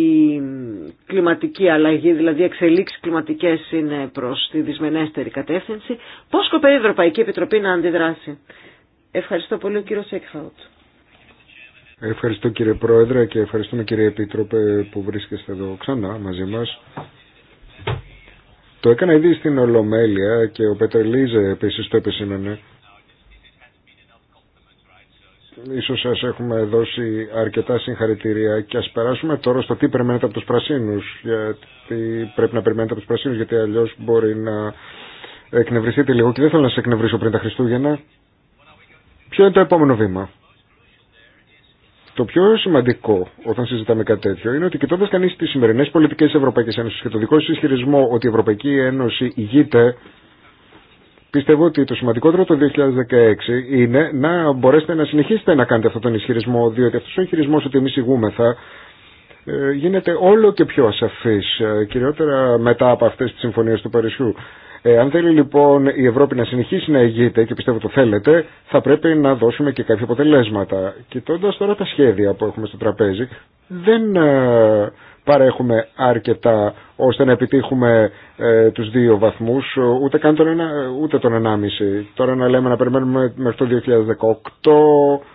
κλιματική αλλαγή, δηλαδή εξελίξεις κλιματικές είναι προς τη δυσμενέστερη κατεύθυνση, πώς σκοπεύει η Ευρωπαϊκή Επιτροπή να αντιδράσει. Ευχαριστώ πολύ ο κύριος Ευχαριστώ κύριε Πρόεδρε και ευχαριστούμε κύριε Επίτροπε που βρίσκεστε εδώ ξανά μαζί μας. Το έκανα ήδη στην Ολομέλεια και ο Πετρελίζε επίσης το επισήμενε. Ίσως σας έχουμε δώσει αρκετά συγχαρητήρια και ας περάσουμε τώρα στο τι περιμένετε από τους πρασίνους. Γιατί πρέπει να περιμένετε από τους πρασίνους γιατί αλλιώς μπορεί να εκνευριστείτε λίγο και δεν θέλω να σε εκνευρίσω πριν τα Χριστούγεννα. Ποιο είναι το επόμενο βήμα. Το πιο σημαντικό όταν συζητάμε κάτι τέτοιο είναι ότι κοιτώντα κανεί τι σημερινέ πολιτικέ τη Ευρωπαϊκή Ένωση και το δικό σα ισχυρισμό ότι η Ευρωπαϊκή Ένωση ηγείται, πιστεύω ότι το σημαντικότερο το 2016 είναι να μπορέσετε να συνεχίσετε να κάνετε αυτόν τον ισχυρισμό, διότι αυτό ο ισχυρισμό ότι εμεί ηγούμεθα ε, γίνεται όλο και πιο ασαφής, ε, κυριότερα μετά από αυτές τις συμφωνίες του Παρισιού. Ε, αν θέλει λοιπόν η Ευρώπη να συνεχίσει να ηγείται και πιστεύω το θέλετε, θα πρέπει να δώσουμε και κάποια αποτελέσματα. Κοιτώντα τώρα τα σχέδια που έχουμε στο τραπέζι, δεν ε, παρέχουμε αρκετά ώστε να επιτύχουμε ε, τους δύο βαθμούς, ούτε καν τον, ένα, ούτε τον ενάμιση. Τώρα να λέμε να περιμένουμε μέχρι το 2018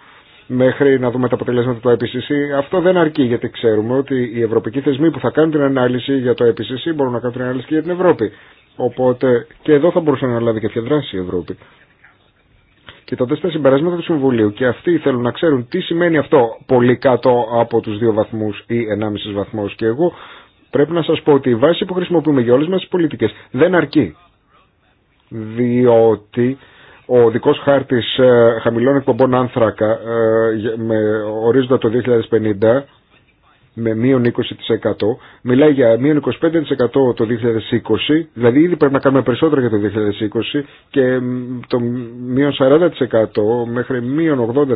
μέχρι να δούμε τα αποτελέσματα του IPCC. Αυτό δεν αρκεί γιατί ξέρουμε ότι οι ευρωπαϊκοί θεσμοί που θα κάνουν την ανάλυση για το IPCC μπορούν να κάνουν την ανάλυση και για την Ευρώπη. Οπότε και εδώ θα μπορούσε να λάβει κάποια δράση η Ευρώπη. Κοιτώντα τα συμπεράσματα του Συμβουλίου και αυτοί θέλουν να ξέρουν τι σημαίνει αυτό πολύ κάτω από του δύο βαθμού ή ενάμιση βαθμό. Και εγώ πρέπει να σα πω ότι η βάση που χρησιμοποιούμε για όλε μα τι πολιτικέ δεν αρκεί. Διότι ο δικό χάρτη ε, χαμηλών εκπομπών άνθρακα ε, με ορίζοντα το 2050 με μείον 20%, μιλάει για μείον 25% το 2020, δηλαδή ήδη πρέπει να κάνουμε περισσότερο για το 2020 και το μείον 40% μέχρι μείον 80%.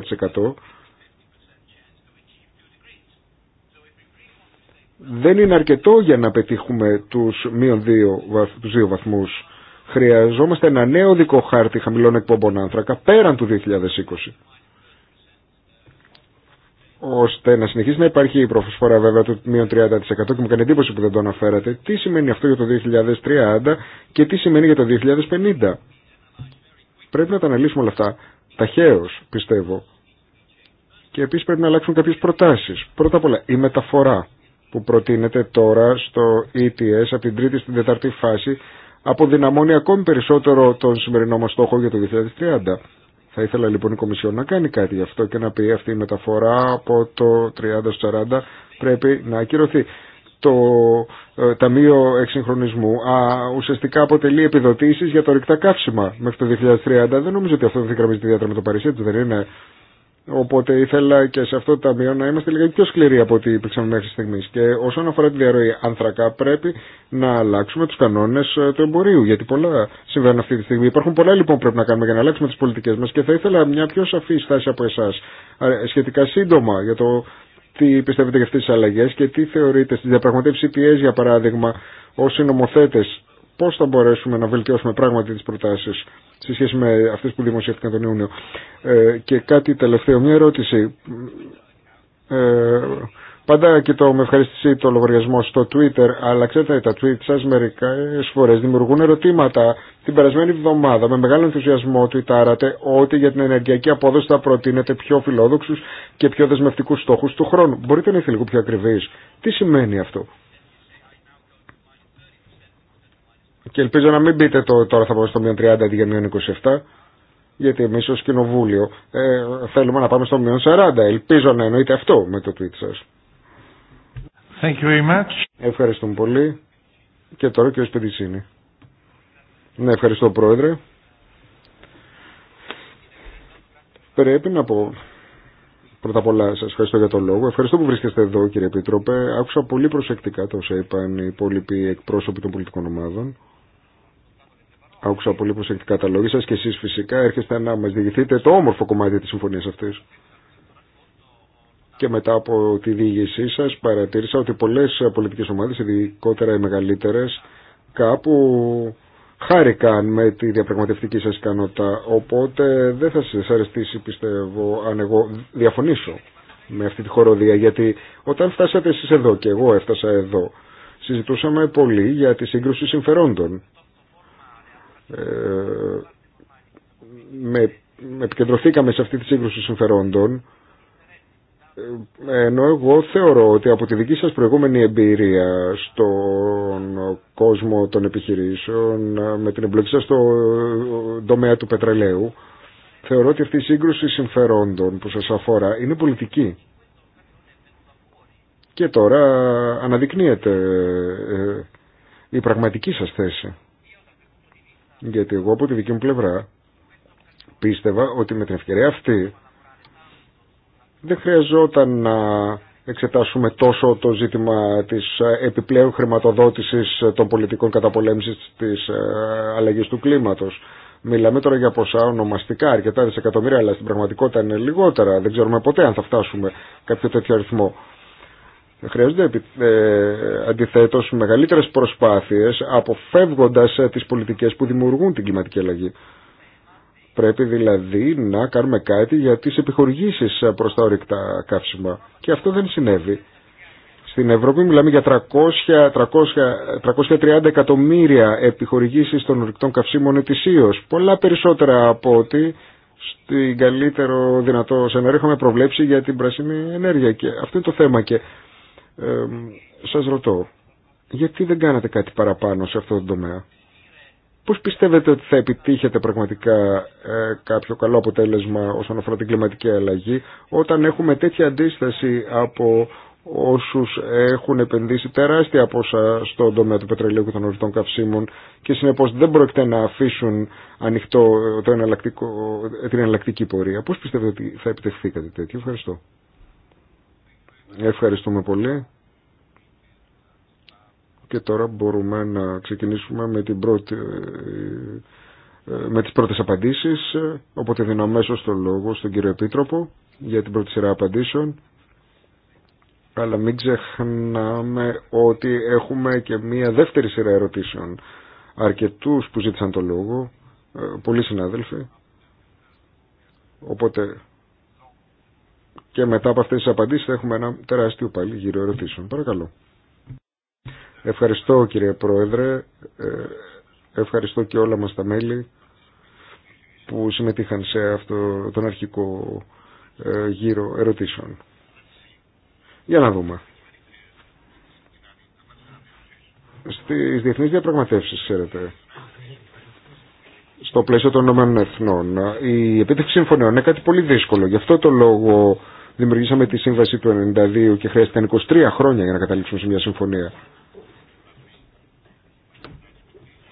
Δεν είναι αρκετό για να πετύχουμε τους μείον 2, τους βαθμούς. Χρειαζόμαστε ένα νέο δικό χάρτη χαμηλών εκπομπών άνθρακα πέραν του 2020 ώστε να συνεχίσει να υπάρχει η προσφορά βέβαια του μείον 30% και μου κάνει εντύπωση που δεν το αναφέρατε. Τι σημαίνει αυτό για το 2030 και τι σημαίνει για το 2050. Πρέπει να τα αναλύσουμε όλα αυτά ταχαίως πιστεύω. Και επίσης πρέπει να αλλάξουν κάποιες προτάσεις. Πρώτα απ' όλα η μεταφορά που προτείνεται τώρα στο ETS από την τρίτη στην τετάρτη φάση αποδυναμώνει ακόμη περισσότερο τον σημερινό μας στόχο για το 2030. Θα ήθελα λοιπόν η Κομισιόν να κάνει κάτι γι' αυτό και να πει αυτή η μεταφορά από το 30-40 πρέπει να ακυρωθεί. Το ε, Ταμείο Εξυγχρονισμού α, ουσιαστικά αποτελεί επιδοτήσεις για το ρηκτά καύσιμα μέχρι το 2030. Δεν νομίζω ότι αυτό δεν γραμμίζει τη με το Παρισί, δεν είναι. Οπότε ήθελα και σε αυτό το ταμείο να είμαστε λίγα πιο σκληροί από ό,τι υπήρξαν μέχρι στιγμή. Και όσον αφορά τη διαρροή άνθρακα, πρέπει να αλλάξουμε του κανόνε ε, του εμπορίου. Γιατί πολλά συμβαίνουν αυτή τη στιγμή. Υπάρχουν πολλά λοιπόν που πρέπει να κάνουμε για να αλλάξουμε τι πολιτικέ μα. Και θα ήθελα μια πιο σαφή στάση από εσά ε, σχετικά σύντομα για το τι πιστεύετε για αυτέ τι αλλαγέ και τι θεωρείτε στην διαπραγματεύσει πιέζει, για παράδειγμα ω συνομοθέτε Πώ θα μπορέσουμε να βελτιώσουμε πράγματι τι προτάσει σε σχέση με αυτέ που δημοσιεύτηκαν τον Ιούνιο. Ε, και κάτι τελευταίο, μια ερώτηση. Ε, πάντα κοιτώ με ευχαριστησή το λογαριασμό στο Twitter, αλλά ξέρετε τα tweets σα μερικέ φορέ δημιουργούν ερωτήματα. Την περασμένη εβδομάδα με μεγάλο ενθουσιασμό τουιτάρατε ότι για την ενεργειακή απόδοση θα προτείνετε πιο φιλόδοξου και πιο δεσμευτικού στόχου του χρόνου. Μπορείτε να είστε λίγο πιο ακριβεί. Τι σημαίνει αυτό. Και ελπίζω να μην πείτε το, τώρα θα πάμε στο μείον 30 αντί για μείον 27, γιατί εμείς ως κοινοβούλιο ε, θέλουμε να πάμε στο μείον 40. Ελπίζω να εννοείτε αυτό με το tweet σας. Thank Ευχαριστούμε πολύ. Και τώρα και ο Σπεντισίνη. Ναι, ευχαριστώ Πρόεδρε. Πρέπει να πω πρώτα απ' όλα σα ευχαριστώ για τον λόγο. Ευχαριστώ που βρίσκεστε εδώ κύριε Επίτροπε. Άκουσα πολύ προσεκτικά το όσα είπαν οι υπόλοιποι εκπρόσωποι των πολιτικών ομάδων. Άκουσα πολύ προσεκτικά τα λόγια σας και εσείς φυσικά έρχεστε να μας διηγηθείτε το όμορφο κομμάτι της συμφωνίας αυτής. Και μετά από τη διήγησή σας παρατήρησα ότι πολλές πολιτικές ομάδες, ειδικότερα οι μεγαλύτερες, κάπου χάρηκαν με τη διαπραγματευτική σας ικανότητα. Οπότε δεν θα σας αρεστήσει πιστεύω αν εγώ διαφωνήσω με αυτή τη χοροδία γιατί όταν φτάσατε εσείς εδώ και εγώ έφτασα εδώ συζητούσαμε πολύ για τη σύγκρουση συμφερόντων ε, με, επικεντρωθήκαμε σε αυτή τη σύγκρουση συμφερόντων ε, ενώ εγώ θεωρώ ότι από τη δική σας προηγούμενη εμπειρία στον κόσμο των επιχειρήσεων με την εμπλοκή σας στο τομέα του πετρελαίου θεωρώ ότι αυτή η σύγκρουση συμφερόντων που σας αφορά είναι πολιτική και τώρα αναδεικνύεται ε, η πραγματική σας θέση. Γιατί εγώ από τη δική μου πλευρά πίστευα ότι με την ευκαιρία αυτή δεν χρειαζόταν να εξετάσουμε τόσο το ζήτημα της ε, επιπλέον χρηματοδότησης των πολιτικών καταπολέμησης της ε, αλλαγής του κλίματος. Μιλάμε τώρα για ποσά ονομαστικά, αρκετά δισεκατομμύρια, αλλά στην πραγματικότητα είναι λιγότερα. Δεν ξέρουμε ποτέ αν θα φτάσουμε κάποιο τέτοιο αριθμό. Χρειάζονται ε, μεγαλύτερε μεγαλύτερες προσπάθειες αποφεύγοντας ε, τις πολιτικές που δημιουργούν την κλιματική αλλαγή. Πρέπει δηλαδή να κάνουμε κάτι για τι επιχορηγήσεις ε, προ τα ορυκτά καύσιμα. Και αυτό δεν συνέβη. Στην Ευρώπη μιλάμε για 300, 300, 330 εκατομμύρια επιχορηγήσεις των ορυκτών καυσίμων ετησίως. Πολλά περισσότερα από ότι στην καλύτερο δυνατό σενάριο είχαμε προβλέψει για την πράσινη ενέργεια. Και αυτό είναι το θέμα και ε, σας ρωτώ, γιατί δεν κάνατε κάτι παραπάνω σε αυτό το τομέα. Πώς πιστεύετε ότι θα επιτύχετε πραγματικά ε, κάποιο καλό αποτέλεσμα όσον αφορά την κλιματική αλλαγή όταν έχουμε τέτοια αντίσταση από όσους έχουν επενδύσει τεράστια ποσά στον τομέα του πετρελαίου και των ορειτών καυσίμων και συνεπώς δεν πρόκειται να αφήσουν ανοιχτό την εναλλακτική πορεία. Πώς πιστεύετε ότι θα επιτευχθεί κάτι τέτοιο. Ευχαριστώ. Ευχαριστούμε πολύ. Και τώρα μπορούμε να ξεκινήσουμε με, την πρώτη, ε, ε, με τις πρώτες απαντήσεις. Οπότε δίνω αμέσω το λόγο στον κύριο Επίτροπο για την πρώτη σειρά απαντήσεων. Αλλά μην ξεχνάμε ότι έχουμε και μία δεύτερη σειρά ερωτήσεων. Αρκετούς που ζήτησαν το λόγο, ε, πολλοί συνάδελφοι. Οπότε και μετά από αυτέ τι απαντήσει θα έχουμε ένα τεράστιο πάλι γύρο ερωτήσεων. Παρακαλώ. Ευχαριστώ κύριε Πρόεδρε. Ε, ευχαριστώ και όλα μας τα μέλη που συμμετείχαν σε αυτό τον αρχικό ε, γύρο ερωτήσεων. Για να δούμε. Στις διεθνείς διαπραγματεύσεις, ξέρετε, στο πλαίσιο των ΗΕ, η επίτευξη συμφωνιών είναι κάτι πολύ δύσκολο. Γι' αυτό το λόγο Δημιουργήσαμε τη σύμβαση του 1992 και χρειάστηκαν 23 χρόνια για να καταλήξουμε σε μια συμφωνία.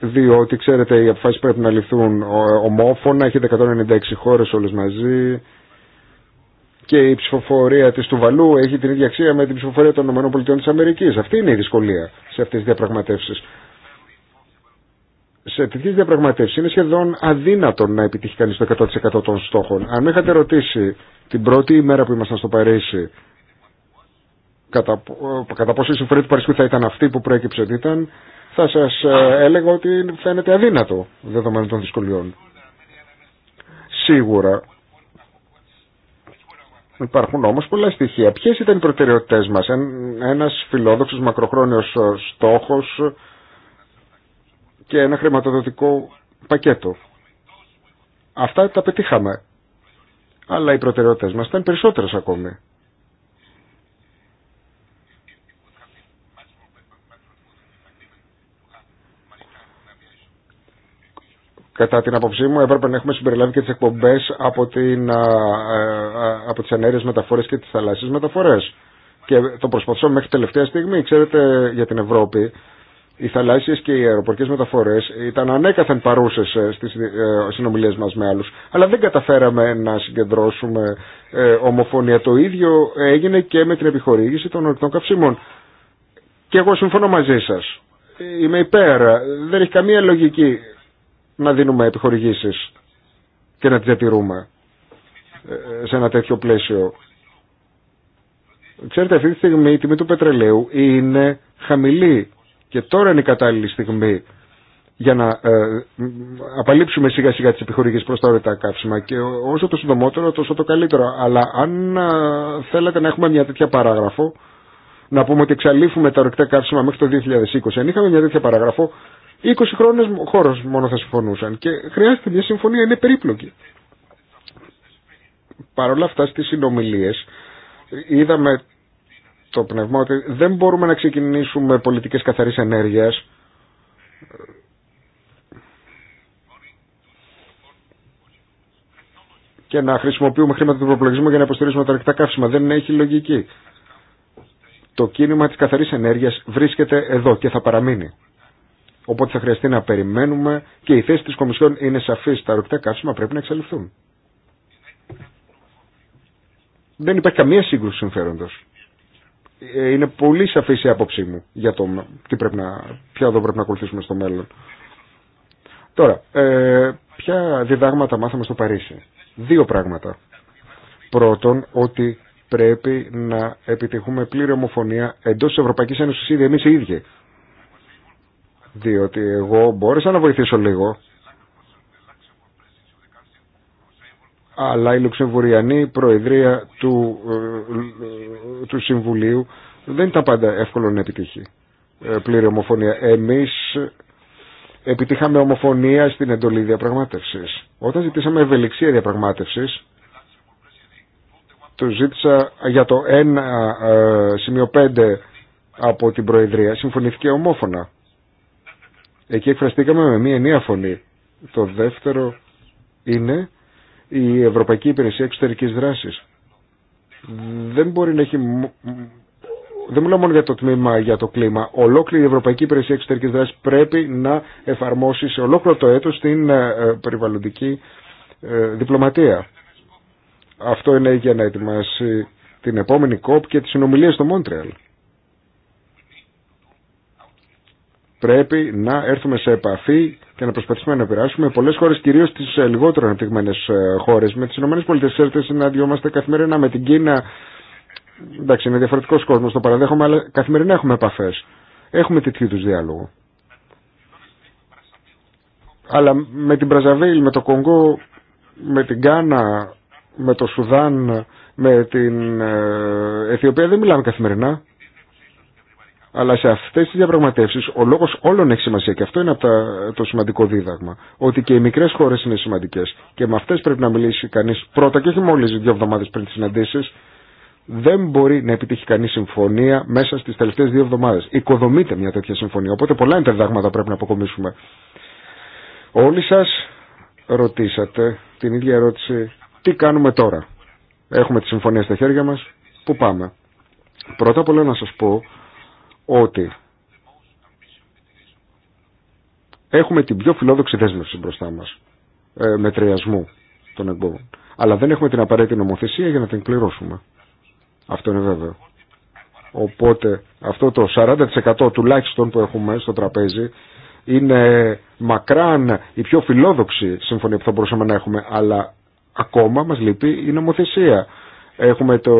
Διότι, ξέρετε, οι αποφάσει πρέπει να ληφθούν ομόφωνα. Έχετε 196 χώρε όλε μαζί. Και η ψηφοφορία τη του Βαλού έχει την ίδια αξία με την ψηφοφορία των ΗΠΑ. Αυτή είναι η δυσκολία σε αυτέ τι διαπραγματεύσει σε τέτοιε διαπραγματεύσει είναι σχεδόν αδύνατο να επιτύχει κανεί το 100% των στόχων. Αν με είχατε ρωτήσει την πρώτη ημέρα που ήμασταν στο Παρίσι, κατά, ε, κατά πόσο η συμφορία του Παρισιού θα ήταν αυτή που προέκυψε ότι ήταν, θα σα ε, έλεγα ότι φαίνεται αδύνατο δεδομένων των δυσκολιών. Σίγουρα. Υπάρχουν όμω πολλά στοιχεία. Ποιε ήταν οι προτεραιότητέ μα, ένα φιλόδοξο μακροχρόνιο ε, στόχο και ένα χρηματοδοτικό πακέτο. Αυτά τα πετύχαμε. Αλλά οι προτεραιότητες μας ήταν περισσότερες ακόμη. Κατά την άποψή μου έπρεπε να έχουμε συμπεριλάβει και τις εκπομπές από, την, από τις ενέργειες μεταφορές και τις θαλάσσιες μεταφορές. Και το προσπαθώ μέχρι τελευταία στιγμή. Ξέρετε για την Ευρώπη οι θαλάσσιες και οι αεροπορικές μεταφορές ήταν ανέκαθεν παρούσες ε, στις ε, συνομιλίες μας με άλλους. Αλλά δεν καταφέραμε να συγκεντρώσουμε ε, ομοφωνία. Το ίδιο έγινε και με την επιχορήγηση των ορεικτών καυσίμων. Και εγώ συμφωνώ μαζί σας. Είμαι υπέρ. Δεν έχει καμία λογική να δίνουμε επιχορηγήσεις και να τις διατηρούμε σε ένα τέτοιο πλαίσιο. Ξέρετε, αυτή τη στιγμή η τιμή του πετρελαίου είναι χαμηλή και τώρα είναι η κατάλληλη στιγμή για να ε, απαλείψουμε σιγά σιγά τις επιχορηγίες προς τα ορεικτά καύσιμα και όσο το συντομότερο τόσο το καλύτερο αλλά αν ε, θέλατε να έχουμε μια τέτοια παράγραφο να πούμε ότι εξαλείφουμε τα ορεικτά καύσιμα μέχρι το 2020 αν είχαμε μια τέτοια παράγραφο 20 χρόνες χώρος μόνο θα συμφωνούσαν και χρειάζεται μια συμφωνία, είναι περίπλοκη Παρ' όλα αυτά στις συνομιλίες είδαμε το πνεύμα ότι δεν μπορούμε να ξεκινήσουμε πολιτικές καθαρής ενέργειας και να χρησιμοποιούμε χρήματα του προπολογισμού για να υποστηρίζουμε τα ρεκτά καύσιμα. Δεν έχει λογική. Το κίνημα της καθαρής ενέργειας βρίσκεται εδώ και θα παραμείνει. Οπότε θα χρειαστεί να περιμένουμε και η θέση της Κομισιόν είναι σαφής. Τα ρεκτά καύσιμα πρέπει να εξαλειφθούν. Δεν υπάρχει καμία σύγκρουση συμφέροντος. Ε, είναι πολύ σαφής η άποψή μου για το τι πρέπει να, ποια πρέπει να ακολουθήσουμε στο μέλλον. Τώρα, ε, ποια διδάγματα μάθαμε στο Παρίσι. Δύο πράγματα. Πρώτον, ότι πρέπει να επιτυχούμε πλήρη ομοφωνία εντός της Ευρωπαϊκής Ένωσης ήδη εμείς οι ίδιοι. Διότι εγώ μπόρεσα να βοηθήσω λίγο αλλά η Λουξεμβουριανή Προεδρία του, ε, του Συμβουλίου δεν ήταν πάντα εύκολο να επιτύχει ε, πλήρη ομοφωνία. Εμείς επιτύχαμε ομοφωνία στην εντολή διαπραγμάτευσης. Όταν ζητήσαμε ευελιξία διαπραγμάτευσης, το ζήτησα για το 1 ε, σημείο 5 από την Προεδρία, συμφωνήθηκε ομόφωνα. Εκεί εκφραστήκαμε με μία ενία φωνή. Το δεύτερο είναι η Ευρωπαϊκή Υπηρεσία Εξωτερικής Δράσης. Δεν μπορεί να έχει... Δεν μιλάω μόνο για το τμήμα για το κλίμα. Ολόκληρη η Ευρωπαϊκή Υπηρεσία Εξωτερικής Δράσης πρέπει να εφαρμόσει σε ολόκληρο το έτος την ε, περιβαλλοντική ε, διπλωματία. Αυτό είναι για να ετοιμάσει την επόμενη κόπ και τις συνομιλίες στο Μόντρεαλ. πρέπει να έρθουμε σε επαφή και να προσπαθήσουμε να επηρεάσουμε πολλέ χώρε, κυρίω τι ε, λιγότερο αναπτυγμένε ε, χώρε. Με τι ΗΠΑ, ξέρετε, συναντιόμαστε καθημερινά με την Κίνα. Εντάξει, είναι διαφορετικό κόσμο, το παραδέχομαι, αλλά καθημερινά έχουμε επαφέ. Έχουμε τέτοιου είδου διάλογο. Αλλά με την Μπραζαβίλ, με το Κονγκό, με την Κάνα, με το Σουδάν, με την ε, Αιθιοπία δεν μιλάμε καθημερινά. Αλλά σε αυτέ τι διαπραγματεύσει ο λόγο όλων έχει σημασία και αυτό είναι από το σημαντικό δίδαγμα. Ότι και οι μικρέ χώρε είναι σημαντικέ και με αυτέ πρέπει να μιλήσει κανεί πρώτα και όχι μόλι δύο εβδομάδε πριν τι συναντήσει. Δεν μπορεί να επιτύχει κανεί συμφωνία μέσα στι τελευταίε δύο εβδομάδε. Οικοδομείται μια τέτοια συμφωνία. Οπότε πολλά είναι τα διδάγματα πρέπει να αποκομίσουμε. Όλοι σα ρωτήσατε την ίδια ερώτηση τι κάνουμε τώρα. Έχουμε τη συμφωνία στα χέρια μα, πού πάμε. Πρώτα απ' όλα να σα πω ότι έχουμε την πιο φιλόδοξη δέσμευση μπροστά μας ε, μετριασμού των εκπομπών. Αλλά δεν έχουμε την απαραίτητη νομοθεσία για να την πληρώσουμε. Αυτό είναι βέβαιο. Οπότε αυτό το 40% τουλάχιστον που έχουμε στο τραπέζι είναι μακράν η πιο φιλόδοξη συμφωνία που θα μπορούσαμε να έχουμε, αλλά ακόμα μας λείπει η νομοθεσία. Έχουμε το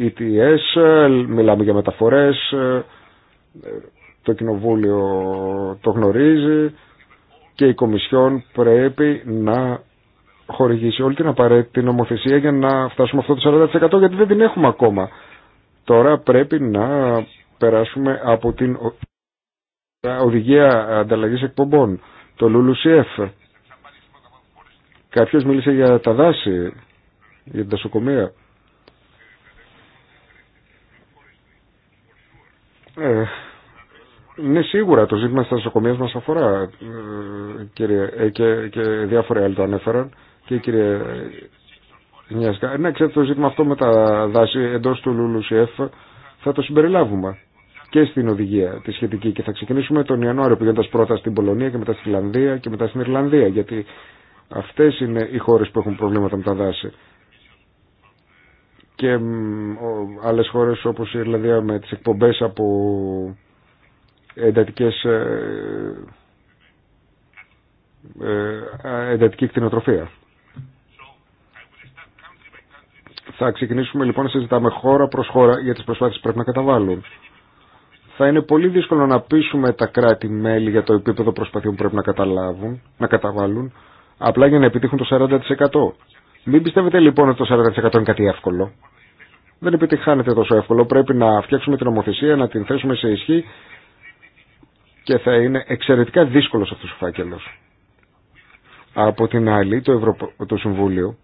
ETS, μιλάμε για μεταφορές, το κοινοβούλιο το γνωρίζει και η Κομισιόν πρέπει να χορηγήσει όλη την απαραίτητη νομοθεσία για να φτάσουμε αυτό το 40% γιατί δεν την έχουμε ακόμα. Τώρα πρέπει να περάσουμε από την οδηγία ανταλλαγής εκπομπών, το LULUCF. Κάποιος μίλησε για τα δάση για την τασοκομεία Ε, ναι, σίγουρα το ζήτημα της τασοκομείας μας αφορά ε, ε και, και διάφοροι άλλοι το ανέφεραν και κύριε Νιάσκα. Ε, ναι, ξέρετε το ζήτημα αυτό με τα δάση εντός του Λουλουσιέφ θα το συμπεριλάβουμε και στην οδηγία τη σχετική και θα ξεκινήσουμε τον Ιανουάριο πηγαίνοντα πρώτα στην Πολωνία και μετά στη Φιλανδία και μετά στην Ιρλανδία γιατί αυτές είναι οι χώρες που έχουν προβλήματα με τα δάση και άλλες χώρες όπως η Ιρλανδία με τις εκπομπές από εντατικές ε, ε, εντατική κτηνοτροφία. Θα ξεκινήσουμε λοιπόν να συζητάμε χώρα προς χώρα για τις προσπάθειες που πρέπει να καταβάλουν. Θα είναι πολύ δύσκολο να πείσουμε τα κράτη-μέλη για το επίπεδο προσπαθειών που πρέπει να, καταλάβουν, να καταβάλουν απλά για να επιτύχουν το 40%. Μην πιστεύετε λοιπόν ότι το 40% είναι κάτι εύκολο. Δεν επιτυχάνεται τόσο εύκολο. Πρέπει να φτιάξουμε την νομοθεσία, να την θέσουμε σε ισχύ και θα είναι εξαιρετικά δύσκολο αυτό ο φάκελο. Από την άλλη, το, Ευρωπο... το Συμβούλιο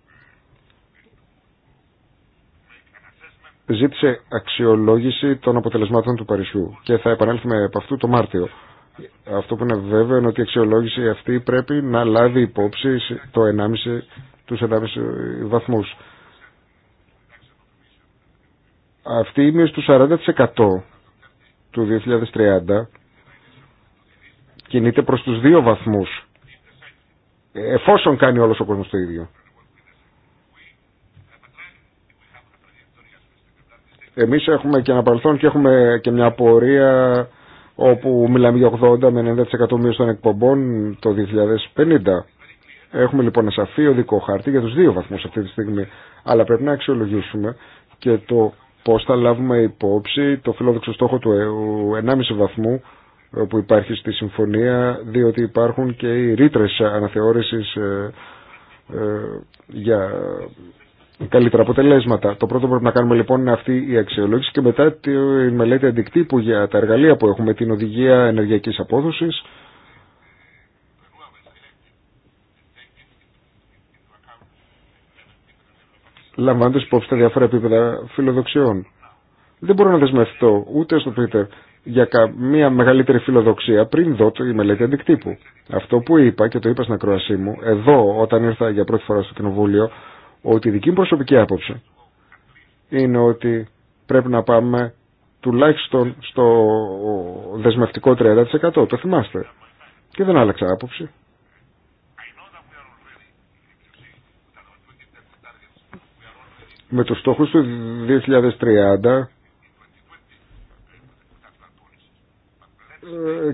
ζήτησε αξιολόγηση των αποτελεσμάτων του Παρισιού και θα επανέλθουμε από αυτού το Μάρτιο. Αυτό που είναι βέβαιο είναι ότι η αξιολόγηση αυτή πρέπει να λάβει υπόψη το 1,5 τους 1,5 βαθμούς. Αυτή η μείωση του 40% του 2030 κινείται προς τους δύο βαθμούς εφόσον κάνει όλος ο κόσμος το ίδιο. Εμείς έχουμε και ένα παρελθόν και έχουμε και μια πορεία όπου μιλάμε για 80 με 90% μείωση των εκπομπών το 2050. Έχουμε λοιπόν ένα σαφή οδικό χάρτη για τους δύο βαθμούς αυτή τη στιγμή, αλλά πρέπει να αξιολογήσουμε και το πώς θα λάβουμε υπόψη το φιλόδοξο στόχο του 1,5 ε, βαθμού ε, που υπάρχει στη συμφωνία, διότι υπάρχουν και οι ρήτρε αναθεώρησης ε, για καλύτερα αποτελέσματα. Το πρώτο που πρέπει να κάνουμε λοιπόν είναι αυτή η αξιολόγηση και μετά τη μελέτη αντικτύπου για τα εργαλεία που έχουμε, την οδηγία ενεργειακής απόδοσης, λαμβάνοντα υπόψη τα διάφορα επίπεδα φιλοδοξιών. Δεν μπορώ να δεσμευτώ ούτε στο Twitter για καμία μεγαλύτερη φιλοδοξία πριν δω τη μελέτη αντικτύπου. Αυτό που είπα και το είπα στην ακρόασή μου, εδώ όταν ήρθα για πρώτη φορά στο Κοινοβούλιο, ότι η δική μου προσωπική άποψη είναι ότι πρέπει να πάμε τουλάχιστον στο δεσμευτικό 30%. Το θυμάστε. Και δεν άλλαξα άποψη. με τους στόχους του 2030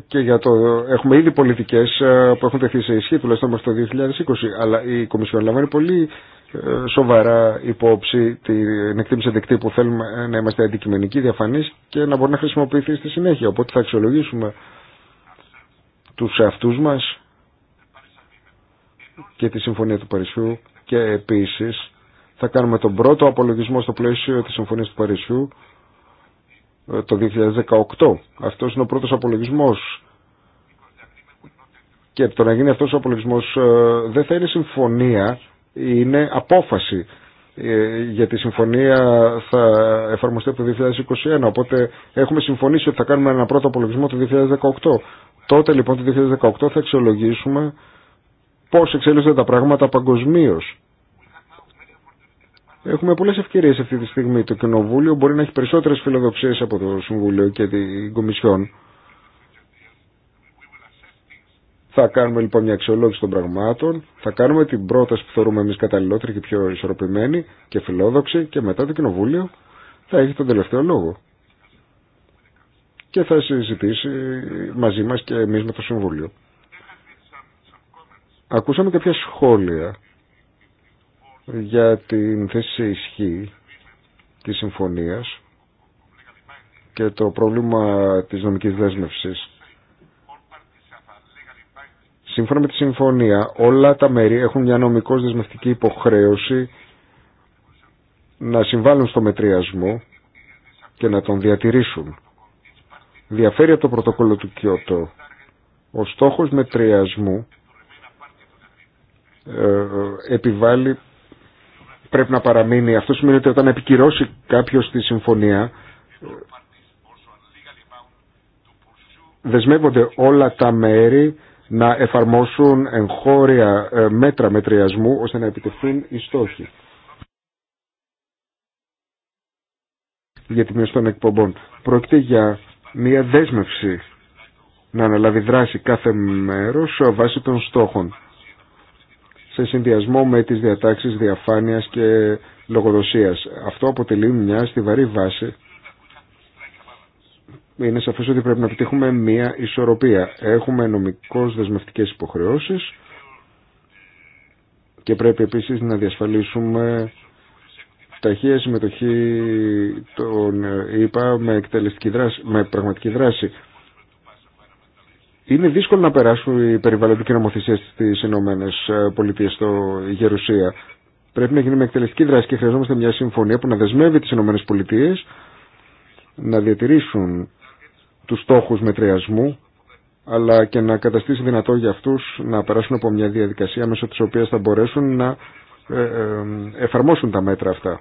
και για το... Έχουμε ήδη πολιτικές ε, που έχουν τεθεί σε ισχύ τουλάχιστον μας το 2020 αλλά η Κομισιόν λαμβάνει πολύ ε, σοβαρά υπόψη την εκτίμηση δεκτή που θέλουμε να είμαστε αντικειμενικοί, διαφανείς και να μπορεί να χρησιμοποιηθεί στη συνέχεια. Οπότε θα αξιολογήσουμε τους εαυτούς μας και τη Συμφωνία του Παρισιού και επίσης θα κάνουμε τον πρώτο απολογισμό στο πλαίσιο της Συμφωνίας του Παρισιού ε, το 2018. Αυτός είναι ο πρώτος απολογισμός. Και το να γίνει αυτός ο απολογισμός ε, δεν θα είναι συμφωνία, είναι απόφαση. Ε, γιατί η συμφωνία θα εφαρμοστεί από το 2021, οπότε έχουμε συμφωνήσει ότι θα κάνουμε ένα πρώτο απολογισμό το 2018. Τότε λοιπόν το 2018 θα αξιολογήσουμε πώς εξέλιξαν τα πράγματα παγκοσμίω Έχουμε πολλές ευκαιρίες αυτή τη στιγμή. Το Κοινοβούλιο μπορεί να έχει περισσότερες φιλοδοξίες από το Συμβούλιο και την Κομισιόν. Θα κάνουμε λοιπόν μια αξιολόγηση των πραγμάτων, θα κάνουμε την πρόταση που θεωρούμε εμείς καταλληλότερη και πιο ισορροπημένη και φιλόδοξη και μετά το Κοινοβούλιο θα έχει τον τελευταίο λόγο. Και θα συζητήσει μαζί μας και εμείς με το Συμβούλιο. Ακούσαμε κάποια σχόλια για την θέση ισχύ της συμφωνίας και το πρόβλημα της νομικής δέσμευσης. Σύμφωνα με τη συμφωνία, όλα τα μέρη έχουν μια νομικώς δεσμευτική υποχρέωση να συμβάλλουν στο μετριασμό και να τον διατηρήσουν. Διαφέρει από το πρωτοκόλλο του Κιώτο. Ο στόχος μετριασμού ε, ε, επιβάλλει πρέπει να παραμείνει. Αυτό σημαίνει ότι όταν επικυρώσει κάποιο τη συμφωνία δεσμεύονται όλα τα μέρη να εφαρμόσουν εγχώρια ε, μέτρα μετριασμού ώστε να επιτευχθούν οι στόχοι. Για τη μείωση των εκπομπών. Πρόκειται για μια δέσμευση να αναλάβει δράση κάθε μέρος ε, βάσει των στόχων σε συνδυασμό με τις διατάξεις διαφάνειας και λογοδοσίας. Αυτό αποτελεί μια στιβαρή βάση. Είναι σαφές ότι πρέπει να επιτύχουμε μια ισορροπία. Έχουμε νομικώς δεσμευτικές υποχρεώσεις και πρέπει επίσης να διασφαλίσουμε ταχεία συμμετοχή των ε, ΙΠΑ με, με πραγματική δράση. Είναι δύσκολο να περάσουν οι περιβαλλοντικοί νομοθεσίε στι Ηνωμένε Πολιτείε στο Γερουσία. Πρέπει να γίνει με εκτελεστική δράση και χρειαζόμαστε μια συμφωνία που να δεσμεύει τι Ηνωμένε Πολιτείε να διατηρήσουν του στόχου μετριασμού αλλά και να καταστήσει δυνατό για αυτούς να περάσουν από μια διαδικασία μέσω τη οποία θα μπορέσουν να ε, ε, εφαρμόσουν τα μέτρα αυτά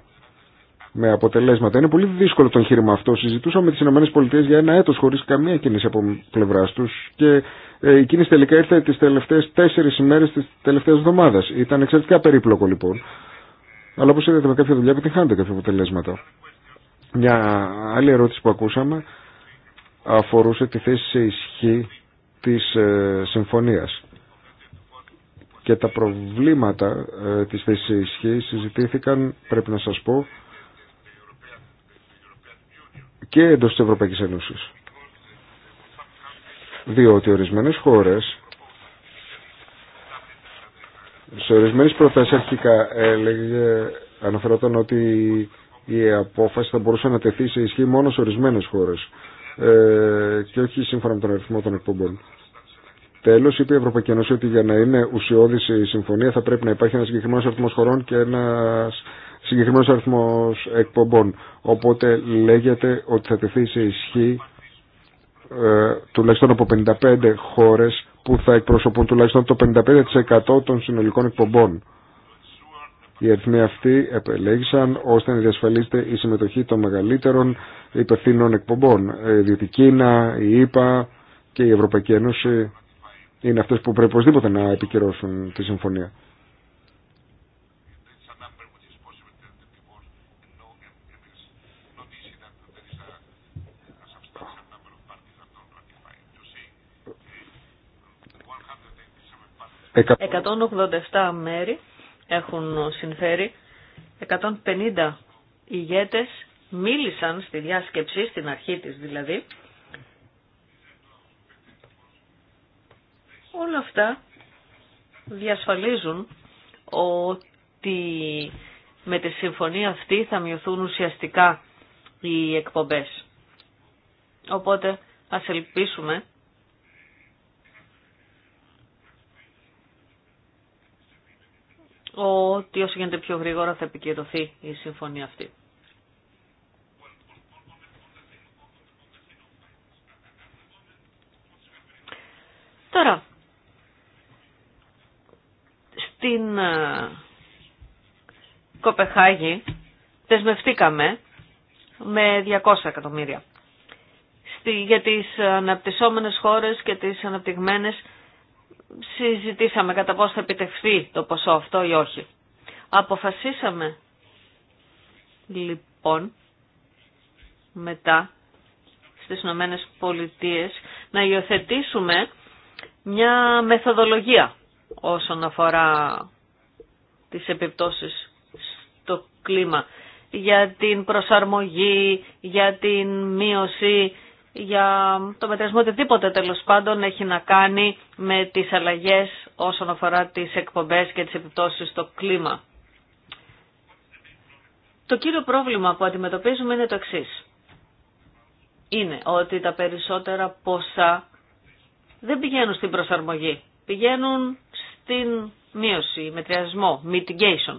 με αποτελέσματα. Είναι πολύ δύσκολο το εγχείρημα αυτό. Συζητούσαμε με τι ΗΠΑ για ένα έτο χωρί καμία κίνηση από πλευρά του και η ε, κίνηση τελικά ήρθε τι τελευταίε τέσσερι ημέρε τη τελευταία εβδομάδα. Ήταν εξαιρετικά περίπλοκο λοιπόν. Αλλά όπω είδατε με κάποια δουλειά επιτυχάνονται κάποια αποτελέσματα. Μια άλλη ερώτηση που ακούσαμε αφορούσε τη θέση σε ισχύ της ε, συμφωνίας και τα προβλήματα ε, της θέσης ισχύ συζητήθηκαν, πρέπει να σας πω, και εντό τη Ευρωπαϊκή Ένωση. Διότι ορισμένε χώρες σε ορισμένες προτάσεις αρχικά έλεγε, αναφερόταν ότι η απόφαση θα μπορούσε να τεθεί σε ισχύ μόνο σε ορισμένε χώρες ε, και όχι σύμφωνα με τον αριθμό των εκπομπών. Τέλος, είπε η Ευρωπαϊκή Ένωση ότι για να είναι ουσιώδηση η συμφωνία θα πρέπει να υπάρχει ένα συγκεκριμένο αριθμό χωρών και ένας Συγκεκριμένο αριθμό εκπομπών. Οπότε λέγεται ότι θα τεθεί σε ισχύ ε, τουλάχιστον από 55 χώρε που θα εκπροσωπούν τουλάχιστον το 55% των συνολικών εκπομπών. Οι αριθμοί αυτοί επελέγησαν ώστε να διασφαλίσετε η συμμετοχή των μεγαλύτερων υπευθύνων εκπομπών. Ε, διότι η Κίνα, η ΕΠΑ και η Ευρωπαϊκή Ένωση είναι αυτές που πρέπει οπωσδήποτε να επικυρώσουν τη συμφωνία. 187 μέρη έχουν συμφέρει, 150 ηγέτες μίλησαν στη διάσκεψη, στην αρχή της δηλαδή. Όλα αυτά διασφαλίζουν ότι με τη συμφωνία αυτή θα μειωθούν ουσιαστικά οι εκπομπές. Οπότε ας ελπίσουμε ότι όσο γίνεται πιο γρήγορα θα επικυρωθεί η συμφωνία αυτή. Τώρα, στην ε, Κοπεχάγη δεσμευτήκαμε με 200 εκατομμύρια για τις αναπτυσσόμενες χώρες και τις αναπτυγμένες συζητήσαμε κατά πώς θα επιτευχθεί το ποσό αυτό ή όχι. Αποφασίσαμε λοιπόν μετά στις Ηνωμένε Πολιτείες να υιοθετήσουμε μια μεθοδολογία όσον αφορά τις επιπτώσεις στο κλίμα για την προσαρμογή, για την μείωση για το μετρασμό οτιδήποτε τέλο πάντων έχει να κάνει με τι αλλαγέ όσον αφορά τι εκπομπέ και τι επιπτώσει στο κλίμα. Το κύριο πρόβλημα που αντιμετωπίζουμε είναι το εξή. Είναι ότι τα περισσότερα ποσά δεν πηγαίνουν στην προσαρμογή. Πηγαίνουν στην μείωση, μετριασμό, mitigation.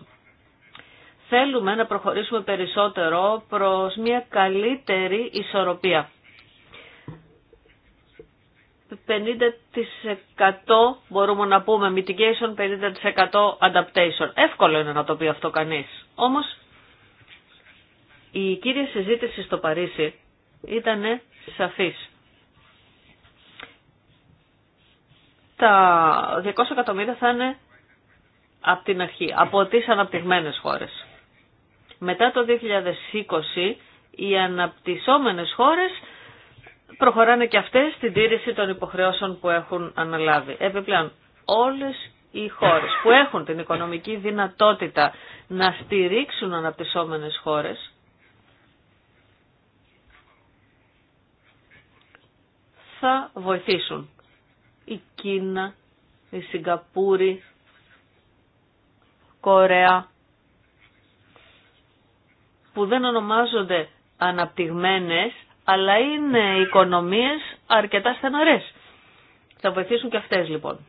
Θέλουμε να προχωρήσουμε περισσότερο προς μια καλύτερη ισορροπία 50% μπορούμε να πούμε mitigation, 50% adaptation. Εύκολο είναι να το πει αυτό κανείς. Όμως η κύρια συζήτηση στο Παρίσι ήταν σαφής. Τα 200 εκατομμύρια θα είναι από την αρχή, από τις αναπτυγμένες χώρες. Μετά το 2020 οι αναπτυσσόμενες χώρες προχωράνε και αυτές στην τήρηση των υποχρεώσεων που έχουν αναλάβει. Επιπλέον, όλες οι χώρες που έχουν την οικονομική δυνατότητα να στηρίξουν αναπτυσσόμενες χώρες, θα βοηθήσουν. Η Κίνα, η Σιγκαπούρη, Κορέα, που δεν ονομάζονται αναπτυγμένες, αλλά είναι οικονομίες αρκετά στεναρές. Θα βοηθήσουν και αυτές λοιπόν,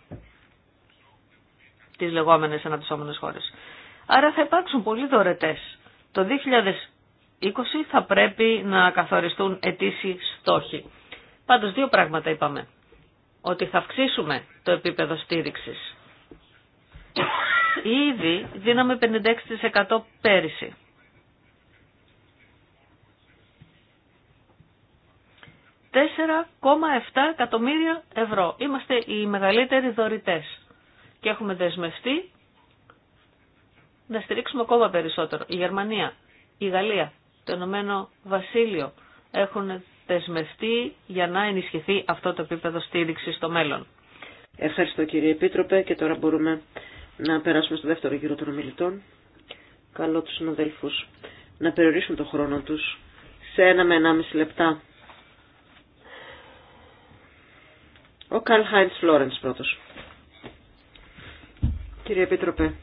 τις λεγόμενες αναπτυσσόμενες χώρες. Άρα θα υπάρξουν πολλοί δωρετές. Το 2020 θα πρέπει να καθοριστούν ετήσιοι στόχοι. Πάντως δύο πράγματα είπαμε. Ότι θα αυξήσουμε το επίπεδο στήριξης. Ήδη δίναμε 56% πέρυσι. 4,7 εκατομμύρια ευρώ. Είμαστε οι μεγαλύτεροι δωρητές και έχουμε δεσμευτεί να στηρίξουμε ακόμα περισσότερο. Η Γερμανία, η Γαλλία, το Ενωμένο Βασίλειο έχουν δεσμευτεί για να ενισχυθεί αυτό το επίπεδο στήριξη στο μέλλον. Ευχαριστώ κύριε Επίτροπε και τώρα μπορούμε να περάσουμε στο δεύτερο γύρο των ομιλητών. Καλό τους συναδέλφους να περιορίσουν τον χρόνο τους σε ένα με μισή λεπτά Ο Καρλ Χάιντς Φλόρενς πρώτος. Κύριε Επίτροπε,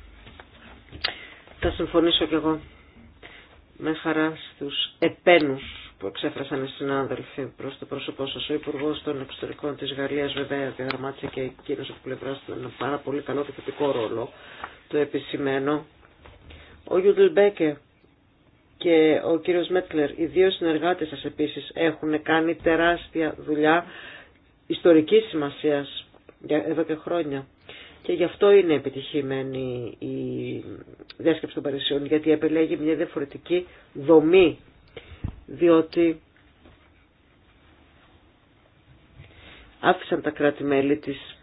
θα συμφωνήσω κι εγώ με χαρά στους επένους που εξέφρασαν οι συνάδελφοι προς το πρόσωπό σας. Ο Υπουργός των Εξωτερικών της Γαλλίας βέβαια διαγραμμάτισε και εκείνος από πλευρά του ένα πάρα πολύ καλό και θετικό ρόλο. Το επισημαίνω. Ο Γιούντελ Μπέκε και ο κύριος Μέτλερ, οι δύο συνεργάτες σας επίσης, έχουν κάνει τεράστια δουλειά ιστορική σημασίας εδώ και χρόνια. Και γι' αυτό είναι επιτυχημένη η διάσκεψη των Παρισιών, γιατί επιλέγει μια διαφορετική δομή, διότι άφησαν τα κράτη-μέλη τις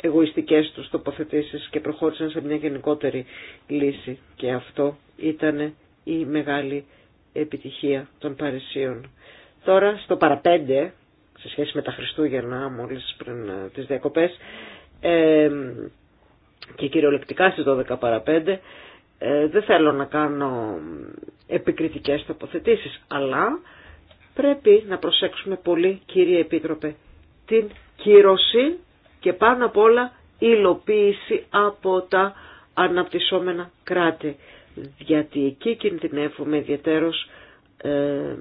εγωιστικές τους τοποθετήσεις και προχώρησαν σε μια γενικότερη λύση. Και αυτό ήταν η μεγάλη επιτυχία των Παρισίων. Τώρα στο παραπέντε σε σχέση με τα Χριστούγεννα μόλις πριν ε, τις διακοπές ε, και κυριολεκτικά στις 12 παρα 5 ε, δεν θέλω να κάνω επικριτικές τοποθετήσεις αλλά πρέπει να προσέξουμε πολύ κύριε Επίτροπε την κύρωση και πάνω απ' όλα υλοποίηση από τα αναπτυσσόμενα κράτη γιατί εκεί κινδυνεύουμε ιδιαίτερως ε,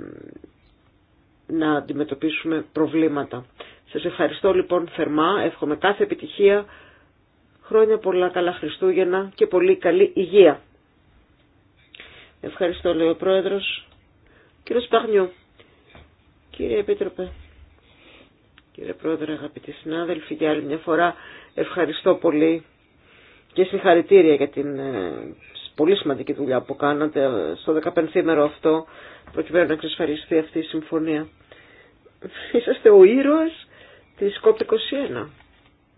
να αντιμετωπίσουμε προβλήματα. Σας ευχαριστώ λοιπόν θερμά, εύχομαι κάθε επιτυχία, χρόνια πολλά καλά Χριστούγεννα και πολύ καλή υγεία. Ευχαριστώ λέει ο Πρόεδρος. Κύριε Σπαγνιού, κύριε Επίτροπε, κύριε Πρόεδρε, αγαπητοί συνάδελφοι, για άλλη μια φορά ευχαριστώ πολύ και συγχαρητήρια για την ε, πολύ σημαντική δουλειά που κάνατε στο 15 μέρο αυτό προκειμένου να εξασφαλιστεί αυτή η συμφωνία είσαστε ο ήρωας της COP21.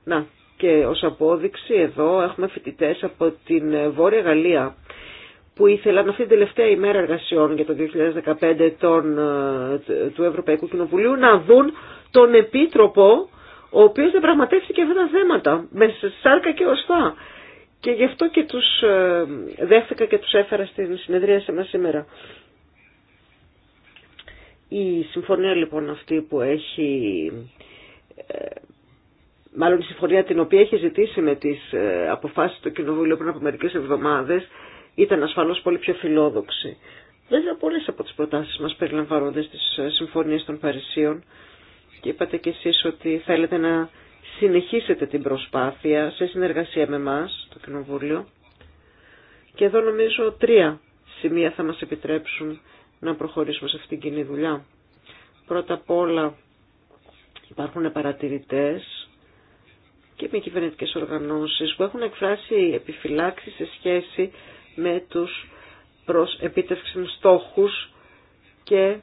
Να, και ως απόδειξη εδώ έχουμε φοιτητέ από την Βόρεια Γαλλία που ήθελαν αυτή την τελευταία ημέρα εργασιών για το 2015 τον, ε, του Ευρωπαϊκού Κοινοβουλίου να δουν τον Επίτροπο ο οποίος δεν πραγματεύτηκε αυτά τα θέματα με σάρκα και οστά. Και γι' αυτό και τους ε, δέχτηκα και τους έφερα στην συνεδρία σε μας σήμερα. Η συμφωνία λοιπόν αυτή που έχει, ε, μάλλον η συμφωνία την οποία έχει ζητήσει με τις ε, αποφάσεις του Κοινοβούλιο πριν από μερικές εβδομάδες, ήταν ασφαλώς πολύ πιο φιλόδοξη. Βέβαια πολλές από τις προτάσεις μας περιλαμβάνονται στις ε, συμφωνίες των Παρισίων και είπατε κι εσείς ότι θέλετε να συνεχίσετε την προσπάθεια σε συνεργασία με μας το Κοινοβούλιο. Και εδώ νομίζω τρία σημεία θα μας επιτρέψουν να προχωρήσουμε σε αυτήν την κοινή δουλειά. Πρώτα απ' όλα υπάρχουν παρατηρητές και μη κυβερνητικέ οργανώσεις που έχουν εκφράσει επιφυλάξεις σε σχέση με τους προς επίτευξη στόχους και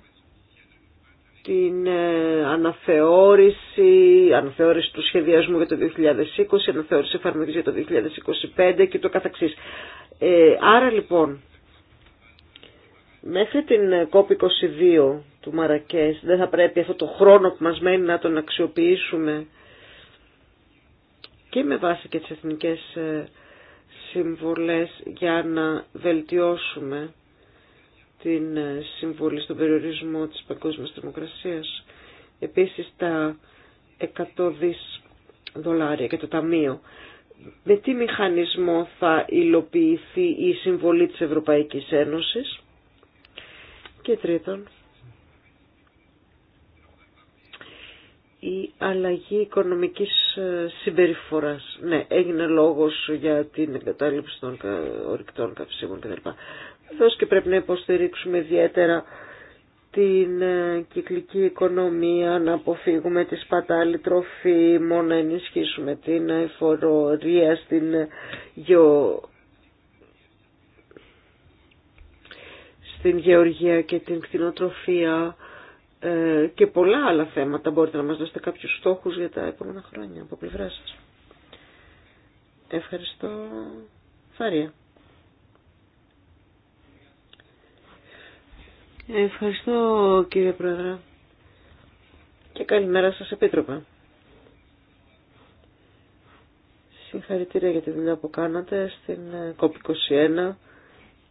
την ε, αναθεώρηση, αναθεώρηση του σχεδιασμού για το 2020, αναθεώρηση εφαρμογής για το 2025 και το καθεξής. Ε, άρα λοιπόν μέχρι την COP22 του Μαρακές δεν θα πρέπει αυτό το χρόνο που μας μένει να τον αξιοποιήσουμε και με βάση και τις εθνικές ε, συμβολές για να βελτιώσουμε την ε, συμβολή στον περιορισμό της παγκόσμιας δημοκρασίας. Επίσης τα 100 δις δολάρια και το ταμείο. Με τι μηχανισμό θα υλοποιηθεί η συμβολή της Ευρωπαϊκής Ένωσης και τρίτον, η αλλαγή οικονομικής ε, συμπεριφοράς. Ναι, έγινε λόγος για την εγκατάλειψη των ορυκτών καυσίμων κλπ. Βεβαίως και πρέπει να υποστηρίξουμε ιδιαίτερα την ε, κυκλική οικονομία, να αποφύγουμε τη σπατάλη τροφή, μόνο να ενισχύσουμε την εφορορία στην γεω στην γεωργία και την κτηνοτροφία ε, και πολλά άλλα θέματα. Μπορείτε να μας δώσετε κάποιους στόχους για τα επόμενα χρόνια από πλευρά σας. Ευχαριστώ. Φαρία. Ευχαριστώ κύριε Πρόεδρε. Και καλημέρα σας Επίτροπα. Συγχαρητήρια για τη δουλειά που κάνατε στην COP21 ε,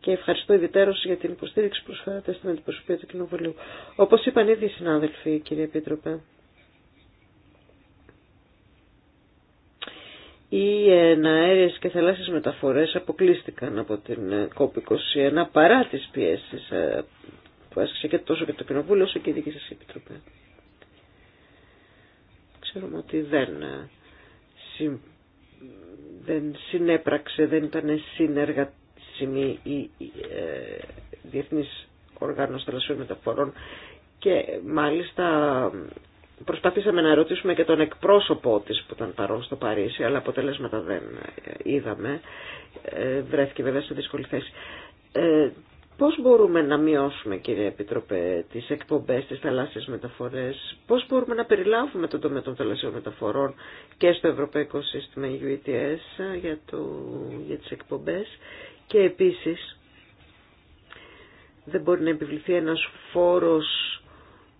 και ευχαριστώ ιδιαίτερω για την υποστήριξη που προσφέρατε στην αντιπροσωπεία του Κοινοβουλίου. Όπω είπαν ήδη οι συνάδελφοι, κύριε Επίτροπε, οι αέριες και θαλάσσιε μεταφορέ αποκλείστηκαν από την COP21 παρά τι πιέσει ε, που άσκησε και τόσο και το Κοινοβούλιο όσο και η δική σα Επιτροπή. Ξέρουμε ότι δεν, ε, δεν συνέπραξε, δεν ήταν συνεργατή βιώσιμη η ε, Διεθνής Οργάνωση Θαλασσίων Μεταφορών και μάλιστα προσπαθήσαμε να ρωτήσουμε και τον εκπρόσωπό της που ήταν παρόν στο Παρίσι, αλλά αποτελέσματα δεν ε, είδαμε. Ε, βρέθηκε βέβαια σε δύσκολη θέση. Πώς μπορούμε να μειώσουμε, κύριε Επιτροπέ, τις εκπομπές, τις θαλάσσιες μεταφορές, πώς μπορούμε να περιλάβουμε τον τομέα των θαλασσιών μεταφορών και στο Ευρωπαϊκό Σύστημα UETS για, το, για τις εκπομπές και επίσης δεν μπορεί να επιβληθεί ένας φόρος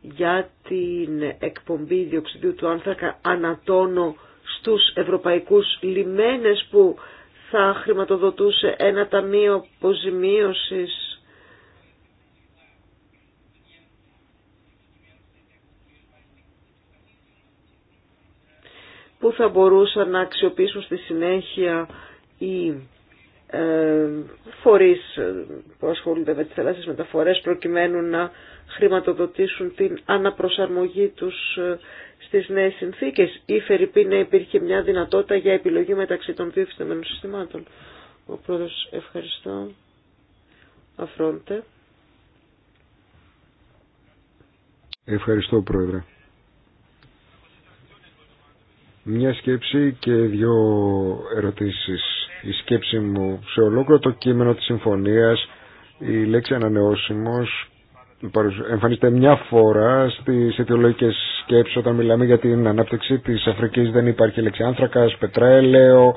για την εκπομπή διοξιδίου του άνθρακα ανατόνο στους ευρωπαϊκούς λιμένες που θα χρηματοδοτούσε ένα ταμείο αποζημίωσης που θα μπορούσαν να αξιοποιήσουν στη συνέχεια οι ε, φορείς ε, που ασχολούνται με τις θελασσίες μεταφορές προκειμένου να χρηματοδοτήσουν την αναπροσαρμογή τους ε, στις νέες συνθήκες ή φερειπή να υπήρχε μια δυνατότητα για επιλογή μεταξύ των δύο φυσικών συστημάτων. Ο πρόεδρος ευχαριστώ. Αφρόντε. Ευχαριστώ πρόεδρε. Μια σκέψη και δύο ερωτήσεις η σκέψη μου σε ολόκληρο το κείμενο της συμφωνίας η λέξη ανανεώσιμος εμφανίζεται μια φορά στις αιτιολογικές σκέψεις όταν μιλάμε για την ανάπτυξη της Αφρικής δεν υπάρχει λέξη άνθρακας, πετρέλαιο,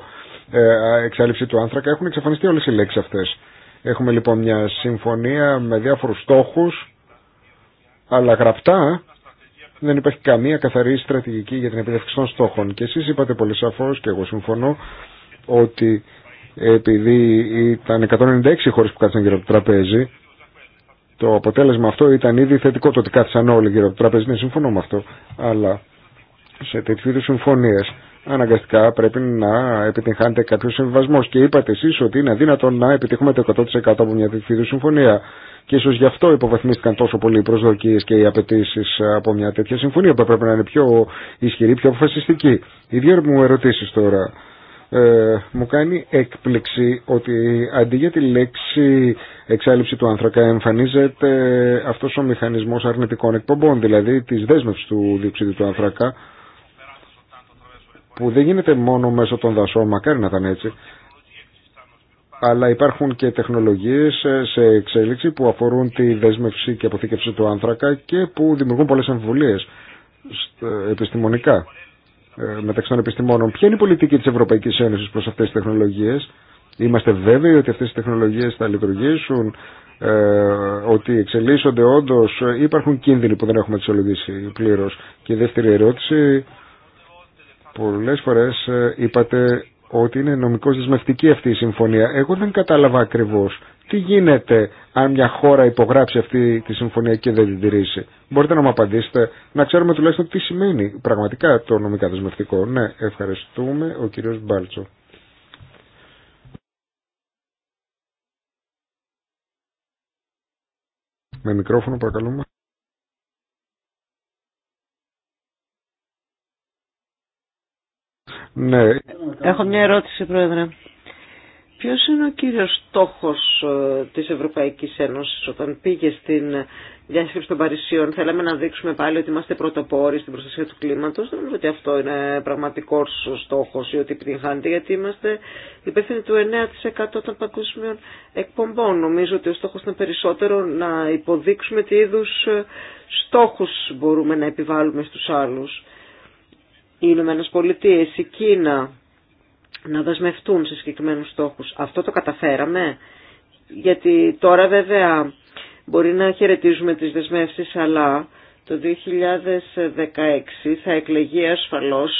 ε, εξάλληψη του άνθρακα έχουν εξαφανιστεί όλες οι λέξεις αυτές έχουμε λοιπόν μια συμφωνία με διάφορους στόχους αλλά γραπτά δεν υπάρχει καμία καθαρή στρατηγική για την επίτευξη των στόχων. Και εσείς είπατε πολύ σαφώς και εγώ συμφωνώ, ότι επειδή ήταν 196 χώρες που κάθισαν γύρω από το τραπέζι, το αποτέλεσμα αυτό ήταν ήδη θετικό το ότι κάθισαν όλοι γύρω από το τραπέζι. Ναι, συμφωνώ με αυτό. Αλλά σε τέτοιου είδου συμφωνίε αναγκαστικά πρέπει να επιτυγχάνεται κάποιο συμβιβασμό. Και είπατε εσεί ότι είναι αδύνατο να επιτύχουμε το 100% από μια τέτοιου είδου συμφωνία. Και ίσω γι' αυτό υποβαθμίστηκαν τόσο πολύ οι προσδοκίε και οι απαιτήσει από μια τέτοια συμφωνία που έπρεπε να είναι πιο ισχυρή, πιο αποφασιστική. Οι δύο μου ερωτήσει τώρα ε, μου κάνει έκπληξη ότι αντί για τη λέξη εξάλληψη του άνθρακα εμφανίζεται αυτός ο μηχανισμός αρνητικών εκπομπών, δηλαδή της δέσμευσης του διοξιδίου του άνθρακα, που δεν γίνεται μόνο μέσω των δασών, μακάρι να ήταν έτσι, αλλά υπάρχουν και τεχνολογίες σε εξέλιξη που αφορούν τη δέσμευση και αποθήκευση του άνθρακα και που δημιουργούν πολλές επιστημονικά. Ε, μεταξύ των επιστημόνων. Ποια είναι η πολιτική της Ευρωπαϊκής Ένωσης προς αυτές τις τεχνολογίες. Είμαστε βέβαιοι ότι αυτές οι τεχνολογίες θα λειτουργήσουν, ε, ότι εξελίσσονται όντως ε, υπάρχουν κίνδυνοι που δεν έχουμε αξιολογήσει πλήρως. Και η δεύτερη ερώτηση, πολλές φορές είπατε ότι είναι νομικώς δεσμευτική αυτή η συμφωνία. Εγώ δεν κατάλαβα ακριβώς τι γίνεται αν μια χώρα υπογράψει αυτή τη συμφωνία και δεν την τηρήσει. Μπορείτε να μου απαντήσετε, να ξέρουμε τουλάχιστον τι σημαίνει πραγματικά το νομικά δεσμευτικό. Ναι, ευχαριστούμε ο κύριος Μπάλτσο. Με μικρόφωνο παρακαλούμε. Ναι. Έχω μια ερώτηση, Πρόεδρε. Ποιος είναι ο κύριος στόχος ε, της Ευρωπαϊκής Ένωσης όταν πήγε στην διάσκεψη των Παρισίων. Θέλαμε να δείξουμε πάλι ότι είμαστε πρωτοπόροι στην προστασία του κλίματος. Δεν νομίζω ότι αυτό είναι πραγματικός στόχος ή ότι επιτυγχάνεται γιατί είμαστε υπεύθυνοι του 9% των παγκόσμιων εκπομπών. Νομίζω ότι ο στόχος ήταν περισσότερο να υποδείξουμε τι είδους ε, στόχους μπορούμε να επιβάλλουμε στους άλλους. Οι Ηνωμένες Πολιτείες, η Κίνα, να δεσμευτούν σε συγκεκριμένους στόχους. Αυτό το καταφέραμε, γιατί τώρα βέβαια μπορεί να χαιρετίζουμε τις δεσμεύσεις, αλλά το 2016 θα εκλεγεί ασφαλώς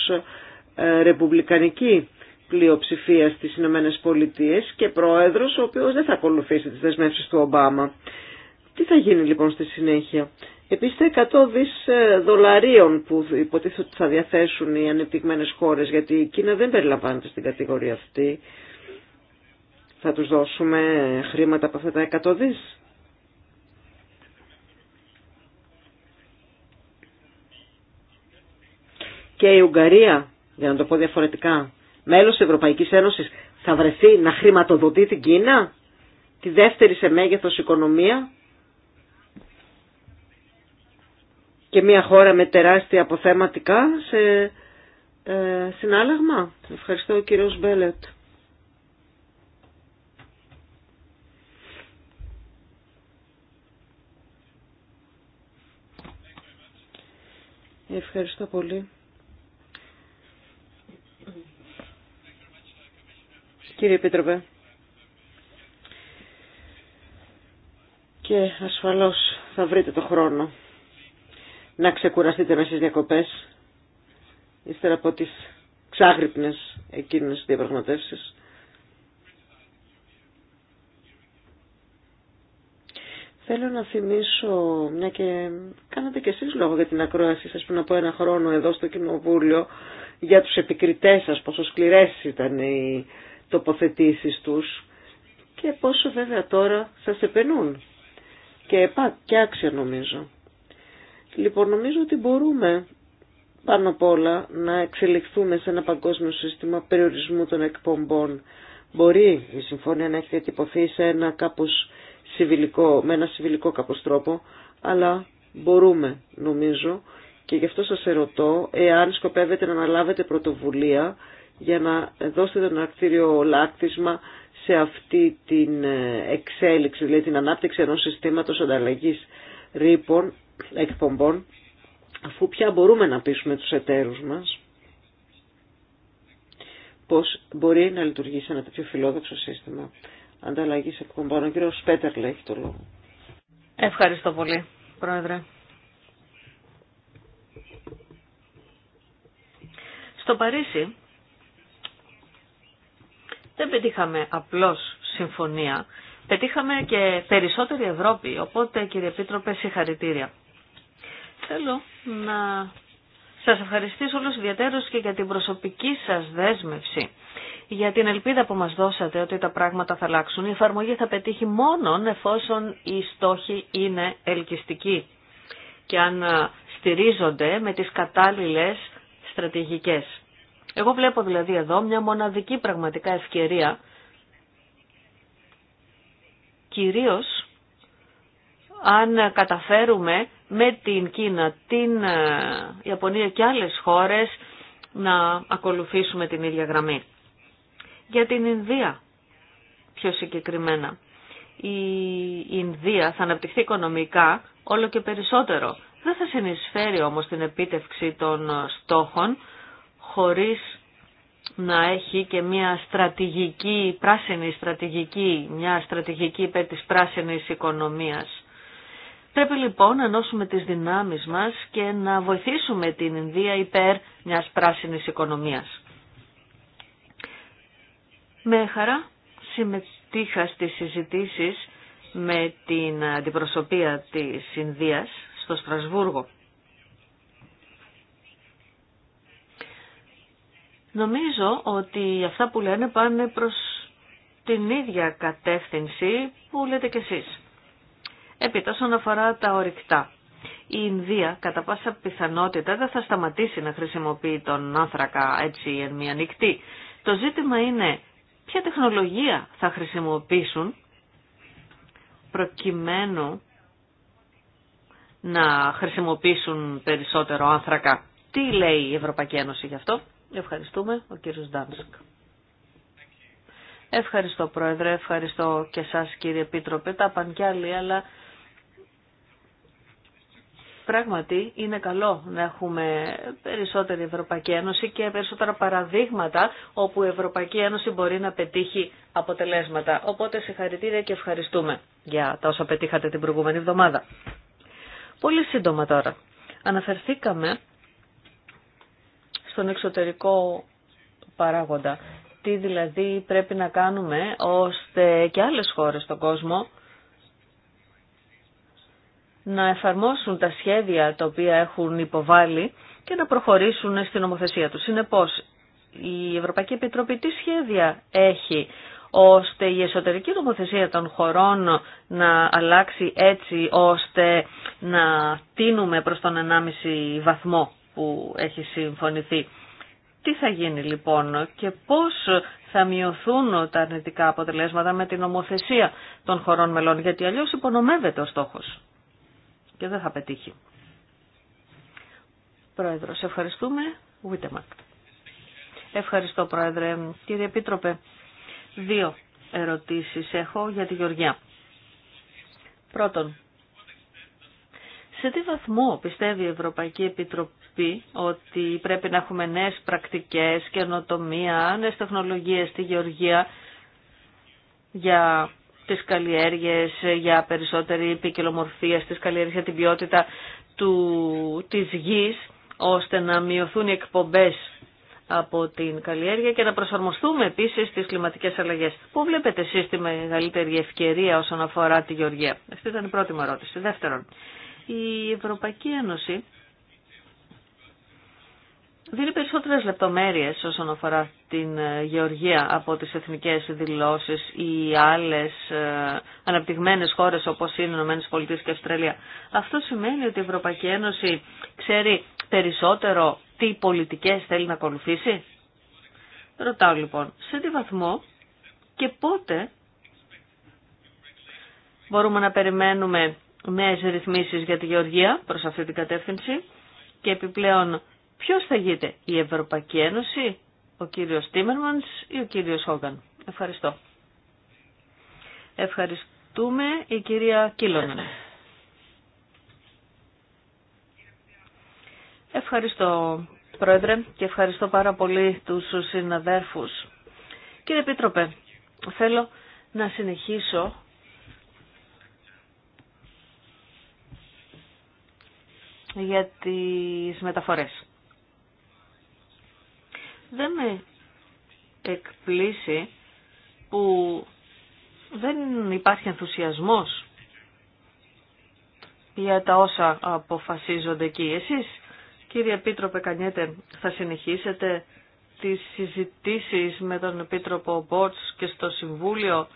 ε, ρεπουμπλικανική πλειοψηφία στις Ηνωμένε Πολιτείες και πρόεδρος ο οποίος δεν θα ακολουθήσει τις δεσμεύσεις του Ομπάμα. Τι θα γίνει λοιπόν στη συνέχεια. Επίσης τα 100 δις ε, δολαρίων που υποτίθεται ότι θα διαθέσουν οι ανεπτυγμένες χώρες, γιατί η Κίνα δεν περιλαμβάνεται στην κατηγορία αυτή. Θα τους δώσουμε χρήματα από αυτά τα 100 δις. Και η Ουγγαρία, για να το πω διαφορετικά, μέλος της Ευρωπαϊκής Ένωσης, θα βρεθεί να χρηματοδοτεί την Κίνα, τη δεύτερη σε μέγεθος οικονομία, και μια χώρα με τεράστια αποθέματικά σε ε, συνάλλαγμα. Ευχαριστώ κύριο Μπέλετ. Ευχαριστώ πολύ. Κύριε Επίτροπε. Και ασφαλώς θα βρείτε το χρόνο να ξεκουραστείτε μέσα στις διακοπές ύστερα από τις ξάγρυπνες εκείνες διαπραγματεύσεις. Θέλω να θυμίσω, μια και κάνατε και εσείς λόγο για την ακρόαση σας πριν από ένα χρόνο εδώ στο Κοινοβούλιο, για τους επικριτές σας, πόσο σκληρές ήταν οι τοποθετήσεις τους και πόσο βέβαια τώρα σας επενούν. Και, πα, και άξια νομίζω. Λοιπόν, νομίζω ότι μπορούμε πάνω απ' όλα να εξελιχθούμε σε ένα παγκόσμιο σύστημα περιορισμού των εκπομπών. Μπορεί η συμφωνία να έχει διατυπωθεί σε ένα κάπως συμβιλικό, με ένα συμβιλικό κάπως τρόπο, αλλά μπορούμε νομίζω και γι' αυτό σας ερωτώ εάν σκοπεύετε να αναλάβετε πρωτοβουλία για να δώσετε τον αρκτήριο λάκτισμα σε αυτή την ε, εξέλιξη, δηλαδή την ανάπτυξη ενός συστήματος ανταλλαγής ρήπων εκπομπών, αφού πια μπορούμε να πείσουμε τους εταίρους μας πώς μπορεί να λειτουργήσει ένα τέτοιο φιλόδοξο σύστημα ανταλλαγής εκπομπών. Ο κύριος Πέτερλε το λόγο. Ευχαριστώ πολύ, Πρόεδρε. Στο Παρίσι δεν πετύχαμε απλώς συμφωνία, πετύχαμε και περισσότερη Ευρώπη, οπότε κύριε Επίτροπε συγχαρητήρια. Θέλω να σας ευχαριστήσω όλους ιδιαίτερως και για την προσωπική σας δέσμευση. Για την ελπίδα που μας δώσατε ότι τα πράγματα θα αλλάξουν. Η εφαρμογή θα πετύχει μόνον εφόσον οι στόχοι είναι ελκυστικοί και αν ε, στηρίζονται με τις κατάλληλες στρατηγικές. Εγώ βλέπω δηλαδή εδώ μια μοναδική πραγματικά ευκαιρία, κυρίως αν καταφέρουμε με την Κίνα, την ε, Ιαπωνία και άλλες χώρες να ακολουθήσουμε την ίδια γραμμή. Για την Ινδία, πιο συγκεκριμένα. Η Ινδία θα αναπτυχθεί οικονομικά όλο και περισσότερο. Δεν θα συνεισφέρει όμως την επίτευξη των στόχων χωρίς να έχει και μια στρατηγική, πράσινη στρατηγική, μια στρατηγική υπέρ της πράσινης οικονομίας. Πρέπει λοιπόν να ενώσουμε τις δυνάμεις μας και να βοηθήσουμε την Ινδία υπέρ μιας πράσινης οικονομίας. Με χαρά συμμετείχα στις συζητήσεις με την αντιπροσωπεία της Ινδίας στο Στρασβούργο. Νομίζω ότι αυτά που λένε πάνε προς την ίδια κατεύθυνση που λέτε κι εσείς. Έπειτα, όσον αφορά τα ορυκτά. Η Ινδία κατά πάσα πιθανότητα δεν θα σταματήσει να χρησιμοποιεί τον άνθρακα έτσι εν μία νυχτή. Το ζήτημα είναι ποια τεχνολογία θα χρησιμοποιήσουν προκειμένου να χρησιμοποιήσουν περισσότερο άνθρακα. Τι λέει η Ευρωπαϊκή Ένωση γι' αυτό. Ευχαριστούμε, ο κύριος Ντάνσκ. Ευχαριστώ Πρόεδρε, ευχαριστώ και εσάς κύριε Επίτροπε, τα αλλά Πράγματι είναι καλό να έχουμε περισσότερη Ευρωπαϊκή Ένωση και περισσότερα παραδείγματα όπου η Ευρωπαϊκή Ένωση μπορεί να πετύχει αποτελέσματα. Οπότε συγχαρητήρια και ευχαριστούμε για τα όσα πετύχατε την προηγούμενη εβδομάδα. Πολύ σύντομα τώρα. Αναφερθήκαμε στον εξωτερικό παράγοντα. Τι δηλαδή πρέπει να κάνουμε ώστε και άλλες χώρες στον κόσμο να εφαρμόσουν τα σχέδια τα οποία έχουν υποβάλει και να προχωρήσουν στην νομοθεσία τους. Συνεπώς, η Ευρωπαϊκή Επιτροπή τι σχέδια έχει ώστε η εσωτερική νομοθεσία των χωρών να αλλάξει έτσι ώστε να τίνουμε προς τον 1,5 βαθμό που έχει συμφωνηθεί. Τι θα γίνει λοιπόν και πώς θα μειωθούν τα αρνητικά αποτελέσματα με την νομοθεσία των χωρών μελών, γιατί αλλιώς υπονομεύεται ο στόχος και δεν θα πετύχει. σε ευχαριστούμε. Ευχαριστώ, Πρόεδρε. Κύριε Επίτροπε, δύο ερωτήσεις έχω για τη Γεωργιά. Πρώτον, σε τι βαθμό πιστεύει η Ευρωπαϊκή Επιτροπή ότι πρέπει να έχουμε νέες πρακτικές, καινοτομία, νέες τεχνολογίες στη Γεωργία για τις καλλιέργειες ε, για περισσότερη ποικιλομορφία, στις καλλιέργειες για την ποιότητα του, της γης, ώστε να μειωθούν οι εκπομπές από την καλλιέργεια και να προσαρμοστούμε επίσης στις κλιματικές αλλαγές. Πού βλέπετε εσείς τη μεγαλύτερη ευκαιρία όσον αφορά τη γεωργία. Αυτή ήταν η πρώτη μου ερώτηση. Δεύτερον, η Ευρωπαϊκή Ένωση δίνει περισσότερε λεπτομέρειες όσον αφορά την ε, γεωργία από τις εθνικές είναι Ηνωμένε Πολιτείε και Ευστραλία. Αυτό σημαίνει ότι ή άλλες ε, αναπτυγμενε χώρες όπως είναι οι ΗΠΑ και Αυστραλία. Αυτό σημαίνει ότι η Ευρωπαϊκή Ένωση ξέρει περισσότερο τι πολιτικές θέλει να ακολουθήσει. Ρωτάω λοιπόν, σε τι βαθμό και πότε μπορούμε να περιμένουμε νέες ρυθμίσεις για τη γεωργία προς αυτή την κατεύθυνση και επιπλέον Ποιος θα γίνεται, η Ευρωπαϊκή Ένωση, ο κύριος Τίμερμανς ή ο κύριος Χόγκαν. Ευχαριστώ. Ευχαριστούμε η κυρία Κίλωνεν. η κυρια κιλωνα Πρόεδρε και ευχαριστώ πάρα πολύ τους συναδέρφους. Κύριε Επίτροπε, θέλω να συνεχίσω για τις μεταφορές. Δεν με εκπλήσει που δεν υπάρχει ενθουσιασμός για τα όσα αποφασίζονται εκεί. Εσείς, κύριε Επίτροπε Κανιέτε, θα συνεχίσετε τις συζητήσεις με τον Επίτροπο Μπότς και στο Συμβούλιο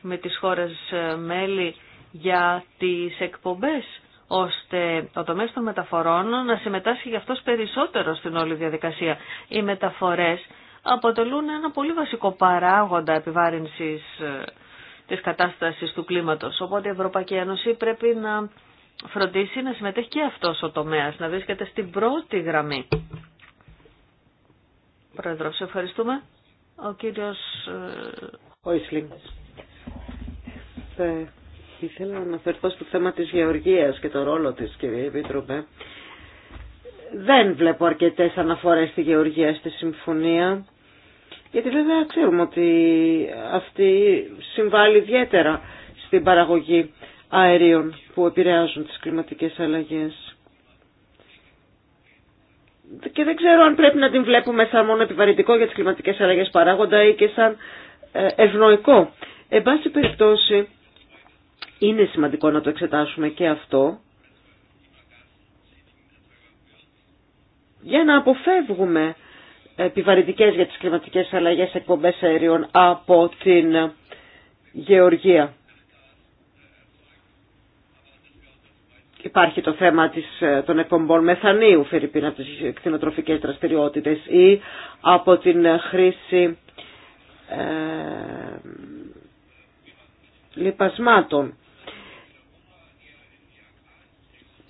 με τις χώρες ε, μέλη για τις εκπομπές ώστε ο τομέας των μεταφορών να συμμετάσχει γι' αυτός περισσότερο στην όλη διαδικασία. Οι μεταφορές αποτελούν ένα πολύ βασικό παράγοντα επιβάρυνσης ε, της κατάστασης του κλίματος. Οπότε η Ευρωπαϊκή Ένωση πρέπει να φροντίσει να συμμετέχει και αυτός ο τομέας, να βρίσκεται στην πρώτη γραμμή. Πρόεδρο, σε ευχαριστούμε. Ο κύριος... Ε, ο Ήθελα να αναφερθώ στο θέμα της γεωργίας και το ρόλο της, κύριε Επίτροπε. Δεν βλέπω αρκετές αναφορές στη γεωργία στη συμφωνία, γιατί βέβαια ξέρουμε ότι αυτή συμβάλλει ιδιαίτερα στην παραγωγή αερίων που επηρεάζουν τις κλιματικές αλλαγές. Και δεν ξέρω αν πρέπει να την βλέπουμε σαν μόνο επιβαρυντικό για τις κλιματικές αλλαγές παράγοντα ή και σαν ε, ευνοϊκό. Εν πάση περιπτώσει, είναι σημαντικό να το εξετάσουμε και αυτό για να αποφεύγουμε επιβαρυντικές για τις κλιματικές αλλαγές εκπομπές αερίων από την γεωργία. Υπάρχει το θέμα της, των εκπομπών μεθανίου, φερειπίν από τις κτηνοτροφικές δραστηριότητες ή από την χρήση ε,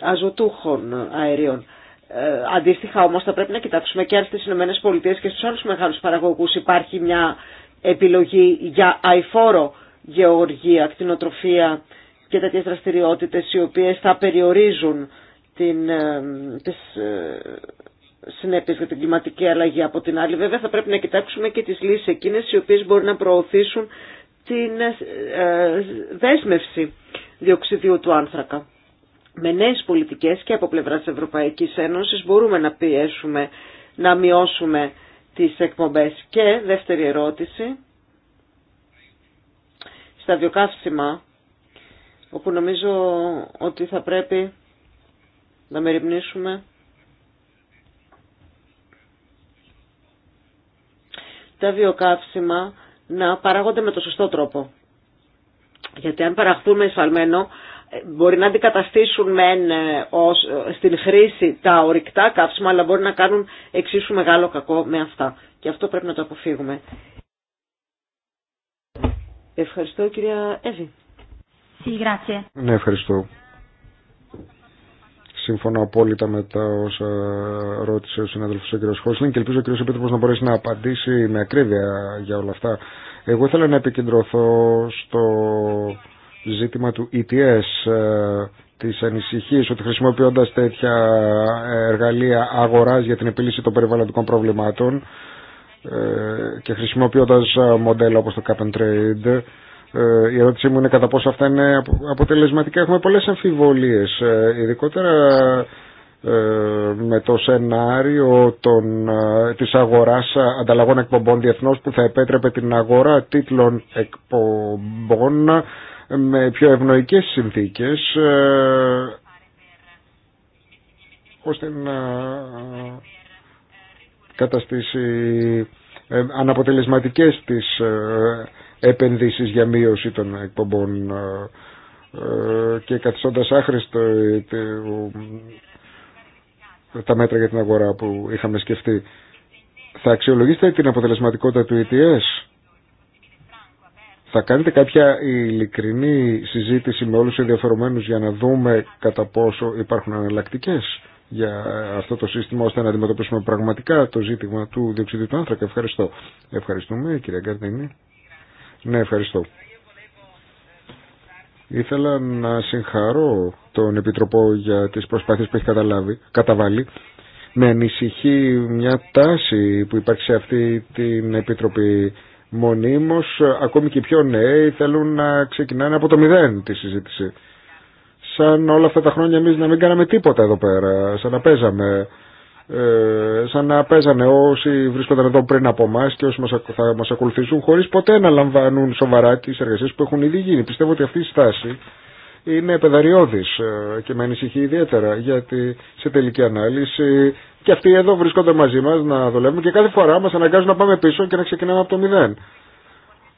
αζωτούχων αερίων. Ε, αντίστοιχα όμως θα πρέπει να κοιτάξουμε και αν στις ΗΠΑ και στους άλλους μεγάλους παραγωγούς υπάρχει μια επιλογή για αϊφόρο γεωργία, κτηνοτροφία και τέτοιες δραστηριότητες οι οποίες θα περιορίζουν την, ε, τις ε, συνέπειες για την κλιματική αλλαγή. Από την άλλη βέβαια θα πρέπει να κοιτάξουμε και τις λύσεις εκείνες οι οποίες μπορεί να προωθήσουν την δέσμευση διοξιδίου του άνθρακα με νέες πολιτικές και από πλευράς Ευρωπαϊκής Ένωσης μπορούμε να πιέσουμε, να μειώσουμε τις εκπομπές. Και δεύτερη ερώτηση, στα βιοκαύσιμα, όπου νομίζω ότι θα πρέπει να μεριμνήσουμε τα βιοκαύσιμα να παράγονται με το σωστό τρόπο. Γιατί αν παραχθούν με εισφαλμένο, ε, μπορεί να αντικαταστήσουν μεν ε, ως, ε, στην χρήση τα ορυκτά καύσιμα, αλλά μπορεί να κάνουν εξίσου μεγάλο κακό με αυτά. Και αυτό πρέπει να το αποφύγουμε. Ευχαριστώ κυρία Εύη. Ναι, ευχαριστώ. Σύμφωνα απόλυτα με τα όσα ρώτησε ο συνάδελφος ο κ. και ελπίζω ο κ. Επίτροπος να μπορέσει να απαντήσει με ακρίβεια για όλα αυτά. Εγώ ήθελα να επικεντρωθώ στο ζήτημα του ETS, ε, της ανησυχία ότι χρησιμοποιώντας τέτοια ε, εργαλεία αγοράς για την επίλυση των περιβαλλοντικών προβλημάτων ε, και χρησιμοποιώντας μοντέλα όπως το cap and trade, η ερώτησή μου είναι κατά πόσο αυτά είναι αποτελεσματικά. Έχουμε πολλές αμφιβολίες, ειδικότερα με το σενάριο των, της αγοράς ανταλλαγών εκπομπών διεθνώς που θα επέτρεπε την αγορά τίτλων εκπομπών με πιο ευνοϊκές συνθήκες ε, ώστε να ε, καταστήσει ε, αναποτελεσματικές τις επενδύσεις για μείωση των εκπομπών και καθιστώντας άχρηστο τα μέτρα για την αγορά που είχαμε σκεφτεί. Θα αξιολογήσετε την αποτελεσματικότητα του ETS θα κάνετε κάποια ειλικρινή συζήτηση με όλους τους ενδιαφερομένους για να δούμε κατά πόσο υπάρχουν αναλλακτικέ για αυτό το σύστημα ώστε να αντιμετωπίσουμε πραγματικά το ζήτημα του διοξιδίου του άνθρακα. Ευχαριστώ. Ευχαριστούμε κυρία Γκαρδίνη. Ναι, ευχαριστώ. Ήθελα να συγχαρώ τον Επιτροπό για τις προσπάθειες που έχει καταλάβει, καταβάλει. Με ανησυχεί μια τάση που υπάρχει σε αυτή την Επιτροπή μονίμως, ε, ακόμη και οι πιο νέοι θέλουν να ξεκινάνε από το μηδέν τη συζήτηση. Σαν όλα αυτά τα χρόνια εμείς να μην κάναμε τίποτα εδώ πέρα, σαν να παίζαμε. Ε, σαν να παίζανε όσοι βρίσκονταν εδώ πριν από εμά και όσοι μας, θα μας ακολουθήσουν χωρίς ποτέ να λαμβάνουν σοβαρά τις εργασίες που έχουν ήδη γίνει. Πιστεύω ότι αυτή η στάση είναι πεδαριώδης ε, και με ανησυχεί ιδιαίτερα γιατί σε τελική ανάλυση και αυτοί εδώ βρίσκονται μαζί μας να δουλεύουν και κάθε φορά μας αναγκάζουν να πάμε πίσω και να ξεκινάμε από το μηδέν.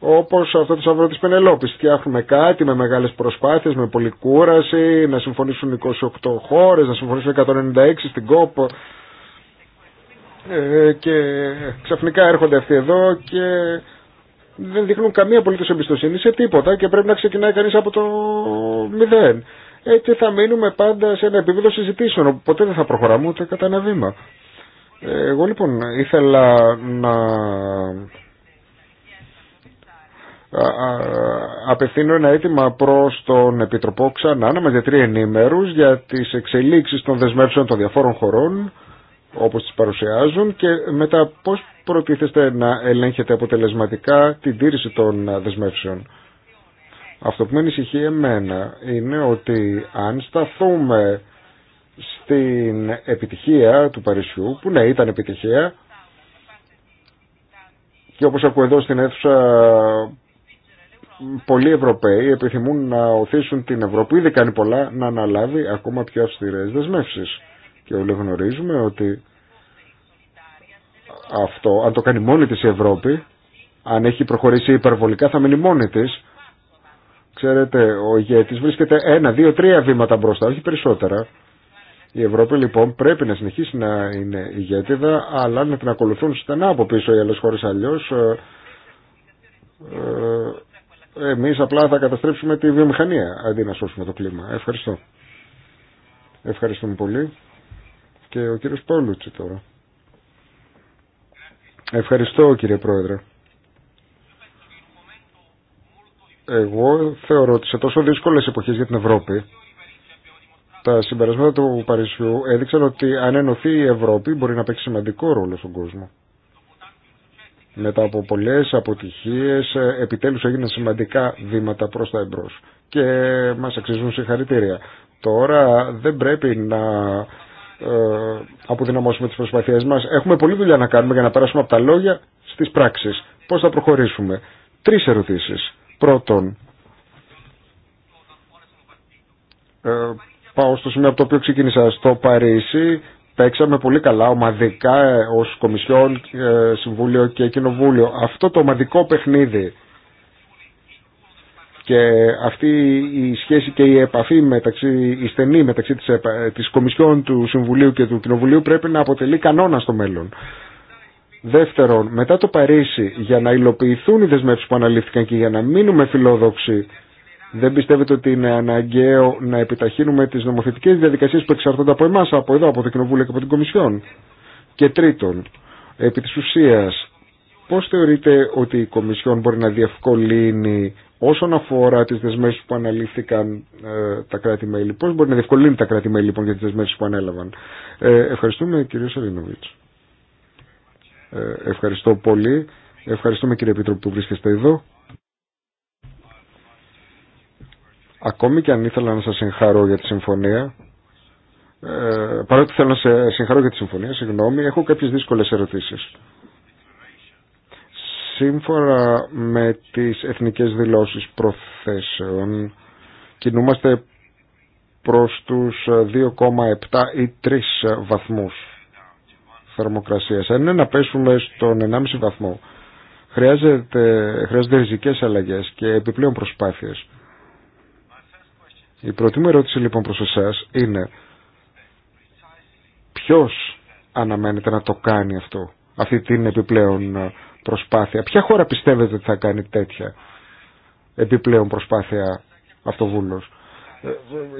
Όπως αυτό το Σαββρό της Πενελόπης. Φτιάχνουμε κάτι με μεγάλες προσπάθειες, με πολλή κούραση, να συμφωνήσουν 28 χώρες, να συμφωνήσουν 196 στην ΚΟΠ. Ε, και ξαφνικά έρχονται αυτοί εδώ και δεν δείχνουν καμία απολύτως εμπιστοσύνη σε τίποτα και πρέπει να ξεκινάει κανείς από το μηδέν έτσι ε, θα μείνουμε πάντα σε ένα επίπεδο συζητήσεων, όπου ποτέ δεν θα προχωράμε ούτε κατά ένα βήμα. Ε, εγώ λοιπόν ήθελα να απευθύνω ένα αίτημα προς τον Επιτροπό ξανά να μας διατρεί ενήμερους για τις εξελίξεις των δεσμεύσεων των διαφόρων χωρών όπως τις παρουσιάζουν και μετά πώς προτίθεστε να ελέγχετε αποτελεσματικά την τήρηση των δεσμεύσεων. Αυτό που με ανησυχεί εμένα είναι ότι αν σταθούμε στην επιτυχία του Παρισιού, που ναι ήταν επιτυχία, και όπως ακούω εδώ στην αίθουσα πολλοί Ευρωπαίοι επιθυμούν να οθήσουν την Ευρώπη, ήδη κάνει πολλά, να αναλάβει ακόμα πιο αυστηρές δεσμεύσεις. Και όλοι γνωρίζουμε ότι αυτό, αν το κάνει μόνη της η Ευρώπη, αν έχει προχωρήσει υπερβολικά θα μείνει μόνη της Ξέρετε, ο ηγέτης βρίσκεται ένα, δύο, τρία βήματα μπροστά, όχι περισσότερα. Η Ευρώπη λοιπόν πρέπει να συνεχίσει να είναι ηγέτηδα, αλλά να την ακολουθούν στενά από πίσω οι άλλες χώρες αλλιώς. Ε, ε, εμείς απλά θα καταστρέψουμε τη βιομηχανία αντί να σώσουμε το κλίμα. Ευχαριστώ. Ευχαριστούμε πολύ. Και ο κύριος Πόλουτσι τώρα. Ευχαριστώ κύριε Πρόεδρε. Εγώ θεωρώ ότι σε τόσο δύσκολες εποχές για την Ευρώπη τα συμπερασμένα του Παρισιού έδειξαν ότι αν ενωθεί η Ευρώπη μπορεί να παίξει σημαντικό ρόλο στον κόσμο. Μετά από πολλές αποτυχίες επιτέλους έγιναν σημαντικά βήματα προς τα εμπρός και μας αξίζουν συγχαρητήρια. Τώρα δεν πρέπει να ε, αποδυναμώσουμε τις προσπαθίες μας. Έχουμε πολλή δουλειά να κάνουμε για να περάσουμε από τα λόγια στις πράξεις. Πώς θα προχωρήσουμε. Τρεις ερωτήσεις. Πρώτον, ε, πάω στο σημείο από το οποίο ξεκίνησα στο Παρίσι. Παίξαμε πολύ καλά ομαδικά ε, ως Κομισιόν, ε, Συμβούλιο και Κοινοβούλιο. Αυτό το ομαδικό παιχνίδι και αυτή η σχέση και η επαφή μεταξύ, η στενή μεταξύ της, της Κομισιόν του Συμβουλίου και του Κοινοβουλίου πρέπει να αποτελεί κανόνα στο μέλλον. Δεύτερον, μετά το Παρίσι, για να υλοποιηθούν οι δεσμεύσει που αναλήφθηκαν και για να μείνουμε φιλόδοξοι, δεν πιστεύετε ότι είναι αναγκαίο να επιταχύνουμε τι νομοθετικέ διαδικασίε που εξαρτώνται από εμά, από εδώ, από το Κοινοβούλιο και από την Κομισιόν. Και τρίτον, επί τη ουσία, πώ θεωρείτε ότι η Κομισιόν μπορεί να διευκολύνει όσον αφορά τι δεσμεύσει που αναλήφθηκαν ε, τα κράτη-μέλη, πώ μπορεί να διευκολύνει τα κράτη-μέλη λοιπόν για τι δεσμεύσει που ανέλαβαν. Ε, ευχαριστούμε, κύριο Σαρίνοβιτ. Ε, ευχαριστώ πολύ. Ευχαριστούμε κύριε Επίτροπο που βρίσκεστε εδώ. Ακόμη και αν ήθελα να σας συγχαρώ για τη συμφωνία, ε, παρότι θέλω να σε συγχαρώ για τη συμφωνία, συγγνώμη, έχω κάποιες δύσκολες ερωτήσεις. Σύμφωνα με τις εθνικές δηλώσεις προθέσεων, κινούμαστε προς τους 2,7 ή 3 βαθμούς θερμοκρασίας. Αν είναι να πέσουμε στον 1,5 βαθμό, χρειάζεται, χρειάζονται ριζικές αλλαγές και επιπλέον προσπάθειες. Η πρώτη μου ερώτηση λοιπόν προς εσάς είναι ποιος αναμένεται να το κάνει αυτό, αυτή την επιπλέον προσπάθεια. Ποια χώρα πιστεύετε ότι θα κάνει τέτοια επιπλέον προσπάθεια αυτοβούλος. Ε,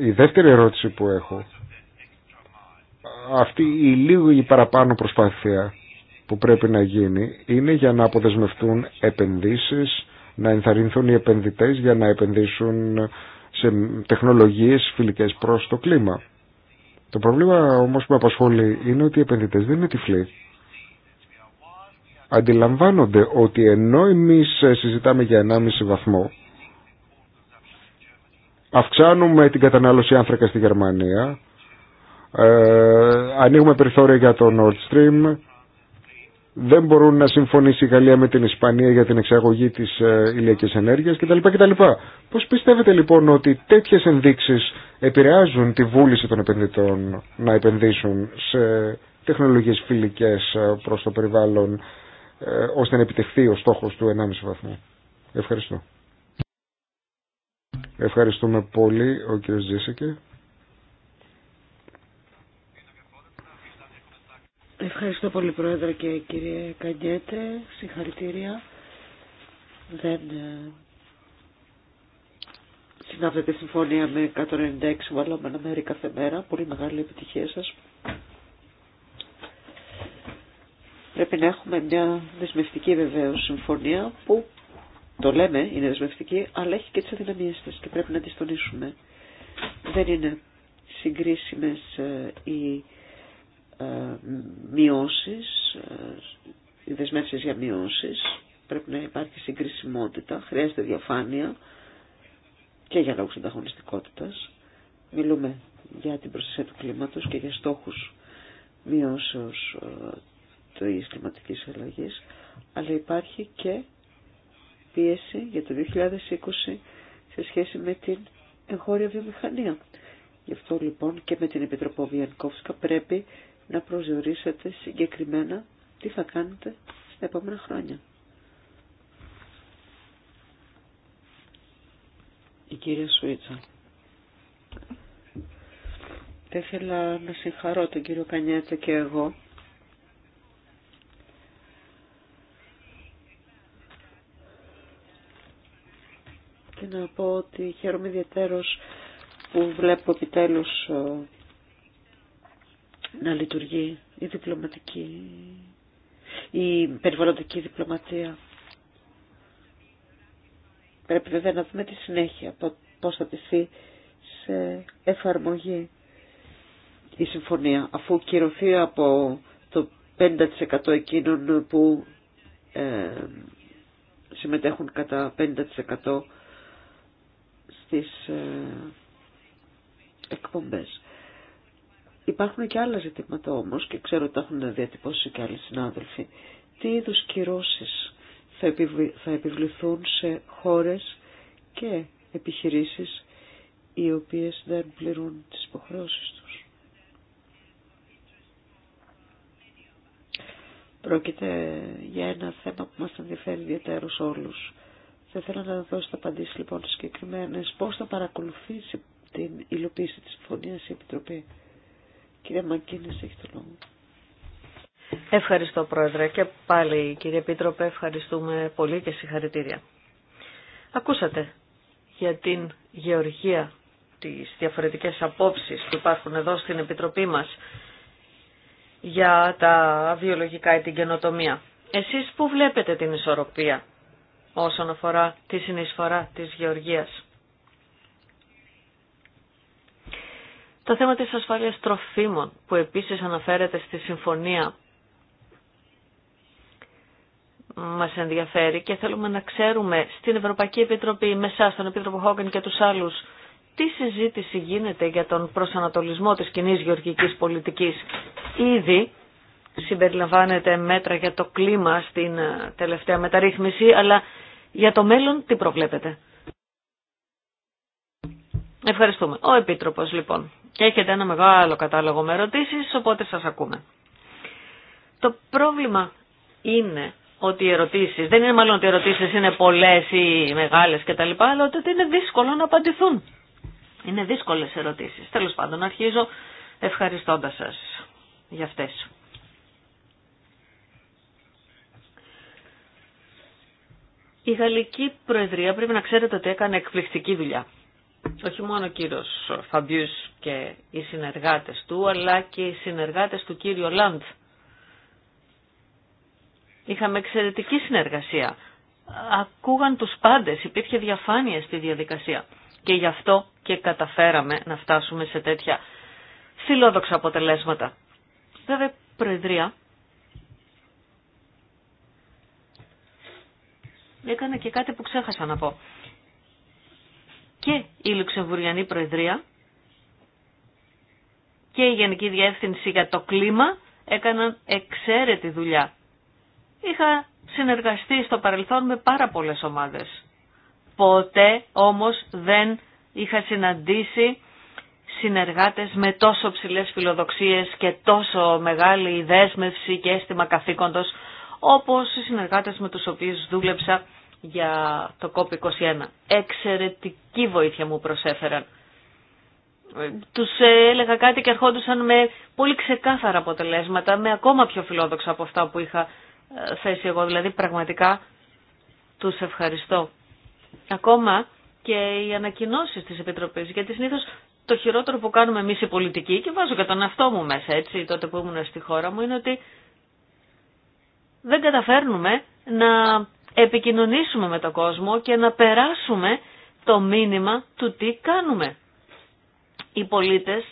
η δεύτερη ερώτηση που έχω αυτή η λίγη παραπάνω προσπάθεια που πρέπει να γίνει είναι για να αποδεσμευτούν επενδύσεις, να ενθαρρυνθούν οι επενδυτές για να επενδύσουν σε τεχνολογίες φιλικές προς το κλίμα. Το πρόβλημα όμως που με απασχολεί είναι ότι οι επενδυτές δεν είναι τυφλοί. Αντιλαμβάνονται ότι ενώ εμείς συζητάμε για 1,5 βαθμό, αυξάνουμε την κατανάλωση άνθρακα στη Γερμανία, ε, ανοίγουμε περιθώρια για το Nord Stream. Δεν μπορούν να συμφωνήσει η Γαλλία με την Ισπανία για την εξαγωγή της ε, ηλιακής ενέργειας κτλ. κτλ. Πώς πιστεύετε λοιπόν ότι τέτοιες ενδείξεις επηρεάζουν τη βούληση των επενδυτών να επενδύσουν σε τεχνολογίες φιλικές ε, προς το περιβάλλον ώστε να επιτευχθεί ο στόχος του 1,5 βαθμού. Ευχαριστώ. Ευχαριστούμε πολύ ο κ. Τζίσικε. Ευχαριστώ πολύ Πρόεδρε και κύριε Καγκέτε. Συγχαρητήρια. Δεν ε, συνάδεται συμφωνία με 196 βαλόμενα μέρη κάθε μέρα. Πολύ μεγάλη επιτυχία σας. Πρέπει να έχουμε μια δεσμευτική βεβαίω συμφωνία που το λέμε είναι δεσμευτική αλλά έχει και τις αδυναμίες της και πρέπει να τις τονίσουμε. Δεν είναι συγκρίσιμες ε, οι ε, μειώσεις, ε, οι δεσμεύσεις για μειώσεις, πρέπει να υπάρχει συγκρισιμότητα, χρειάζεται διαφάνεια και για λόγους ανταγωνιστικότητας. Μιλούμε για την προστασία του κλίματος και για στόχους μειώσεως ε, της κλιματικής αλλαγής, αλλά υπάρχει και πίεση για το 2020 σε σχέση με την εγχώρια βιομηχανία. Γι' αυτό λοιπόν και με την Επιτροπή Βιανκόφσκα πρέπει να προσδιορίσετε συγκεκριμένα τι θα κάνετε στα επόμενα χρόνια. Η κυρία Σουίτσα. Θα ήθελα να συγχαρώ τον κύριο Κανιέτσα και εγώ και να πω ότι χαίρομαι ιδιαίτερος που βλέπω επιτέλους ε, να λειτουργεί η διπλωματική, η περιβαλλοντική διπλωματία. Πρέπει βέβαια να δούμε τη συνέχεια, πώς θα τηθεί σε εφαρμογή η συμφωνία, αφού κυρωθεί από το 5% εκείνων που ε, συμμετέχουν κατά 50% στις ε, εκπομπές. Υπάρχουν και άλλα ζητήματα όμως και ξέρω ότι τα έχουν διατυπώσει και άλλοι συνάδελφοι. Τι είδου κυρώσει θα επιβληθούν σε χώρες και επιχειρήσεις οι οποίες δεν πληρούν τις υποχρεώσεις τους. Πρόκειται για ένα θέμα που μας ενδιαφέρει ιδιαίτερως όλους. Θα ήθελα να δώσω τα απαντήσει λοιπόν συγκεκριμένε πώς θα παρακολουθήσει την υλοποίηση της συμφωνίας η Επιτροπή. Κύριε Μακίνης, έχει το λόγο. Ευχαριστώ Πρόεδρε και πάλι κύριε Επίτροπε ευχαριστούμε πολύ και συγχαρητήρια. Ακούσατε για την γεωργία τις διαφορετικές απόψεις που υπάρχουν εδώ στην Επιτροπή μας για τα βιολογικά ή την καινοτομία. Εσείς πού βλέπετε την ισορροπία όσον αφορά τη συνεισφορά της γεωργίας. Το θέμα της ασφάλειας τροφίμων που επίσης αναφέρεται στη συμφωνία μας ενδιαφέρει και θέλουμε να ξέρουμε στην Ευρωπαϊκή Επιτροπή, με εσάς, τον Επίτροπο Χόγκεν και τους άλλους, τι συζήτηση γίνεται για τον προσανατολισμό της κοινή γεωργικής πολιτικής. Ήδη συμπεριλαμβάνεται μέτρα για το κλίμα στην ε, τελευταία μεταρρύθμιση, αλλά για το μέλλον τι προβλέπετε. Ευχαριστούμε. Ο Επίτροπος λοιπόν. Και Έχετε ένα μεγάλο κατάλογο με ερωτήσει, οπότε σα ακούμε. Το πρόβλημα είναι ότι οι ερωτήσει. δεν είναι μάλλον ότι οι ερωτήσει είναι πολλές ή μεγάλε κτλ, αλλά ότι είναι δύσκολο να απαντηθούν. Είναι δύσκολε ερωτήσει. Τέλο πάντων, αρχίζω ευχαριστώντα σα για αυτέ. Η Γαλλική Προεδρία πρέπει να ξέρετε ότι έκανε εκπληκτική δουλειά όχι μόνο ο κύριος Φαμπιούς και οι συνεργάτες του, αλλά και οι συνεργάτες του κύριου Λαντ. Είχαμε εξαιρετική συνεργασία. Ακούγαν τους πάντες, υπήρχε διαφάνεια στη διαδικασία. Και γι' αυτό και καταφέραμε να φτάσουμε σε τέτοια φιλόδοξα αποτελέσματα. Βέβαια, Προεδρία έκανε και κάτι που ξέχασα να πω και η Λουξεμβουριανή Προεδρία και η Γενική Διεύθυνση για το Κλίμα έκαναν εξαίρετη δουλειά. Είχα συνεργαστεί στο παρελθόν με πάρα πολλές ομάδες. Ποτέ όμως δεν είχα συναντήσει συνεργάτες με τόσο ψηλές φιλοδοξίες και τόσο μεγάλη δέσμευση και αίσθημα καθήκοντος όπως οι συνεργάτες με τους οποίους δούλεψα για το COP21. Εξαιρετική βοήθεια μου προσέφεραν. Ε, τους ε, έλεγα κάτι και ερχόντουσαν με πολύ ξεκάθαρα αποτελέσματα, με ακόμα πιο φιλόδοξα από αυτά που είχα ε, θέσει εγώ. Δηλαδή πραγματικά τους ευχαριστώ. Ακόμα και οι ανακοινώσεις της Επιτροπής, γιατί συνήθως το χειρότερο που κάνουμε εμείς οι πολιτικοί, και βάζω και τον αυτό μου μέσα έτσι, τότε που ήμουν στη χώρα μου, είναι ότι δεν καταφέρνουμε να επικοινωνήσουμε με τον κόσμο και να περάσουμε το μήνυμα του τι κάνουμε. Οι πολίτες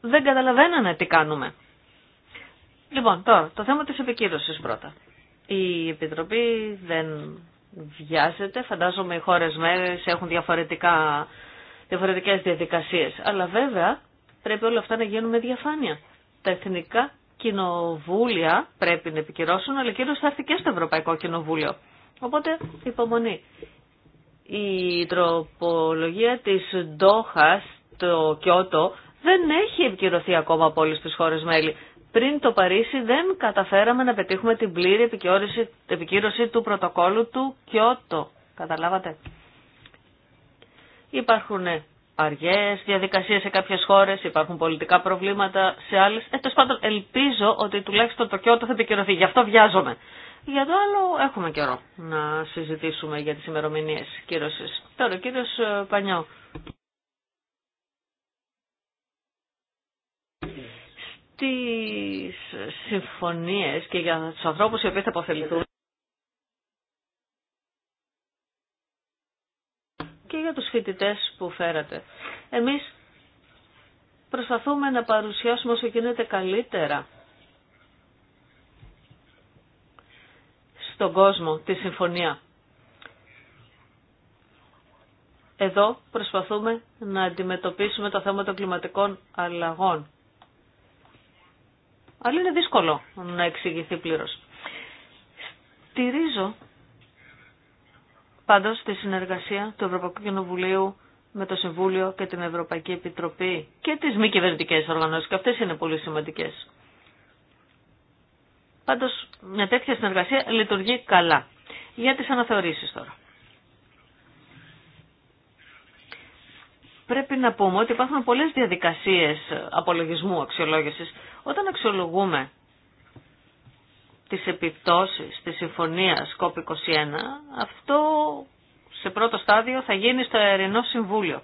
δεν καταλαβαίνανε τι κάνουμε. Λοιπόν, τώρα, το θέμα της επικύρωσης πρώτα. Η Επιτροπή δεν βιάζεται, φαντάζομαι οι χώρες μέρες έχουν διαφορετικά, διαφορετικές διαδικασίες. Αλλά βέβαια πρέπει όλα αυτά να γίνουν με διαφάνεια. Τα εθνικά κοινοβούλια πρέπει να επικυρώσουν, αλλά κύριο θα έρθει και στο Ευρωπαϊκό Κοινοβούλιο. Οπότε υπομονή. Η τροπολογία της Ντόχας το Κιώτο δεν έχει επικυρωθεί ακόμα από όλες τις χώρες μέλη. Πριν το Παρίσι δεν καταφέραμε να πετύχουμε την πλήρη επικύρωση του πρωτοκόλου του Κιώτο. Καταλάβατε. Υπάρχουν αργές διαδικασίες σε κάποιες χώρες, υπάρχουν πολιτικά προβλήματα σε άλλες. Ε, πάντων, ελπίζω ότι τουλάχιστον το Κιώτο θα επικυρωθεί. Γι' αυτό βιάζομαι. Για το άλλο έχουμε καιρό να συζητήσουμε για τις ημερομηνίες κύρωσης. Τώρα ο κύριος ε, Πανιό. Στις συμφωνίες και για τους ανθρώπους οι οποίοι θα αποφεληθούν και για τους φοιτητές που φέρατε. Εμείς προσπαθούμε να παρουσιάσουμε όσο γίνεται καλύτερα τον κόσμο τη συμφωνία. Εδώ προσπαθούμε να αντιμετωπίσουμε το θέμα των κλιματικών αλλαγών. Αλλά είναι δύσκολο να εξηγηθεί πλήρως. Στηρίζω πάντως τη συνεργασία του Ευρωπαϊκού Κοινοβουλίου με το Συμβούλιο και την Ευρωπαϊκή Επιτροπή και τις μη κυβερνητικέ οργανώσεις και αυτές είναι πολύ σημαντικές. Πάντως μια τέτοια συνεργασία λειτουργεί καλά. Για τις αναθεωρήσεις τώρα. Πρέπει να πούμε ότι υπάρχουν πολλές διαδικασίες απολογισμού αξιολόγηση. Όταν αξιολογούμε τις επιπτώσει τη συμφωνία cop COP21, αυτό σε πρώτο στάδιο θα γίνει στο Ερεινό Συμβούλιο.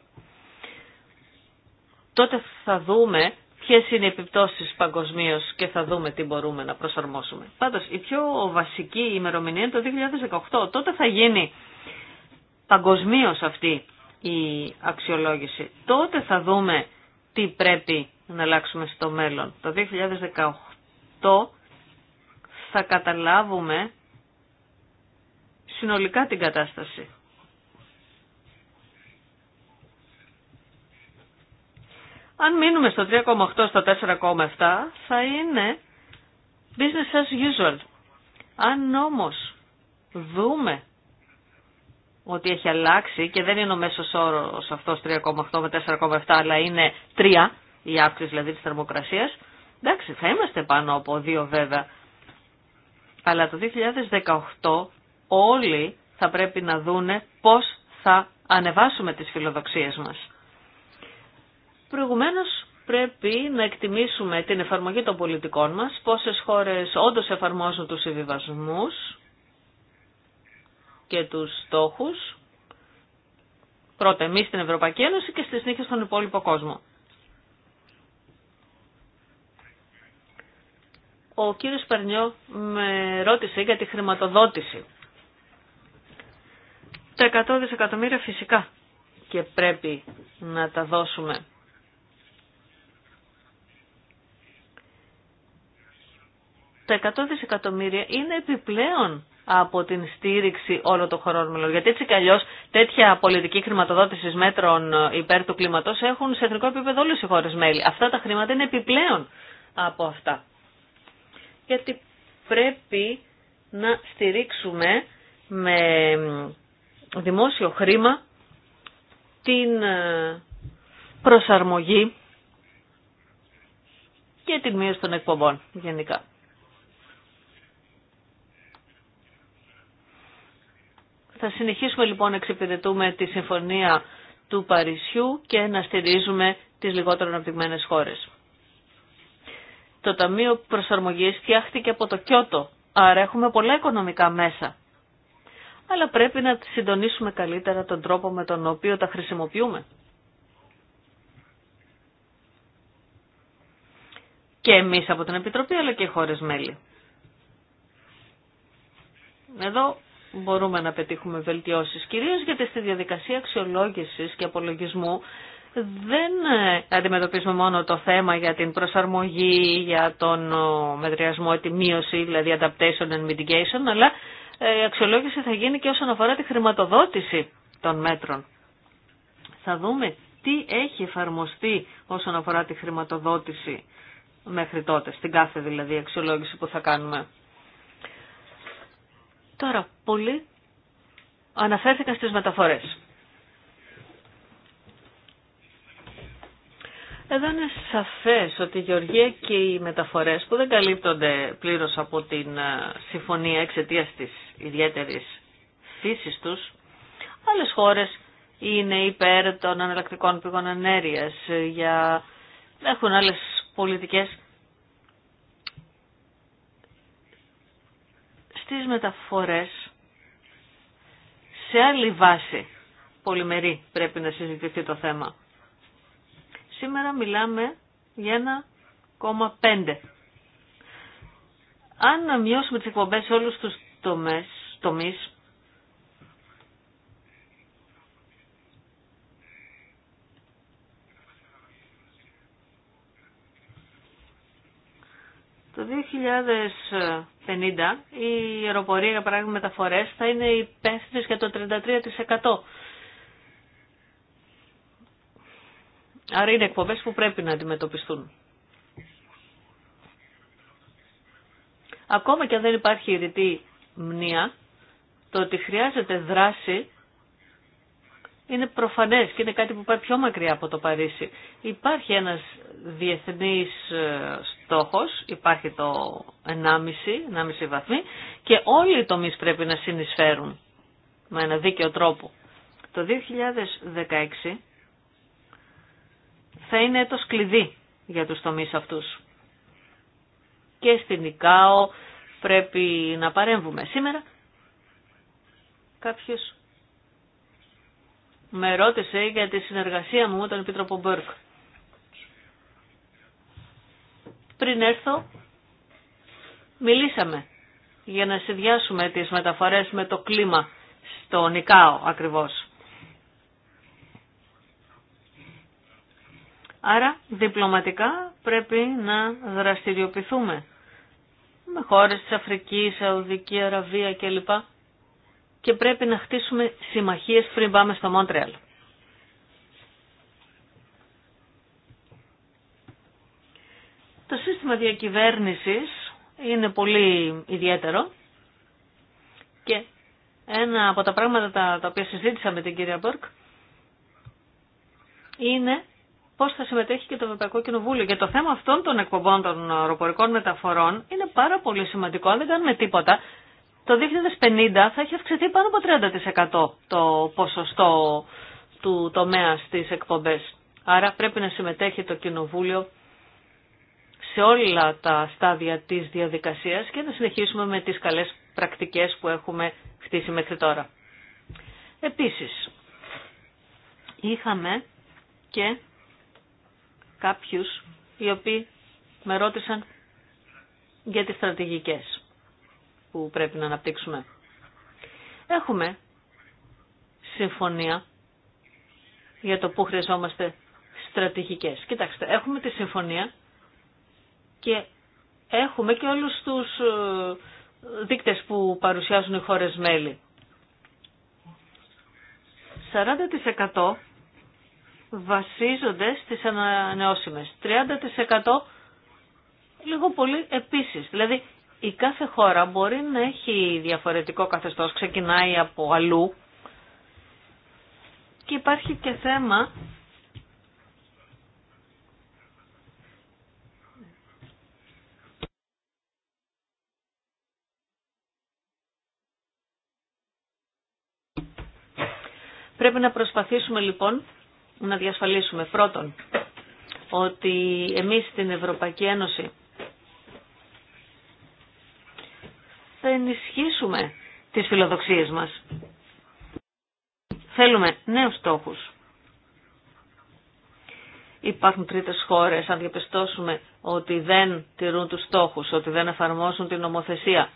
Τότε θα δούμε ποιε είναι οι επιπτώσει παγκοσμίω και θα δούμε τι μπορούμε να προσαρμόσουμε. Πάντω, η πιο βασική ημερομηνία είναι το 2018. Τότε θα γίνει παγκοσμίω αυτή η αξιολόγηση. Τότε θα δούμε τι πρέπει να αλλάξουμε στο μέλλον. Το 2018 θα καταλάβουμε συνολικά την κατάσταση. Αν μείνουμε στο 3,8 στο 4,7 θα είναι business as usual. Αν όμως δούμε ότι έχει αλλάξει και δεν είναι ο μέσος όρος αυτός 3,8 με 4,7 αλλά είναι 3 η αύξηση δηλαδή της θερμοκρασίας, εντάξει θα είμαστε πάνω από 2 βέβαια. Αλλά το 2018 όλοι θα πρέπει να δούνε πώς θα ανεβάσουμε τις φιλοδοξίες μας. Προηγουμένως πρέπει να εκτιμήσουμε την εφαρμογή των πολιτικών μας, πόσες χώρες όντως εφαρμόζουν τους συμβιβασμούς και τους στόχους, πρώτα εμείς στην Ευρωπαϊκή Ένωση και στις νύχες στον υπόλοιπο κόσμο. Ο κύριος Περνιό με ρώτησε για τη χρηματοδότηση. Τα 100 δισεκατομμύρια φυσικά και πρέπει να τα δώσουμε τα 100 δισεκατομμύρια είναι επιπλέον από την στήριξη όλων των χωρών μελών. Γιατί έτσι κι αλλιώ τέτοια πολιτική χρηματοδότηση μέτρων υπέρ του κλίματο έχουν σε εθνικό επίπεδο όλε οι χώρε μέλη. Αυτά τα χρήματα είναι επιπλέον από αυτά. Γιατί πρέπει να στηρίξουμε με δημόσιο χρήμα την ε, προσαρμογή και την μείωση των εκπομπών γενικά. Θα συνεχίσουμε λοιπόν να εξυπηρετούμε τη Συμφωνία του Παρισιού και να στηρίζουμε τις λιγότερο αναπτυγμένες χώρες. Το Ταμείο Προσαρμογής φτιάχτηκε από το Κιώτο, άρα έχουμε πολλά οικονομικά μέσα. Αλλά πρέπει να συντονίσουμε καλύτερα τον τρόπο με τον οποίο τα χρησιμοποιούμε. Και εμείς από την Επιτροπή, αλλά και οι χώρες μέλη. Εδώ μπορούμε να πετύχουμε βελτιώσεις, κυρίως γιατί στη διαδικασία αξιολόγησης και απολογισμού δεν ε, αντιμετωπίζουμε μόνο το θέμα για την προσαρμογή, για τον μετριασμό, τη μείωση, δηλαδή adaptation and mitigation, αλλά ε, η αξιολόγηση θα γίνει και όσον αφορά τη χρηματοδότηση των μέτρων. Θα δούμε τι έχει εφαρμοστεί όσον αφορά τη χρηματοδότηση μέχρι τότε, στην κάθε δηλαδή αξιολόγηση που θα κάνουμε. Τώρα, πολύ αναφέρθηκαν στις μεταφορές. Εδώ είναι σαφές ότι η Γεωργία και οι μεταφορές που δεν καλύπτονται πλήρως από την ε, συμφωνία εξαιτία της ιδιαίτερης φύσης τους, άλλες χώρες είναι υπέρ των αναλλακτικών πηγών ενέργειας, ε, για... έχουν άλλες πολιτικές στις μεταφορές σε άλλη βάση πολυμερή πρέπει να συζητηθεί το θέμα. Σήμερα μιλάμε για πέντε. Αν να μειώσουμε τις εκπομπές σε όλους τους τομές, τομείς, το 2000 50, η αεροπορία για παράδειγμα μεταφορές θα είναι υπεύθυνη για το 33%. Άρα είναι εκπομπές που πρέπει να αντιμετωπιστούν. Ακόμα και αν δεν υπάρχει ρητή μνήα, το ότι χρειάζεται δράση είναι προφανές και είναι κάτι που πάει πιο μακριά από το Παρίσι. Υπάρχει ένας διεθνής ε, στόχος, υπάρχει το 1,5, 1,5 βαθμοί και όλοι οι τομείς πρέπει να συνεισφέρουν με ένα δίκαιο τρόπο. Το 2016 θα είναι έτος κλειδί για τους τομείς αυτούς. Και στην ΙΚΑΟ πρέπει να παρέμβουμε. Σήμερα κάποιος με ρώτησε για τη συνεργασία μου με τον Επίτροπο Μπέρκ. Πριν έρθω, μιλήσαμε για να συνδυάσουμε τις μεταφορές με το κλίμα στο Νικάο ακριβώς. Άρα, διπλωματικά πρέπει να δραστηριοποιηθούμε με χώρες της Αφρικής, Σαουδική, Αραβία κλπ και πρέπει να χτίσουμε συμμαχίες πριν πάμε στο Μόντρεαλ. Το σύστημα διακυβέρνησης είναι πολύ ιδιαίτερο και ένα από τα πράγματα τα, οποία συζήτησα με την κυρία Μπόρκ είναι πώς θα συμμετέχει και το Ευρωπαϊκό Κοινοβούλιο. Και το θέμα αυτών των εκπομπών των αεροπορικών μεταφορών είναι πάρα πολύ σημαντικό. δεν κάνουμε τίποτα, το 2050 θα έχει αυξηθεί πάνω από 30% το ποσοστό του τομέα στις εκπομπές. Άρα πρέπει να συμμετέχει το Κοινοβούλιο σε όλα τα στάδια της διαδικασίας και να συνεχίσουμε με τις καλές πρακτικές που έχουμε χτίσει μέχρι τώρα. Επίσης, είχαμε και κάποιους οι οποίοι με ρώτησαν για τις στρατηγικές που πρέπει να αναπτύξουμε. Έχουμε συμφωνία για το που χρειαζόμαστε στρατηγικές. Κοιτάξτε, έχουμε τη συμφωνία και έχουμε και όλους τους ε, δείκτες που παρουσιάζουν οι χώρες μέλη. 40% βασίζονται στις ανανεώσιμες. 30% λίγο πολύ επίσης. Δηλαδή η κάθε χώρα μπορεί να έχει διαφορετικό καθεστώς, ξεκινάει από αλλού και υπάρχει και θέμα Πρέπει να προσπαθήσουμε λοιπόν να διασφαλίσουμε πρώτον ότι εμείς στην Ευρωπαϊκή Ένωση θα ενισχύσουμε τις φιλοδοξίες μας. Θέλουμε νέους στόχους. Υπάρχουν τρίτες χώρες, αν διαπιστώσουμε ότι δεν τηρούν τους στόχους, ότι δεν εφαρμόσουν την νομοθεσία.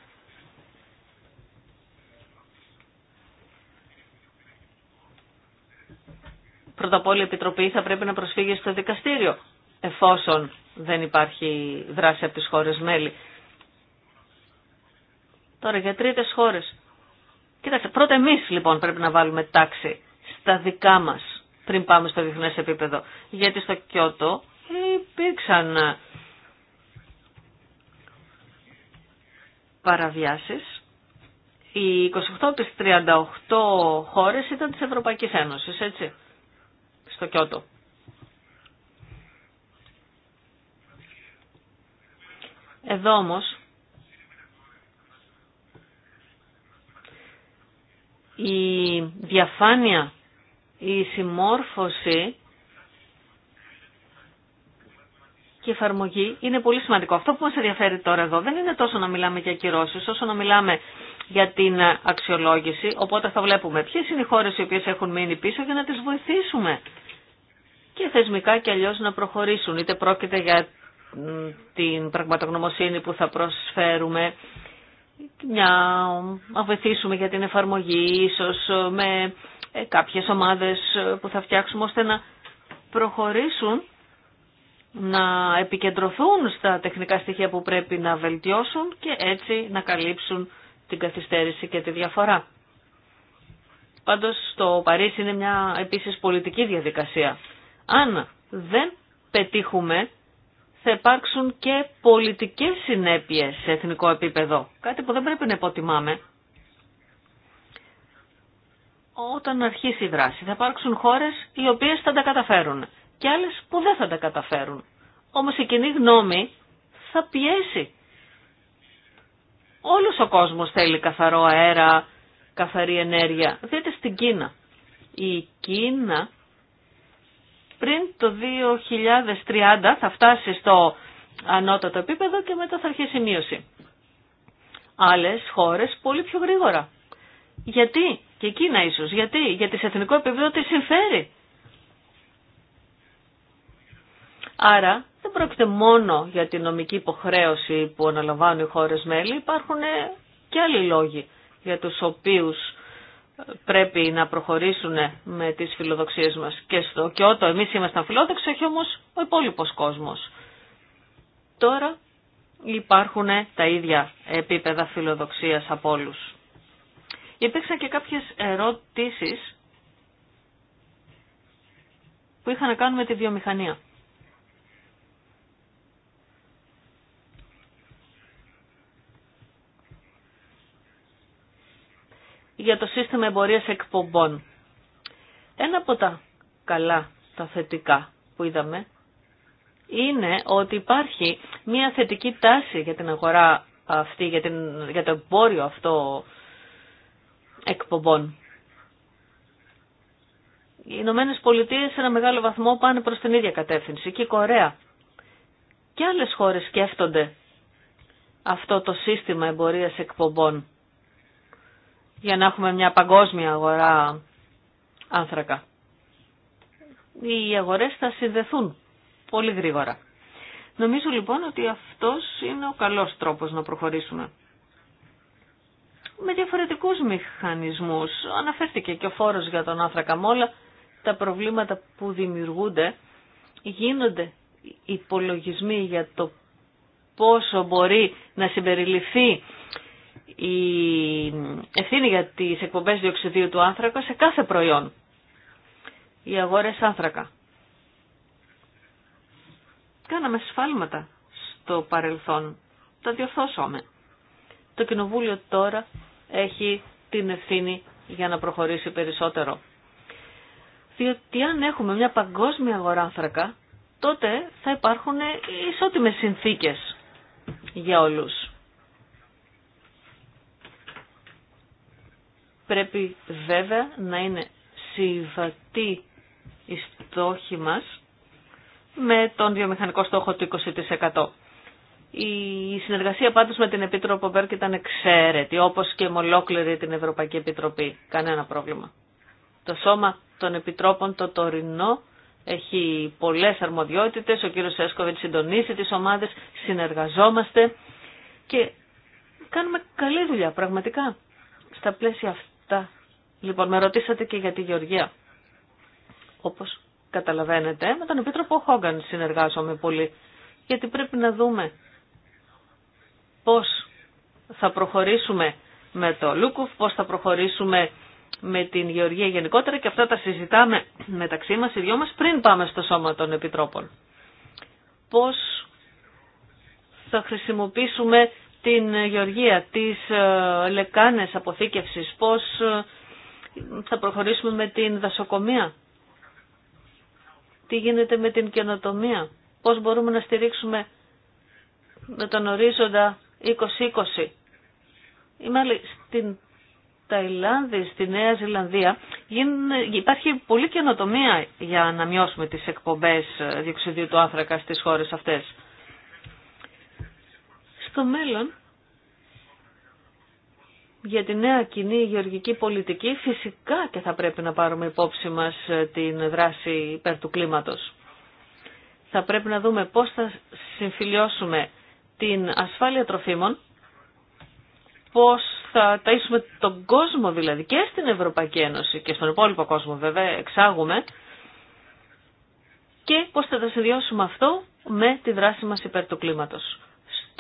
Πρώτα απ' όλα η Επιτροπή θα πρέπει να προσφύγει στο δικαστήριο, εφόσον δεν υπάρχει δράση από τις χώρες μέλη. Τώρα για τρίτες χώρες. Κοίταξε, πρώτα εμεί λοιπόν πρέπει να βάλουμε τάξη στα δικά μας πριν πάμε στο διεθνέ επίπεδο. Γιατί στο Κιώτο υπήρξαν ε, παραβιάσεις. Οι 28 από 38 χώρες ήταν της Ευρωπαϊκής Ένωσης, έτσι, στο Κιώτο. Εδώ όμως η διαφάνεια, η συμμόρφωση και η εφαρμογή είναι πολύ σημαντικό. Αυτό που μας ενδιαφέρει τώρα εδώ δεν είναι τόσο να μιλάμε για ακυρώσεις, όσο να μιλάμε για την αξιολόγηση, οπότε θα βλέπουμε ποιες είναι οι χώρες οι οποίες έχουν μείνει πίσω για να τις βοηθήσουμε και θεσμικά και αλλιώς να προχωρήσουν, είτε πρόκειται για την πραγματογνωμοσύνη που θα προσφέρουμε, να βοηθήσουμε για την εφαρμογή ίσως με ε, κάποιες ομάδες ε, που θα φτιάξουμε ώστε να προχωρήσουν να επικεντρωθούν στα τεχνικά στοιχεία που πρέπει να βελτιώσουν και έτσι να καλύψουν την καθυστέρηση και τη διαφορά. Πάντως το Παρίσι είναι μια επίσης πολιτική διαδικασία. Αν δεν πετύχουμε θα υπάρξουν και πολιτικές συνέπειες σε εθνικό επίπεδο. Κάτι που δεν πρέπει να υποτιμάμε. Όταν αρχίσει η δράση θα υπάρξουν χώρες οι οποίες θα τα καταφέρουν και άλλες που δεν θα τα καταφέρουν. Όμως η κοινή γνώμη θα πιέσει. Όλος ο κόσμος θέλει καθαρό αέρα, καθαρή ενέργεια. Δείτε στην Κίνα. Η Κίνα πριν το 2030 θα φτάσει στο ανώτατο επίπεδο και μετά θα αρχίσει η μείωση. Άλλες χώρες πολύ πιο γρήγορα. Γιατί, και η Κίνα ίσως, γιατί, γιατί σε εθνικό επίπεδο τη συμφέρει. Άρα δεν πρόκειται μόνο για την νομική υποχρέωση που αναλαμβάνουν οι χώρες μέλη, υπάρχουν και άλλοι λόγοι για τους οποίους πρέπει να προχωρήσουν με τις φιλοδοξίες μας και στο Κιώτο. Εμείς ήμασταν φιλόδοξοι, όχι όμως ο υπόλοιπο κόσμος. Τώρα υπάρχουν τα ίδια επίπεδα φιλοδοξίας από όλου. Υπήρξαν και κάποιες ερωτήσεις που είχαν να κάνουν με τη βιομηχανία. για το σύστημα εμπορίας εκπομπών. Ένα από τα καλά, τα θετικά που είδαμε, είναι ότι υπάρχει μια θετική τάση για την αγορά αυτή, για, την, για το εμπόριο αυτό εκπομπών. Οι Ηνωμένε Πολιτείε σε ένα μεγάλο βαθμό πάνε προς την ίδια κατεύθυνση και η Κορέα. Και άλλες χώρες σκέφτονται αυτό το σύστημα εμπορίας εκπομπών για να έχουμε μια παγκόσμια αγορά άνθρακα. Οι αγορές θα συνδεθούν πολύ γρήγορα. Νομίζω λοιπόν ότι αυτός είναι ο καλός τρόπος να προχωρήσουμε. Με διαφορετικούς μηχανισμούς, αναφέρθηκε και ο φόρος για τον άνθρακα μόλα, τα προβλήματα που δημιουργούνται γίνονται υπολογισμοί για το πόσο μπορεί να συμπεριληφθεί η ευθύνη για τις εκπομπές διοξιδίου του άνθρακα σε κάθε προϊόν. Οι αγορές άνθρακα. Κάναμε σφάλματα στο παρελθόν. Τα διορθώσαμε. Το Κοινοβούλιο τώρα έχει την ευθύνη για να προχωρήσει περισσότερο. Διότι αν έχουμε μια παγκόσμια αγορά άνθρακα, τότε θα υπάρχουν ισότιμες συνθήκες για όλους. Πρέπει βέβαια να είναι συμβατή η στόχη μας με τον βιομηχανικό στόχο του 20%. Η συνεργασία πάντως με την Επίτροπο Μπέρκ ήταν εξαίρετη, όπως και με ολόκληρη την Ευρωπαϊκή Επιτροπή. Κανένα πρόβλημα. Το σώμα των Επιτρόπων το τωρινό έχει πολλές αρμοδιότητες, ο κύριος Σέσκοβιτ συντονίσει τις ομάδες, συνεργαζόμαστε και κάνουμε καλή δουλειά πραγματικά. Στα πλαίσια αυτά. Λοιπόν, με ρωτήσατε και για τη Γεωργία. Όπως καταλαβαίνετε, με τον Επίτροπο Χόγκαν συνεργάζομαι πολύ. Γιατί πρέπει να δούμε πώς θα προχωρήσουμε με το Λούκουφ, πώς θα προχωρήσουμε με την Γεωργία γενικότερα και αυτά τα συζητάμε μεταξύ μας οι δυο μας πριν πάμε στο σώμα των Επιτρόπων. Πώς θα χρησιμοποιήσουμε την γεωργία, της ε, λεκάνες αποθήκευσης, πώς ε, θα προχωρήσουμε με την δασοκομεία, τι γίνεται με την καινοτομία, πώς μπορούμε να στηρίξουμε με τον ορίζοντα 2020. Είμαι στην Ταϊλάνδη, στη Νέα Ζηλανδία, υπάρχει πολλή καινοτομία για να μειώσουμε τις εκπομπές ε, διοξιδίου του άνθρακα στις χώρες αυτές. Στο μέλλον, για τη νέα κοινή γεωργική πολιτική, φυσικά και θα πρέπει να πάρουμε υπόψη μας ε, την δράση υπέρ του κλίματος. Θα πρέπει να δούμε πώς θα συμφιλιώσουμε την ασφάλεια τροφίμων, πώς θα ταΐσουμε τον κόσμο δηλαδή και στην Ευρωπαϊκή Ένωση και στον υπόλοιπο κόσμο βέβαια εξάγουμε και πώς θα τα συνδυώσουμε αυτό με τη δράση μας υπέρ του κλίματος.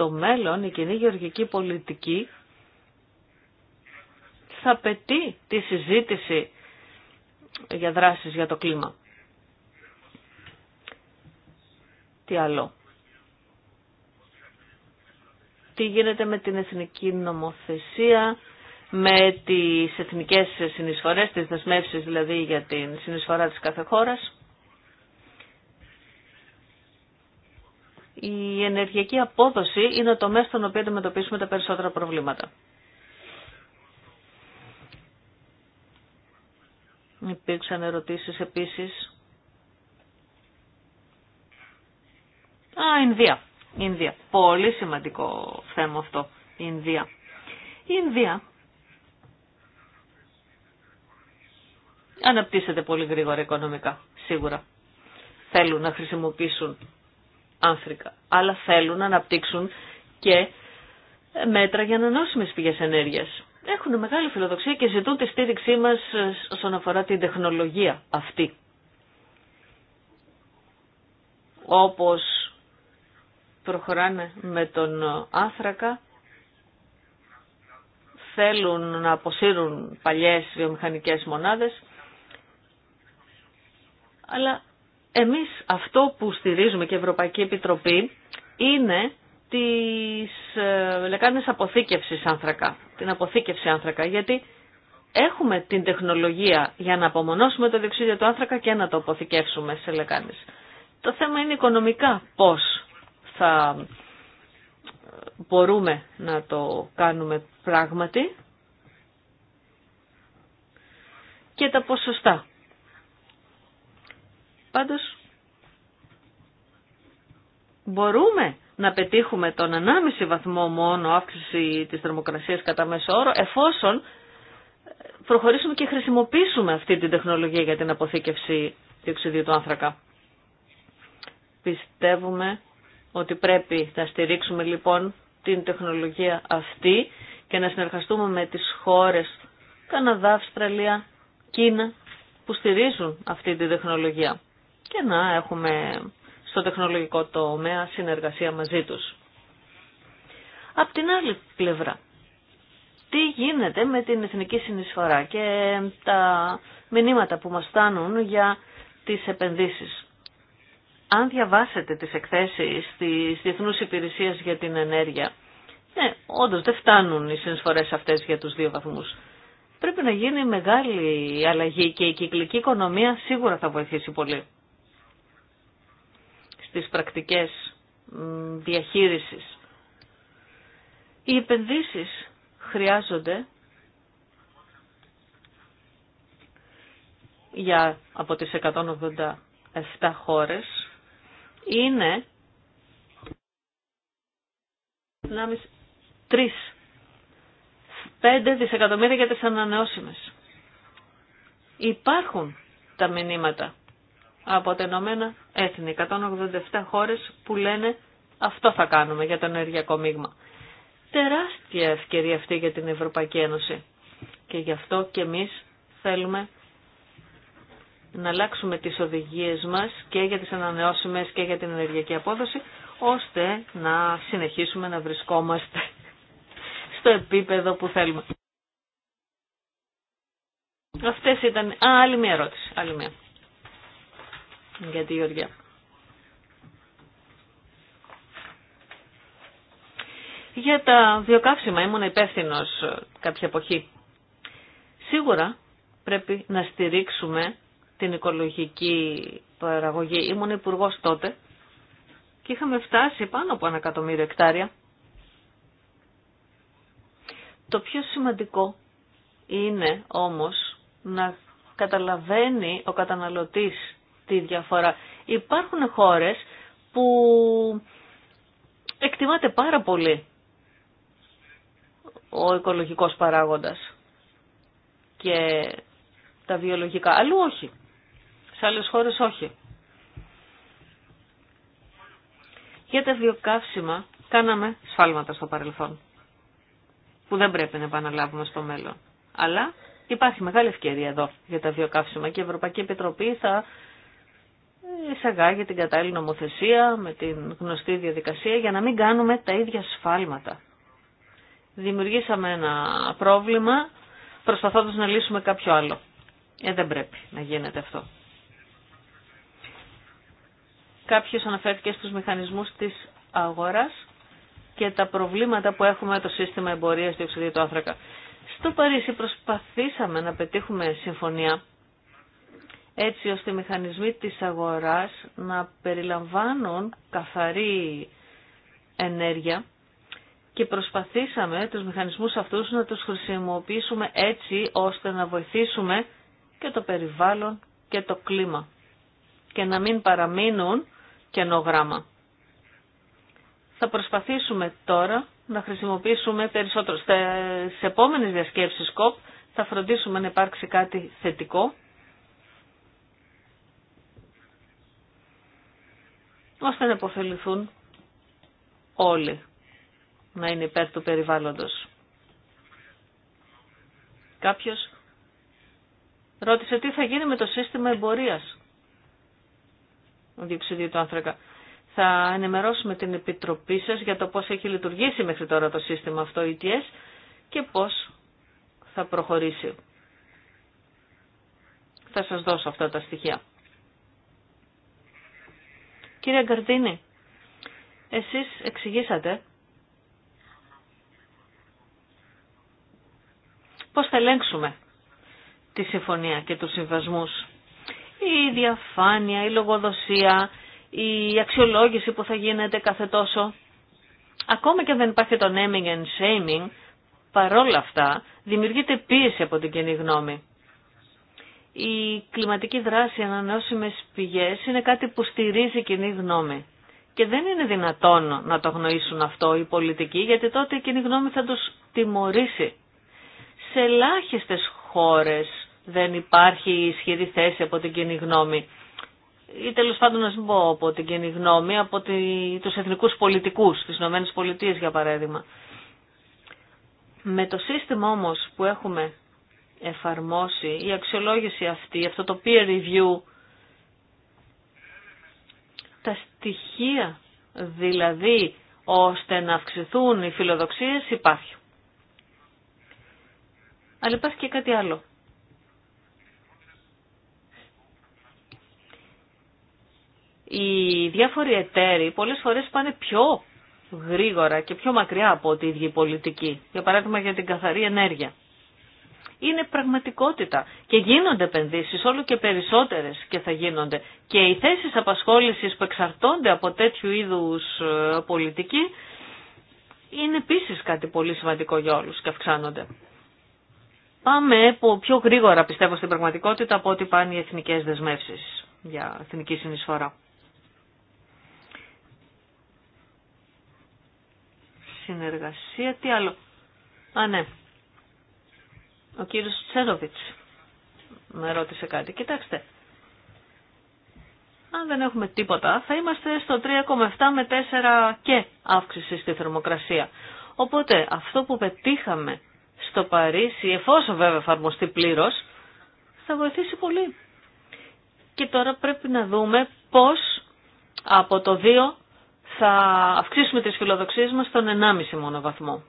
Το μέλλον η κοινή γεωργική πολιτική θα απαιτεί τη συζήτηση για δράσεις για το κλίμα. Τι άλλο. Τι γίνεται με την εθνική νομοθεσία, με τις εθνικές συνεισφορές, τις δεσμεύσεις δηλαδή για την συνεισφορά της κάθε χώρας. η ενεργειακή απόδοση είναι το μέσο στον οποίο αντιμετωπίσουμε τα περισσότερα προβλήματα. Υπήρξαν ερωτήσεις επίσης. Α, Ινδία. Ινδία. Πολύ σημαντικό θέμα αυτό. Ινδία. Ινδία αναπτύσσεται πολύ γρήγορα οικονομικά, σίγουρα. Θέλουν να χρησιμοποιήσουν αλλά θέλουν να αναπτύξουν και μέτρα για ανανεώσιμε πηγές ενέργεια. Έχουν μεγάλη φιλοδοξία και ζητούν τη στήριξή μα ε, όσον αφορά την τεχνολογία αυτή. Όπως προχωράνε με τον ε, άνθρακα, θέλουν να αποσύρουν παλιές βιομηχανικές μονάδες, αλλά εμείς αυτό που στηρίζουμε και η Ευρωπαϊκή Επιτροπή είναι τις ε, λεκάνες αποθήκευσης άνθρακα, την αποθήκευση άνθρακα, γιατί έχουμε την τεχνολογία για να απομονώσουμε το διοξίδιο του άνθρακα και να το αποθηκεύσουμε σε λεκάνες. Το θέμα είναι οικονομικά πώς θα ε, μπορούμε να το κάνουμε πράγματι και τα ποσοστά. Πάντως μπορούμε να πετύχουμε τον ανάμιση βαθμό μόνο αύξηση της θερμοκρασίας κατά μέσο όρο εφόσον προχωρήσουμε και χρησιμοποιήσουμε αυτή την τεχνολογία για την αποθήκευση διοξιδίου του άνθρακα. Πιστεύουμε ότι πρέπει να στηρίξουμε λοιπόν την τεχνολογία αυτή και να συνεργαστούμε με τις χώρες Καναδά, Αυστραλία, Κίνα που στηρίζουν αυτή την τεχνολογία και να έχουμε στο τεχνολογικό τομέα συνεργασία μαζί τους. Απ' την άλλη πλευρά, τι γίνεται με την εθνική συνεισφορά και τα μηνύματα που μας φτάνουν για τις επενδύσεις. Αν διαβάσετε τις εκθέσεις της Διεθνούς Υπηρεσίας για την Ενέργεια, ναι, όντως δεν φτάνουν οι συνεισφορές αυτές για τους δύο βαθμούς. Πρέπει να γίνει μεγάλη αλλαγή και η κυκλική οικονομία σίγουρα θα βοηθήσει πολύ στις πρακτικές διαχείρισης. Οι επενδύσεις χρειάζονται για από τις 187 χώρες είναι 3 5 δισεκατομμύρια για τις ανανεώσιμες. Υπάρχουν τα μηνύματα από τα Ηνωμένα Έθνη. 187 χώρες που λένε αυτό θα κάνουμε για το ενεργειακό μείγμα. Τεράστια ευκαιρία αυτή για την Ευρωπαϊκή Ένωση. Και γι' αυτό και εμείς θέλουμε να αλλάξουμε τις οδηγίες μας και για τις ανανεώσιμες και για την ενεργειακή απόδοση, ώστε να συνεχίσουμε να βρισκόμαστε στο επίπεδο που θέλουμε. Αυτές ήταν... Α, άλλη μια ερώτηση για τη Γεωργία. Για τα βιοκαύσιμα ήμουν υπεύθυνο κάποια εποχή. Σίγουρα πρέπει να στηρίξουμε την οικολογική παραγωγή. Ήμουν υπουργό τότε και είχαμε φτάσει πάνω από ένα εκατομμύριο εκτάρια. Το πιο σημαντικό είναι όμως να καταλαβαίνει ο καταναλωτής διαφορά. Υπάρχουν χώρες που εκτιμάται πάρα πολύ ο οικολογικός παράγοντας και τα βιολογικά. Αλλού όχι. Σε άλλες χώρες όχι. Για τα βιοκαύσιμα κάναμε σφάλματα στο παρελθόν που δεν πρέπει να επαναλάβουμε στο μέλλον. Αλλά υπάρχει μεγάλη ευκαιρία εδώ για τα βιοκαύσιμα και η Ευρωπαϊκή Επιτροπή θα εισαγάγει την κατάλληλη νομοθεσία με την γνωστή διαδικασία για να μην κάνουμε τα ίδια σφάλματα. Δημιουργήσαμε ένα πρόβλημα προσπαθώντας να λύσουμε κάποιο άλλο. Ε, δεν πρέπει να γίνεται αυτό. Κάποιος αναφέρθηκε στους μηχανισμούς της αγοράς και τα προβλήματα που έχουμε το σύστημα εμπορίας του του άνθρακα. Στο Παρίσι προσπαθήσαμε να πετύχουμε συμφωνία έτσι ώστε οι μηχανισμοί της αγοράς να περιλαμβάνουν καθαρή ενέργεια και προσπαθήσαμε τους μηχανισμούς αυτούς να τους χρησιμοποιήσουμε έτσι ώστε να βοηθήσουμε και το περιβάλλον και το κλίμα και να μην παραμείνουν κενό γράμμα. Θα προσπαθήσουμε τώρα να χρησιμοποιήσουμε περισσότερο. Στις επόμενες διασκέψεις COP θα φροντίσουμε να υπάρξει κάτι θετικό ώστε να υποφεληθούν όλοι να είναι υπέρ του περιβάλλοντος. Κάποιος ρώτησε τι θα γίνει με το σύστημα εμπορίας διοξιδίου του άνθρακα. Θα ενημερώσουμε την Επιτροπή σας για το πώς έχει λειτουργήσει μέχρι τώρα το σύστημα αυτό ETS και πώς θα προχωρήσει. Θα σας δώσω αυτά τα στοιχεία. Κύριε Γκαρδίνη, εσείς εξηγήσατε πώς θα ελέγξουμε τη συμφωνία και τους συμβασμούς. Η διαφάνεια, η λογοδοσία, η αξιολόγηση που θα γίνεται κάθε τόσο. Ακόμα και δεν υπάρχει το naming and shaming, παρόλα αυτά δημιουργείται πίεση από την κοινή γνώμη η κλιματική δράση ανανεώσιμες πηγές είναι κάτι που στηρίζει κοινή γνώμη. Και δεν είναι δυνατόν να το γνωρίσουν αυτό οι πολιτικοί, γιατί τότε η κοινή γνώμη θα τους τιμωρήσει. Σε ελάχιστε χώρες δεν υπάρχει ισχυρή θέση από την κοινή γνώμη. Ή τέλος πάντων να μην πω από την κοινή γνώμη, από τη, τους εθνικούς πολιτικούς, τις ΗΠΑ για παράδειγμα. Με το σύστημα όμως που έχουμε εφαρμόσει η αξιολόγηση αυτή, αυτό το peer review, τα στοιχεία δηλαδή ώστε να αυξηθούν οι φιλοδοξίες υπάρχει. Αλλά υπάρχει και κάτι άλλο. Οι διάφοροι εταίροι πολλές φορές πάνε πιο γρήγορα και πιο μακριά από τη ίδια πολιτική. Για παράδειγμα για την καθαρή ενέργεια είναι πραγματικότητα και γίνονται επενδύσει όλο και περισσότερε και θα γίνονται και οι θέσεις απασχόληση που εξαρτώνται από τέτοιου είδου ε, πολιτική είναι επίση κάτι πολύ σημαντικό για όλου και αυξάνονται. Πάμε πιο γρήγορα πιστεύω στην πραγματικότητα από ό,τι πάνε οι εθνικέ δεσμεύσει για εθνική συνεισφορά. Συνεργασία, τι άλλο. Α, ναι. Ο κύριος Τσέροβιτς με ρώτησε κάτι. Κοιτάξτε, αν δεν έχουμε τίποτα, θα είμαστε στο 3,7 με 4 και αύξηση στη θερμοκρασία. Οπότε αυτό που πετύχαμε στο Παρίσι, εφόσον βέβαια εφαρμοστεί πλήρω, θα βοηθήσει πολύ. Και τώρα πρέπει να δούμε πώς από το 2 θα αυξήσουμε τις φιλοδοξίες μας στον 1,5 μόνο βαθμό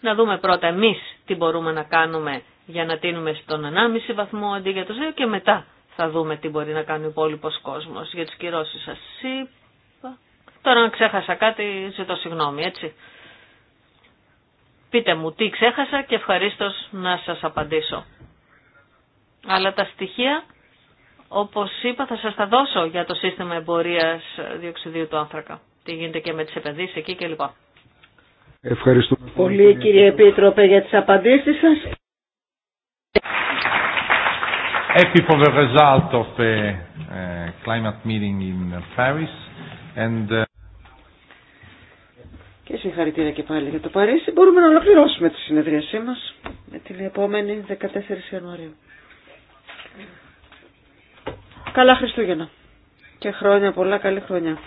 να δούμε πρώτα εμείς τι μπορούμε να κάνουμε για να τίνουμε στον 1,5 βαθμό αντί για το 2 και μετά θα δούμε τι μπορεί να κάνει ο υπόλοιπο κόσμο για τι. κυρώσει σα. Είπα. Τώρα αν ξέχασα κάτι ζητώ συγγνώμη έτσι. Πείτε μου τι ξέχασα και ευχαρίστω να σα απαντήσω. Αλλά τα στοιχεία, όπω είπα, θα σα τα δώσω για το σύστημα εμπορία διοξιδίου του άνθρακα. Τι γίνεται και με τι επενδύσει εκεί κλπ. Ευχαριστούμε πολύ, πολύ κύριε Επίτροπε για τις απαντήσεις σας. Happy for the result of the uh, climate meeting in Paris and uh... και συγχαρητήρια και πάλι για το Παρίσι. Μπορούμε να ολοκληρώσουμε τη συνεδρίασή μας με την επόμενη 14 Ιανουαρίου. Καλά Χριστούγεννα και χρόνια πολλά, καλή χρονιά.